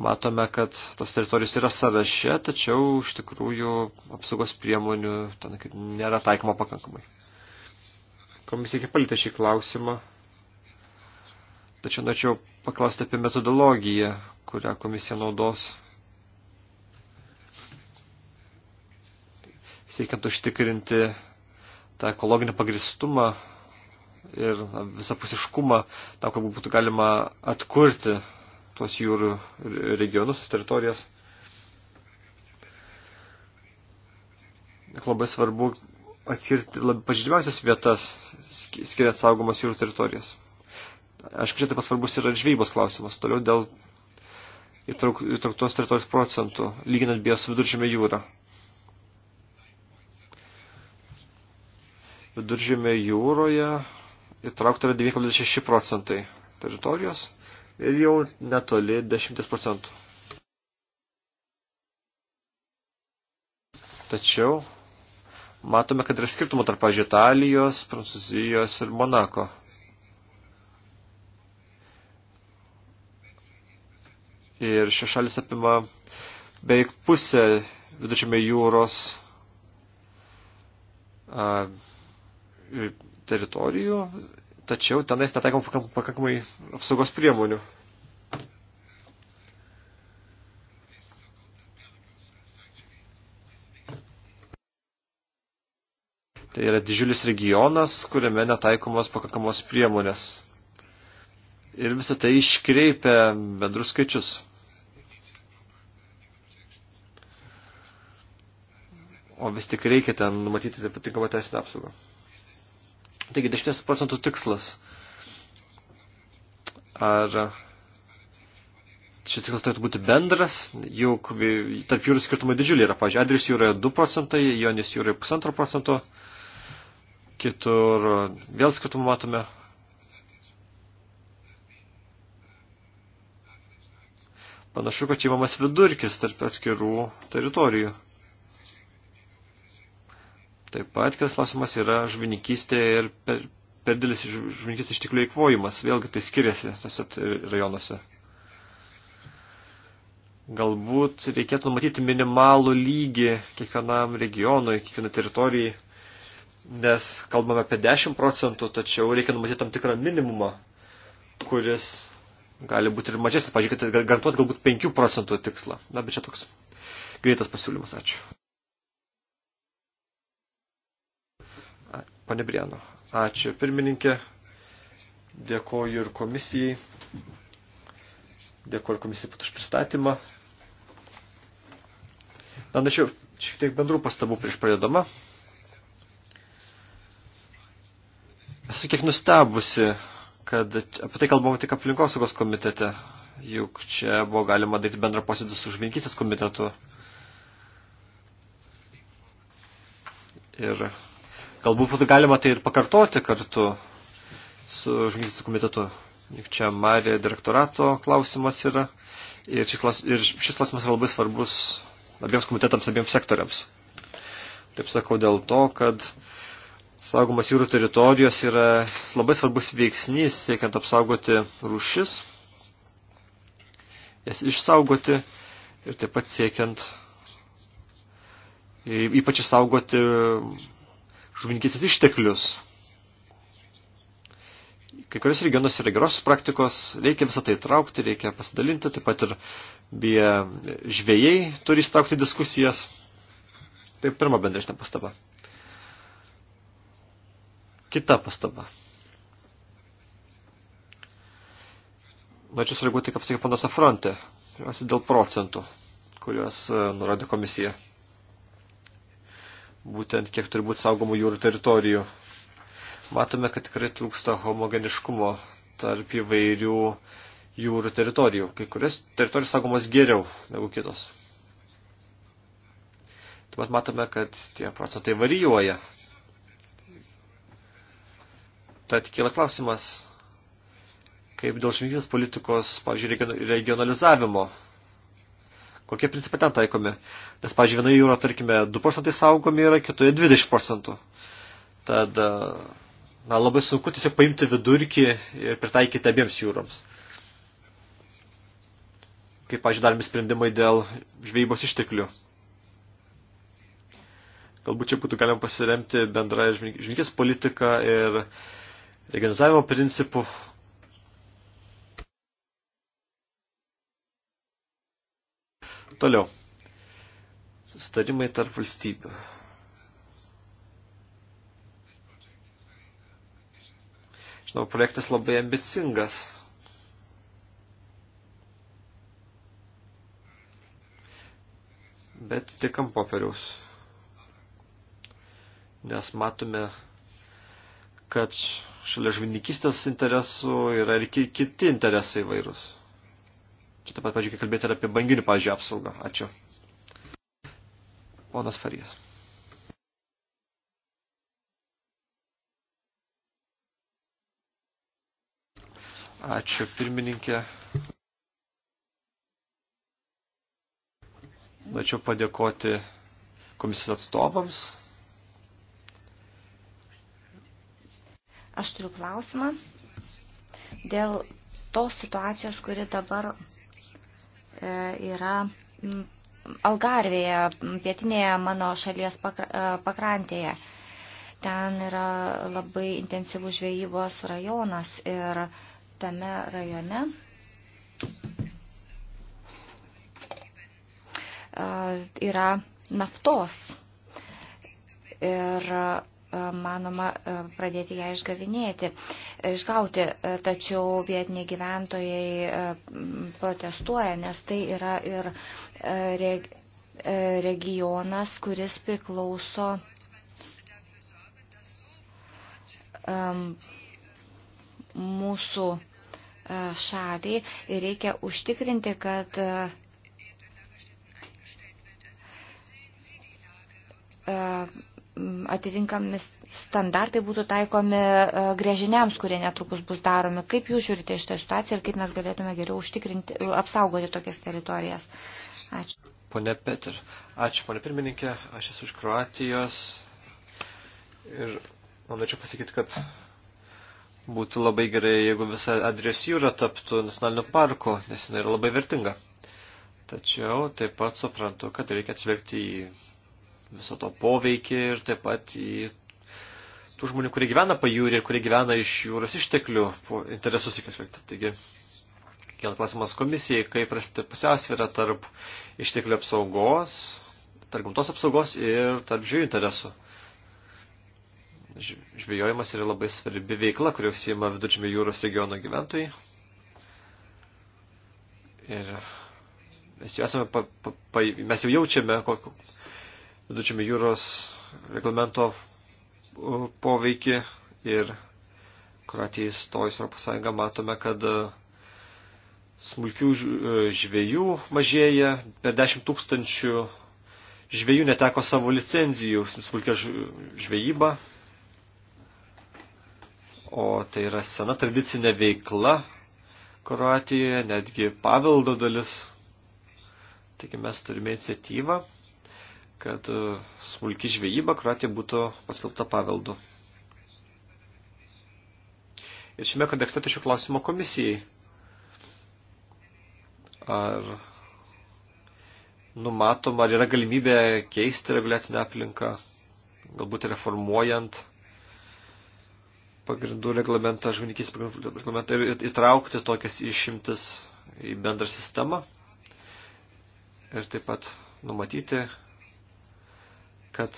Matome, kad tos teritorijos yra sąraše, tačiau iš tikrųjų apsaugos priemonių ten nėra taikoma pakankamai. Komisija iki palėtė šį klausimą, tačiau norėčiau paklausti apie metodologiją, kurią komisija naudos siekiant užtikrinti tą ekologinį pagristumą ir visapusiškumą, tam, kad būtų galima atkurti tuos jūrų regionus, teritorijas. Labai svarbu atskirti pažydžiamiausias vietas, skiriant saugomas jūrų teritorijas. Aišku, čia taip pat svarbus yra žvejybos klausimas. Toliau dėl įtrauktos teritorijos procentų, lyginant bėjo su viduržėmė jūra. Viduržėmė jūroje įtraukta yra 9,6 procentai teritorijos, ir jau netoli 10 procentų. Tačiau matome, kad yra skirtumo tarp, pažiūrėjau, Italijos, Prancūzijos ir Monako. Ir šios šalis apima beveik pusę vidučiame jūros a, teritorijų tačiau tenais netaikom pakankamai apsaugos priemonių. Tai yra didžiulis regionas, kuriame netaikomos pakankamos priemonės. Ir visą tai iškreipia bendrus skaičius. O vis tik reikia ten numatyti patinkamą teisinę apsaugą. Taigi 10 procentų tikslas. Ar šis tikslas turėtų būti bendras, juk tarp jūrų skirtumai didžiuliai yra. Pavyzdžiui, Adris jūroje 2 procentai, Jonis jūroje 1,5 procento, kitur vėl skirtumų matome. Panašu, kad čia įmamas vidurkis tarp atskirų teritorijų. Taip pat kitas klausimas yra žuvininkystė ir per, per didelis žuvininkystės ištiklių eikvojimas. Vėlgi tai skiriasi tose rajonuose. Galbūt reikėtų numatyti minimalų lygį kiekvienam regionui, kiekvienai teritorijai, nes kalbame apie 10 procentų, tačiau reikia numatyti tam tikrą minimumą, kuris gali būti ir mažesnis, pažiūrėkite, garantuot galbūt 5 procentų tikslą. Na, bet čia toks greitas pasiūlymas, ačiū. Pane Brieno, ačiū pirmininkė, dėkoju ir komisijai, dėkoju komisijai pat už pristatymą. Na, načiau, šiek tiek bendrų pastabų prieš pradedama. Esu kiek nustebusi, kad apie tai kalbama tik aplinkosaugos komitete, juk čia buvo galima daryti bendrą posėdį su žvinkistės komitetu. Ir Galbūt būtų galima tai ir pakartoti kartu su žurnalistų komitetu. Juk čia Marė direktorato klausimas yra. Ir šis, klas, ir šis klausimas yra labai svarbus abiems komitetams, abiems sektoriams. Taip sakau dėl to, kad saugomas jūrų teritorijos yra labai svarbus veiksnys, siekiant apsaugoti rūšis, jas išsaugoti ir taip pat siekiant ypač išsaugoti žuvininkysės išteklius. Kai kurios regionos yra geros praktikos, reikia visą tai traukti, reikia pasidalinti, taip pat ir bie žvėjai turi įstraukti diskusijas. Tai pirma bendresnė pastaba. Kita pastaba. Norėčiau sureaguoti, kaip sakė panas Afronte, dėl procentų, kuriuos e, nurodė komisija būtent kiek turi būti saugomų jūrų teritorijų. Matome, kad tikrai trūksta homogeniškumo tarp įvairių jūrų teritorijų. Kai kurias teritorijos saugomos geriau negu kitos. Taip pat matome, kad tie procentai varijuoja. Tad kyla klausimas, kaip dėl šimtinės politikos, pavyzdžiui, regionalizavimo kokie principai ten taikomi. Nes, pavyzdžiui, vienoje jūroje, tarkime, 2 procentai saugomi yra, kitoje 20 procentų. Tad, e, na, labai sunku tiesiog paimti vidurkį ir pritaikyti abiems jūroms. Kaip, pavyzdžiui, daromi sprendimai dėl žvejybos išteklių. Galbūt čia būtų galima pasiremti bendrą žvingės politiką ir regionizavimo principų, Toliau. Sustarimai tarp valstybių. Žinau, projektas labai ambicingas. Bet tik ant popieriaus. Nes matome, kad šalia žvininkistės interesų yra ir kiti interesai vairūs. Taip pat, pažiūrėkite, kalbėti ir apie banginių, pažiūrėjau, apsaugą. Ačiū. Ponas Farijas. Ačiū, pirmininkė. Norėčiau padėkoti komisijos atstovams. Aš turiu klausimą dėl tos situacijos, kuri dabar E, yra Algarvėje, pietinėje mano šalies e, pakrantėje. Ten yra labai intensyvų žvejybos rajonas ir tame rajone e, yra naftos. Ir E, manoma e, pradėti ją išgavinėti, e, išgauti, tačiau vietiniai gyventojai protestuoja, nes tai yra ir regionas, kuris priklauso mūsų šaliai ir reikia užtikrinti, kad atitinkami standartai būtų taikomi e, grėžiniams, kurie netrukus bus daromi. Kaip jūs žiūrite iš tą situaciją ir kaip mes galėtume geriau užtikrinti, e, apsaugoti tokias teritorijas? Ačiū. Pone Peter, ačiū, pone pirmininkė, aš esu iš Kroatijos ir norėčiau pasakyti, kad būtų labai gerai, jeigu visa Adrijos jūra taptų nacionaliniu parku, nes jinai yra labai vertinga. Tačiau taip pat suprantu, kad reikia atsvelgti į viso to poveikį ir taip pat į tų žmonių, kurie gyvena pajūrį ir kurie gyvena iš jūros išteklių interesus reikia atsvelgti. Taigi, kiek klausimas komisijai, kaip rasti pusiausvyrą tarp išteklių apsaugos, tarp gamtos apsaugos ir tarp žvėjų interesų. Žvėjojimas yra labai svarbi veikla, kuria užsima viduržymė jūros regiono gyventojai. Ir mes jau, esame, pa, pa, pa, mes jau jaučiame, kokiu vidučiame jūros reglamento poveikį ir Kroatijai stojus Europos Sąjungą matome, kad e, smulkių e, žvėjų mažėja, per 10 tūkstančių žvėjų neteko savo licenzijų, smulkia žvėjyba, o tai yra sena tradicinė veikla Kroatijoje, netgi paveldo dalis. Taigi mes turime iniciatyvą kad e, smulki žvejyba Kroatija būtų paskelbta paveldu. Ir šiame kontekste tačiau klausimo komisijai. Ar numatoma, ar yra galimybė keisti reguliacinę aplinką, galbūt reformuojant pagrindų reglamentą, žvininkys pagrindų reglamentą ir įtraukti tokias išimtis į bendrą sistemą ir taip pat numatyti kad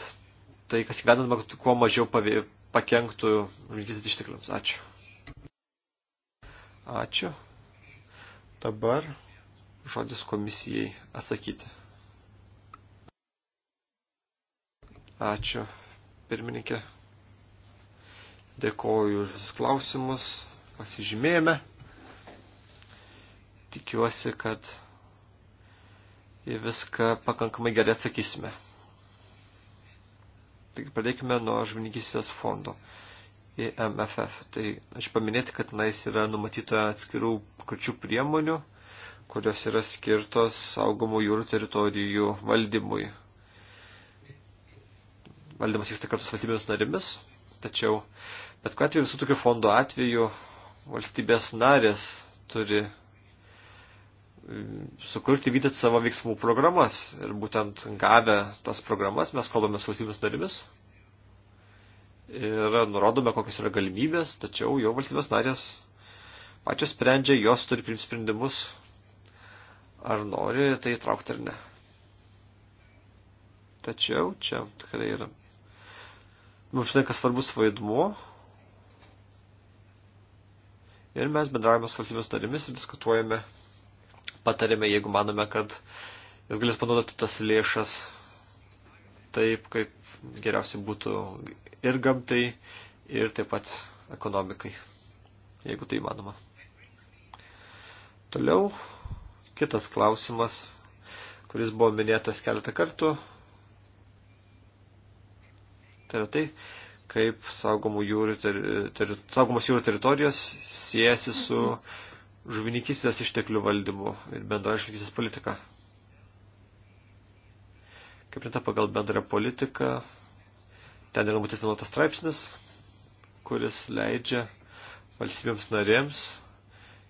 tai, kas gyvenama, kuo mažiau pavė, pakenktų žmogus ištekliams. Ačiū. Ačiū. Dabar žodis komisijai atsakyti. Ačiū, pirmininkė. Dėkoju už visus klausimus, pasižymėjome. Tikiuosi, kad į viską pakankamai gerai atsakysime. Tai pradėkime nuo žvininkysės fondo į MFF. Tai aš paminėti, kad tenais yra numatyta atskirų kurčių priemonių, kurios yra skirtos saugomų jūrų teritorijų valdymui. Valdymas vyksta kartu su valstybėmis narimis, tačiau bet kuriuo atveju visų tokių fondų atveju valstybės narės turi sukurti, vykdyti savo veiksmų programas. Ir būtent gavę tas programas mes kalbame su valstybės narimis ir nurodome, kokios yra galimybės, tačiau jau valstybės narės pačios sprendžia, jos turi priimti sprendimus, ar nori tai įtraukti ar ne. Tačiau čia tikrai yra mums tenka svarbus vaidmuo ir mes bendravime su valstybės narimis ir diskutuojame patarėme, jeigu manome, kad jis galės panaudoti tas lėšas taip, kaip geriausiai būtų ir gamtai, ir taip pat ekonomikai, jeigu tai įmanoma. Toliau kitas klausimas, kuris buvo minėtas keletą kartų. Tai yra tai, kaip saugomų jūrų ter, ter, saugomos jūrų teritorijos siejasi su mm žuvininkystės išteklių valdymu ir bendra žuvininkystės politika. Kaip rinta pagal bendrą politiką, ten yra numatytas vienuotas straipsnis, kuris leidžia valstybėms narėms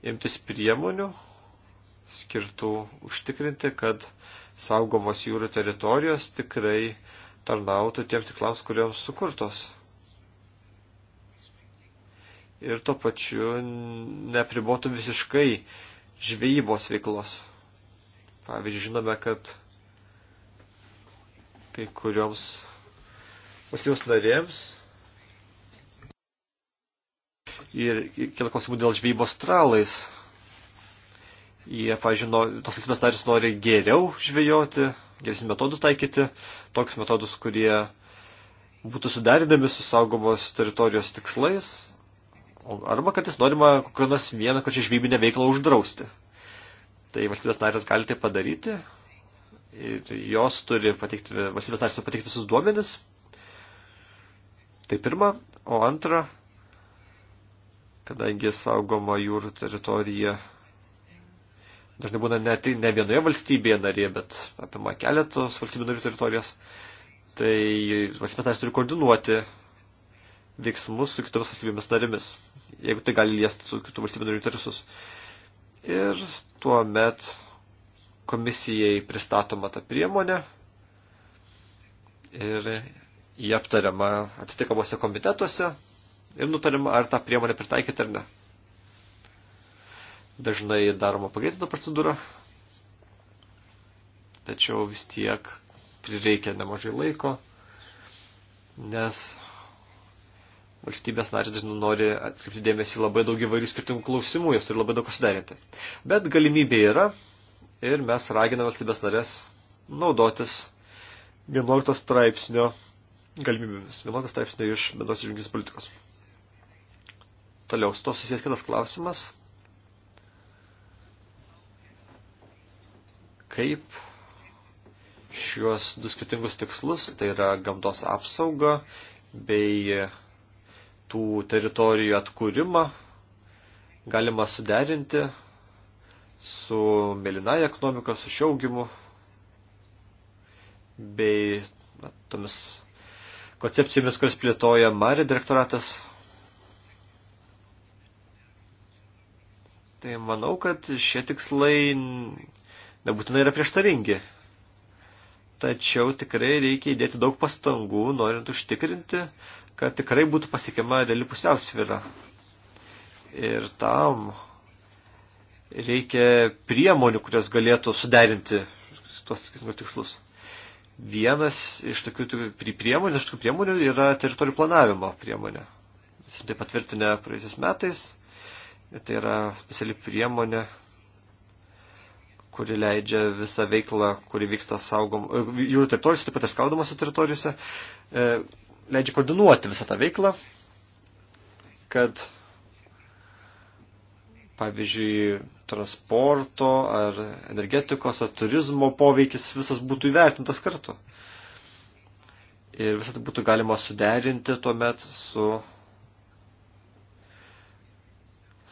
imtis priemonių skirtų užtikrinti, kad saugomos jūrų teritorijos tikrai tarnautų tiem tiklams, kuriems sukurtos ir tuo pačiu nepribotų visiškai žvejybos veiklos. Pavyzdžiui, žinome, kad kai kurioms valstybės narėms ir kila klausimų dėl žvejybos tralais. Jie, pažino, tos valstybės narės nori geriau žvejoti, geresnius metodus taikyti, tokius metodus, kurie būtų sudarinami su saugomos teritorijos tikslais, arba kad jis norima kokią nors vieną kočią žvybinę veiklą uždrausti. Tai valstybės narės gali tai padaryti ir jos turi pateikti, valstybės narės turi pateikti visus duomenis. Tai pirma, o antra, kadangi saugoma jūrų teritorija dažnai būna ne, ne vienoje valstybėje narė, bet apima keletos valstybių narių teritorijas, tai valstybės narės turi koordinuoti veiksmus su kitomis valstybėmis narėmis, jeigu tai gali liesti su kitų valstybių narių interesus. Ir tuomet komisijai pristatoma ta priemonė ir jie aptariama atitikamuose komitetuose ir nutarima, ar tą priemonę pritaikyti ar ne. Dažnai daroma pagreitinta procedūra, tačiau vis tiek prireikia nemažai laiko, nes valstybės narės dažnai nori atkreipti dėmesį labai daug įvairių skirtingų klausimų, jos turi labai daug sudarinti. Bet galimybė yra ir mes raginame valstybės narės naudotis 11 straipsnio galimybėmis, 11 straipsnio iš bendros žvilgis politikos. Toliau, su to susijęs kitas klausimas. Kaip šiuos du skirtingus tikslus, tai yra gamtos apsauga bei tų teritorijų atkūrimą galima suderinti su mėlynaja ekonomika, su šiaugimu bei na, tomis koncepcijomis, kurias plėtoja Marė direktoratas. Tai manau, kad šie tikslai nebūtinai yra prieštaringi. Tačiau tikrai reikia įdėti daug pastangų, norint užtikrinti, kad tikrai būtų pasiekiama reali pusiausvyra. Ir tam reikia priemonių, kurios galėtų suderinti tuos tikslus. Vienas iš tokių priemonių, iš tokių priemonių yra teritorijų planavimo priemonė. Jis tai patvirtinę praėjusiais metais. Tai yra speciali priemonė, kuri leidžia visą veiklą, kuri vyksta saugom, jūrų teritorijose, taip pat ir skaudomose teritorijose, e, leidžia koordinuoti visą tą veiklą, kad pavyzdžiui, transporto ar energetikos ar turizmo poveikis visas būtų įvertintas kartu. Ir visą tai būtų galima suderinti tuomet su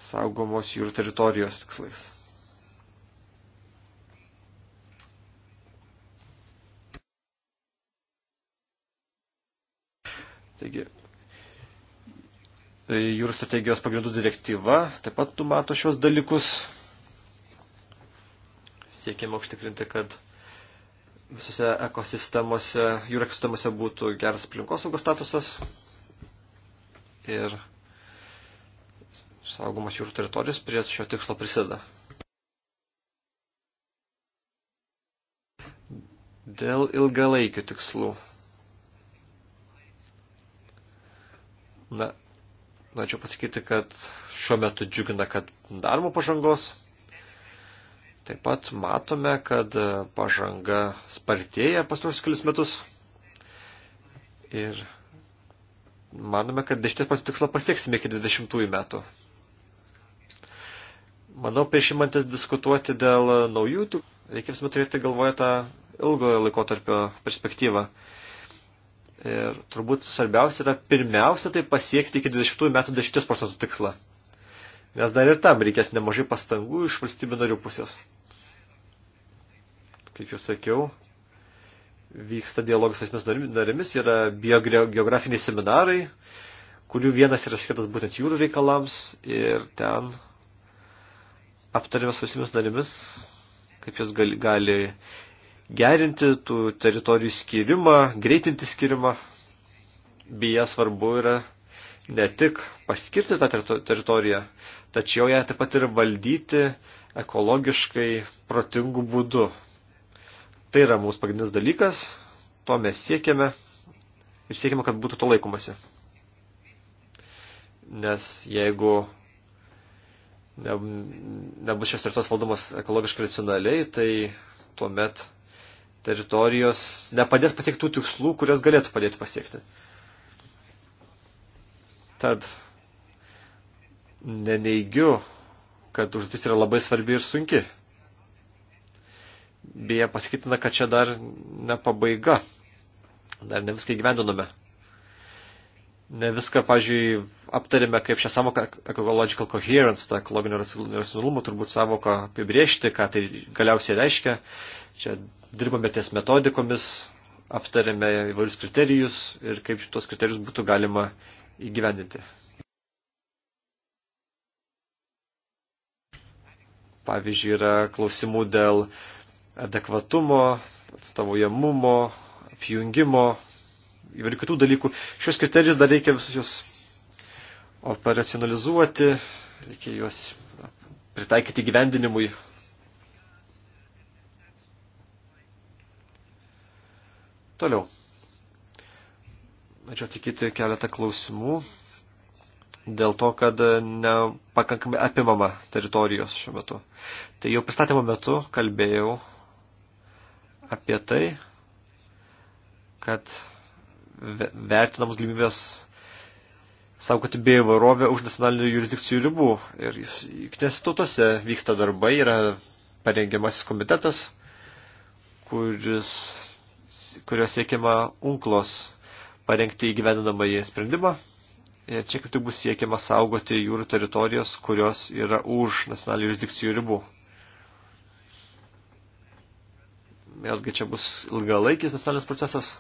saugomos jūrų teritorijos tikslais. Tai jūrų strategijos pagrindų direktyva taip pat numato šios dalykus. Siekime užtikrinti, kad visose ekosistemose, jūrų ekosistemose būtų geras aplinkosaugos statusas ir saugomos jūrų teritorijos prie šio tikslo prisideda. Dėl ilgalaikių tikslų. Na, norėčiau pasakyti, kad šiuo metu džiugina, kad darbo pažangos. Taip pat matome, kad pažanga spartėja pastaruosius kelis metus. Ir manome, kad 10 procentų tikslą pasieksime iki 20 metų. Manau, prieš imantis diskutuoti dėl naujų, reikia visuomet turėti galvoje tą ilgojo laikotarpio perspektyvą. Ir turbūt svarbiausia yra pirmiausia tai pasiekti iki 20 metų 10 procentų tikslą. Nes dar ir tam reikės nemažai pastangų iš valstybių narių pusės. Kaip jau sakiau, vyksta dialogas asmens narėmis, yra biogeografiniai seminarai, kurių vienas yra skirtas būtent jūrų reikalams ir ten aptarimas valstybės narėmis, kaip jos gali, gali gerinti tų teritorijų skirimą, greitinti skirimą, bija svarbu yra ne tik paskirti tą teritoriją, tačiau ją taip pat ir valdyti ekologiškai protingų būdų. Tai yra mūsų pagrindinis dalykas, to mes siekiame ir siekiame, kad būtų to laikomasi. Nes jeigu ne, nebus šios teritorijos valdomas ekologiškai racionaliai, tai tuomet teritorijos nepadės pasiekti tų tikslų, kurias galėtų padėti pasiekti. Tad neneigiu, kad užduotis yra labai svarbi ir sunki. Beje, pasakytina, kad čia dar ne pabaiga. Dar ne viską gyvendinome ne viską, pažiūrėjau, aptarėme, kaip šią savoką ecological coherence, tą ekologinio racionalumo turbūt savoką apibriežti, ką tai galiausiai reiškia. Čia dirbame ties metodikomis, aptarėme įvairius kriterijus ir kaip tuos kriterijus būtų galima įgyvendinti. Pavyzdžiui, yra klausimų dėl adekvatumo, atstovaujamumo, apjungimo, įvairių kitų dalykų. Šios kriterijus dar reikia visus juos operacionalizuoti, reikia juos pritaikyti gyvendinimui. Toliau. Ačiū atsakyti keletą klausimų dėl to, kad nepakankamai apimama teritorijos šiuo metu. Tai jau pristatymo metu kalbėjau apie tai, kad vertinamos galimybės saugoti bei įvairovę už nacionalinių jurisdikcijų ribų. Ir jungtinėse tautose vyksta darbai, yra parengiamasis komitetas, kuris, kurio siekiama unklos parengti įgyvendinamąjį sprendimą. Ir čia kaip tik bus siekiama saugoti jūrų teritorijos, kurios yra už nacionalinių jurisdikcijų ribų. Vėlgi čia bus ilgalaikis nacionalinis procesas,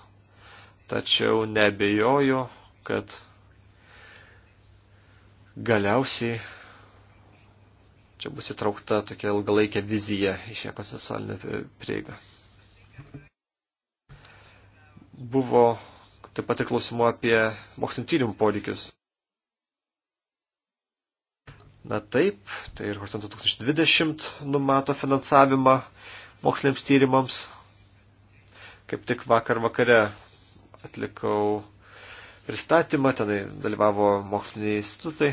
tačiau nebejoju, kad galiausiai čia bus įtraukta tokia ilgalaikė vizija į šią konceptualinę prieigą. Buvo taip pat ir klausimų apie mokslinio tyrimų poreikius. Na taip, tai ir Horizontas 2020 numato finansavimą moksliniams tyrimams. Kaip tik vakar vakare atlikau pristatymą, tenai dalyvavo moksliniai institutai.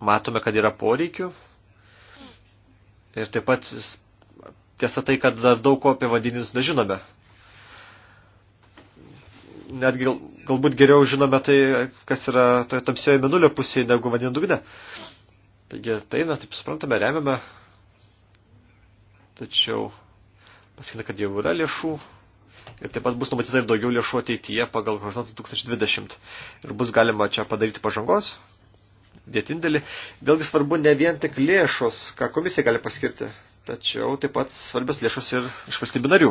Matome, kad yra poreikių. Ir taip pat tiesa tai, kad dar daug ko apie vandenynus nežinome. Netgi gal, galbūt geriau žinome tai, kas yra toje tamsioje minulio pusėje, negu vandenų dugne. Taigi tai mes taip suprantame, remiame. Tačiau pasakyti, kad jau yra lėšų ir taip pat bus numatyta ir daugiau lėšų ateityje pagal horizontą 2020. Ir bus galima čia padaryti pažangos, dėti indėlį. Vėlgi svarbu ne vien tik lėšos, ką komisija gali paskirti, tačiau taip pat svarbios lėšos ir iš valstybių narių.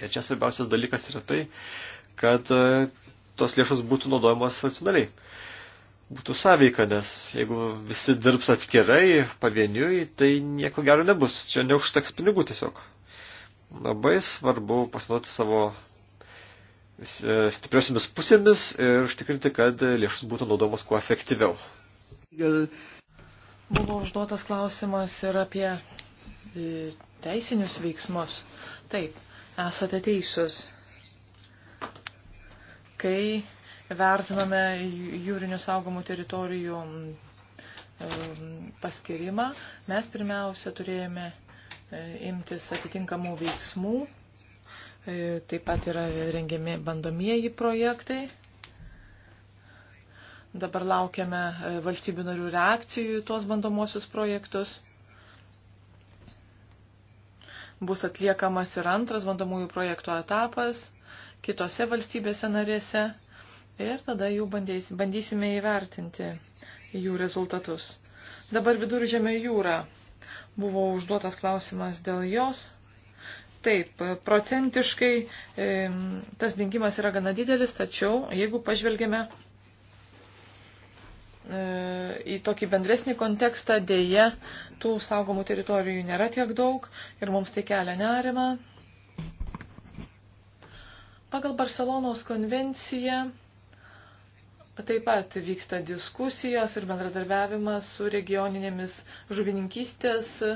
Ir čia svarbiausias dalykas yra tai, kad e, tos lėšos būtų naudojamos racionaliai. Būtų sąveika, nes jeigu visi dirbs atskirai, pavieniui, tai nieko gero nebus. Čia neužteks pinigų tiesiog. Labai svarbu pasinaudoti savo e, stipriosiamis pusėmis ir užtikrinti, kad lėšas būtų naudomas kuo efektyviau. Buvo užduotas klausimas ir apie e, teisinius veiksmus. Taip, esate teisus. Kai vertiname jūrinių saugomų teritorijų e, paskirimą, mes pirmiausia turėjome E, imtis atitinkamų veiksmų. E, taip pat yra rengiami bandomieji projektai. Dabar laukiame e, valstybių narių reakcijų į tuos bandomosius projektus. Bus atliekamas ir antras bandomųjų projektų etapas kitose valstybėse narėse ir tada jų bandys, bandysime įvertinti jų rezultatus. Dabar viduržėmė jūra. Buvo užduotas klausimas dėl jos. Taip, procentiškai e, tas dingimas yra gana didelis, tačiau jeigu pažvelgėme e, į tokį bendresnį kontekstą dėje tų saugomų teritorijų nėra tiek daug ir mums tai kelia nerima. Pagal Barcelonos konvenciją Taip pat vyksta diskusijos ir bendradarbiavimas su regioninėmis žuvininkystės e,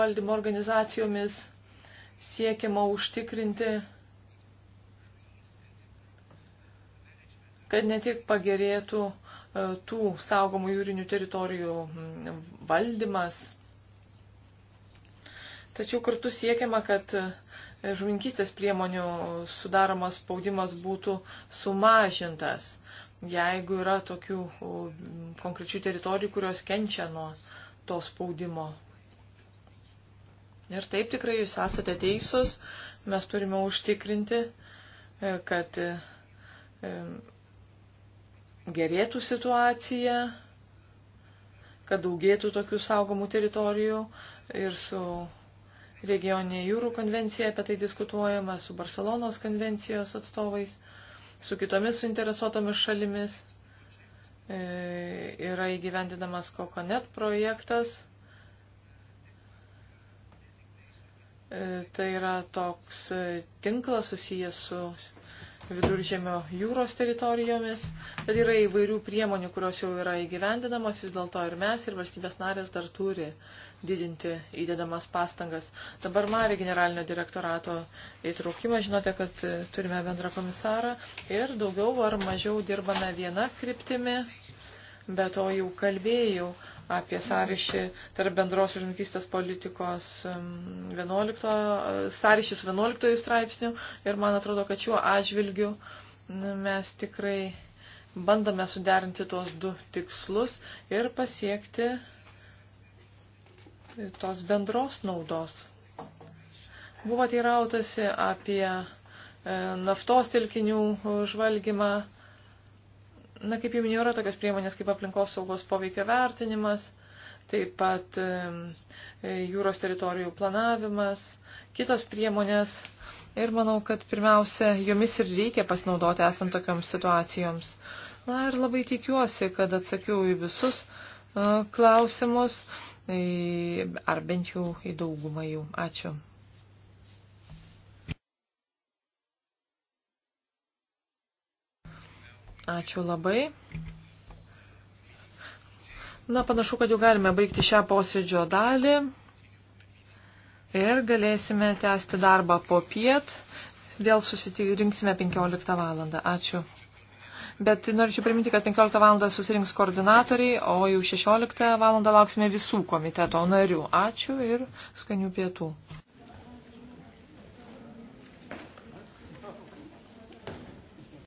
valdymo organizacijomis. Siekiama užtikrinti, kad ne tik pagerėtų e, tų saugomų jūrinių teritorijų valdymas, tačiau kartu siekiama, kad žuvinkistės priemonių sudaromas spaudimas būtų sumažintas, jeigu yra tokių konkrečių teritorijų, kurios kenčia nuo to spaudimo. Ir taip tikrai jūs esate teisūs, mes turime užtikrinti, e, kad e, e, gerėtų situacija, kad daugėtų tokių saugomų teritorijų ir su regioninė jūrų konvencija, apie tai diskutuojama su Barcelonos konvencijos atstovais, su kitomis suinteresuotomis šalimis. E, yra įgyvendinamas Kokonet projektas. E, tai yra toks e, tinklas susijęs su viduržėmio jūros teritorijomis, tad yra įvairių priemonių, kurios jau yra įgyvendinamos, vis dėlto ir mes, ir valstybės narės dar turi didinti įdedamas pastangas. Dabar Mari generalinio direktorato įtraukimą, žinote, kad turime bendrą komisarą ir daugiau ar mažiau dirbame viena kryptimi, bet to jau kalbėjau apie sąryšį tarp bendros žemkystės politikos 11, um, sąryšį su 11 straipsniu ir man atrodo, kad šiuo atžvilgiu nu, mes tikrai bandome suderinti tuos du tikslus ir pasiekti tos bendros naudos. Buvo teirautasi apie e, naftos telkinių žvalgymą Na, kaip jau minėjau, yra tokios priemonės kaip aplinkos saugos poveikio vertinimas, taip pat e, jūros teritorijų planavimas, kitos priemonės. Ir manau, kad pirmiausia, jomis ir reikia pasinaudoti esant tokioms situacijoms. Na ir labai tikiuosi, kad atsakiau į visus e, klausimus, e, ar bent jau į daugumą jų. Ačiū. Ačiū labai. Na, panašu, kad jau galime baigti šią posėdžio dalį ir galėsime tęsti darbą po piet. Vėl susirinksime 15 valandą. Ačiū. Bet norėčiau priminti, kad 15 valandą susirinks koordinatoriai, o jau 16 valandą lauksime visų komiteto narių. Ačiū ir skanių pietų.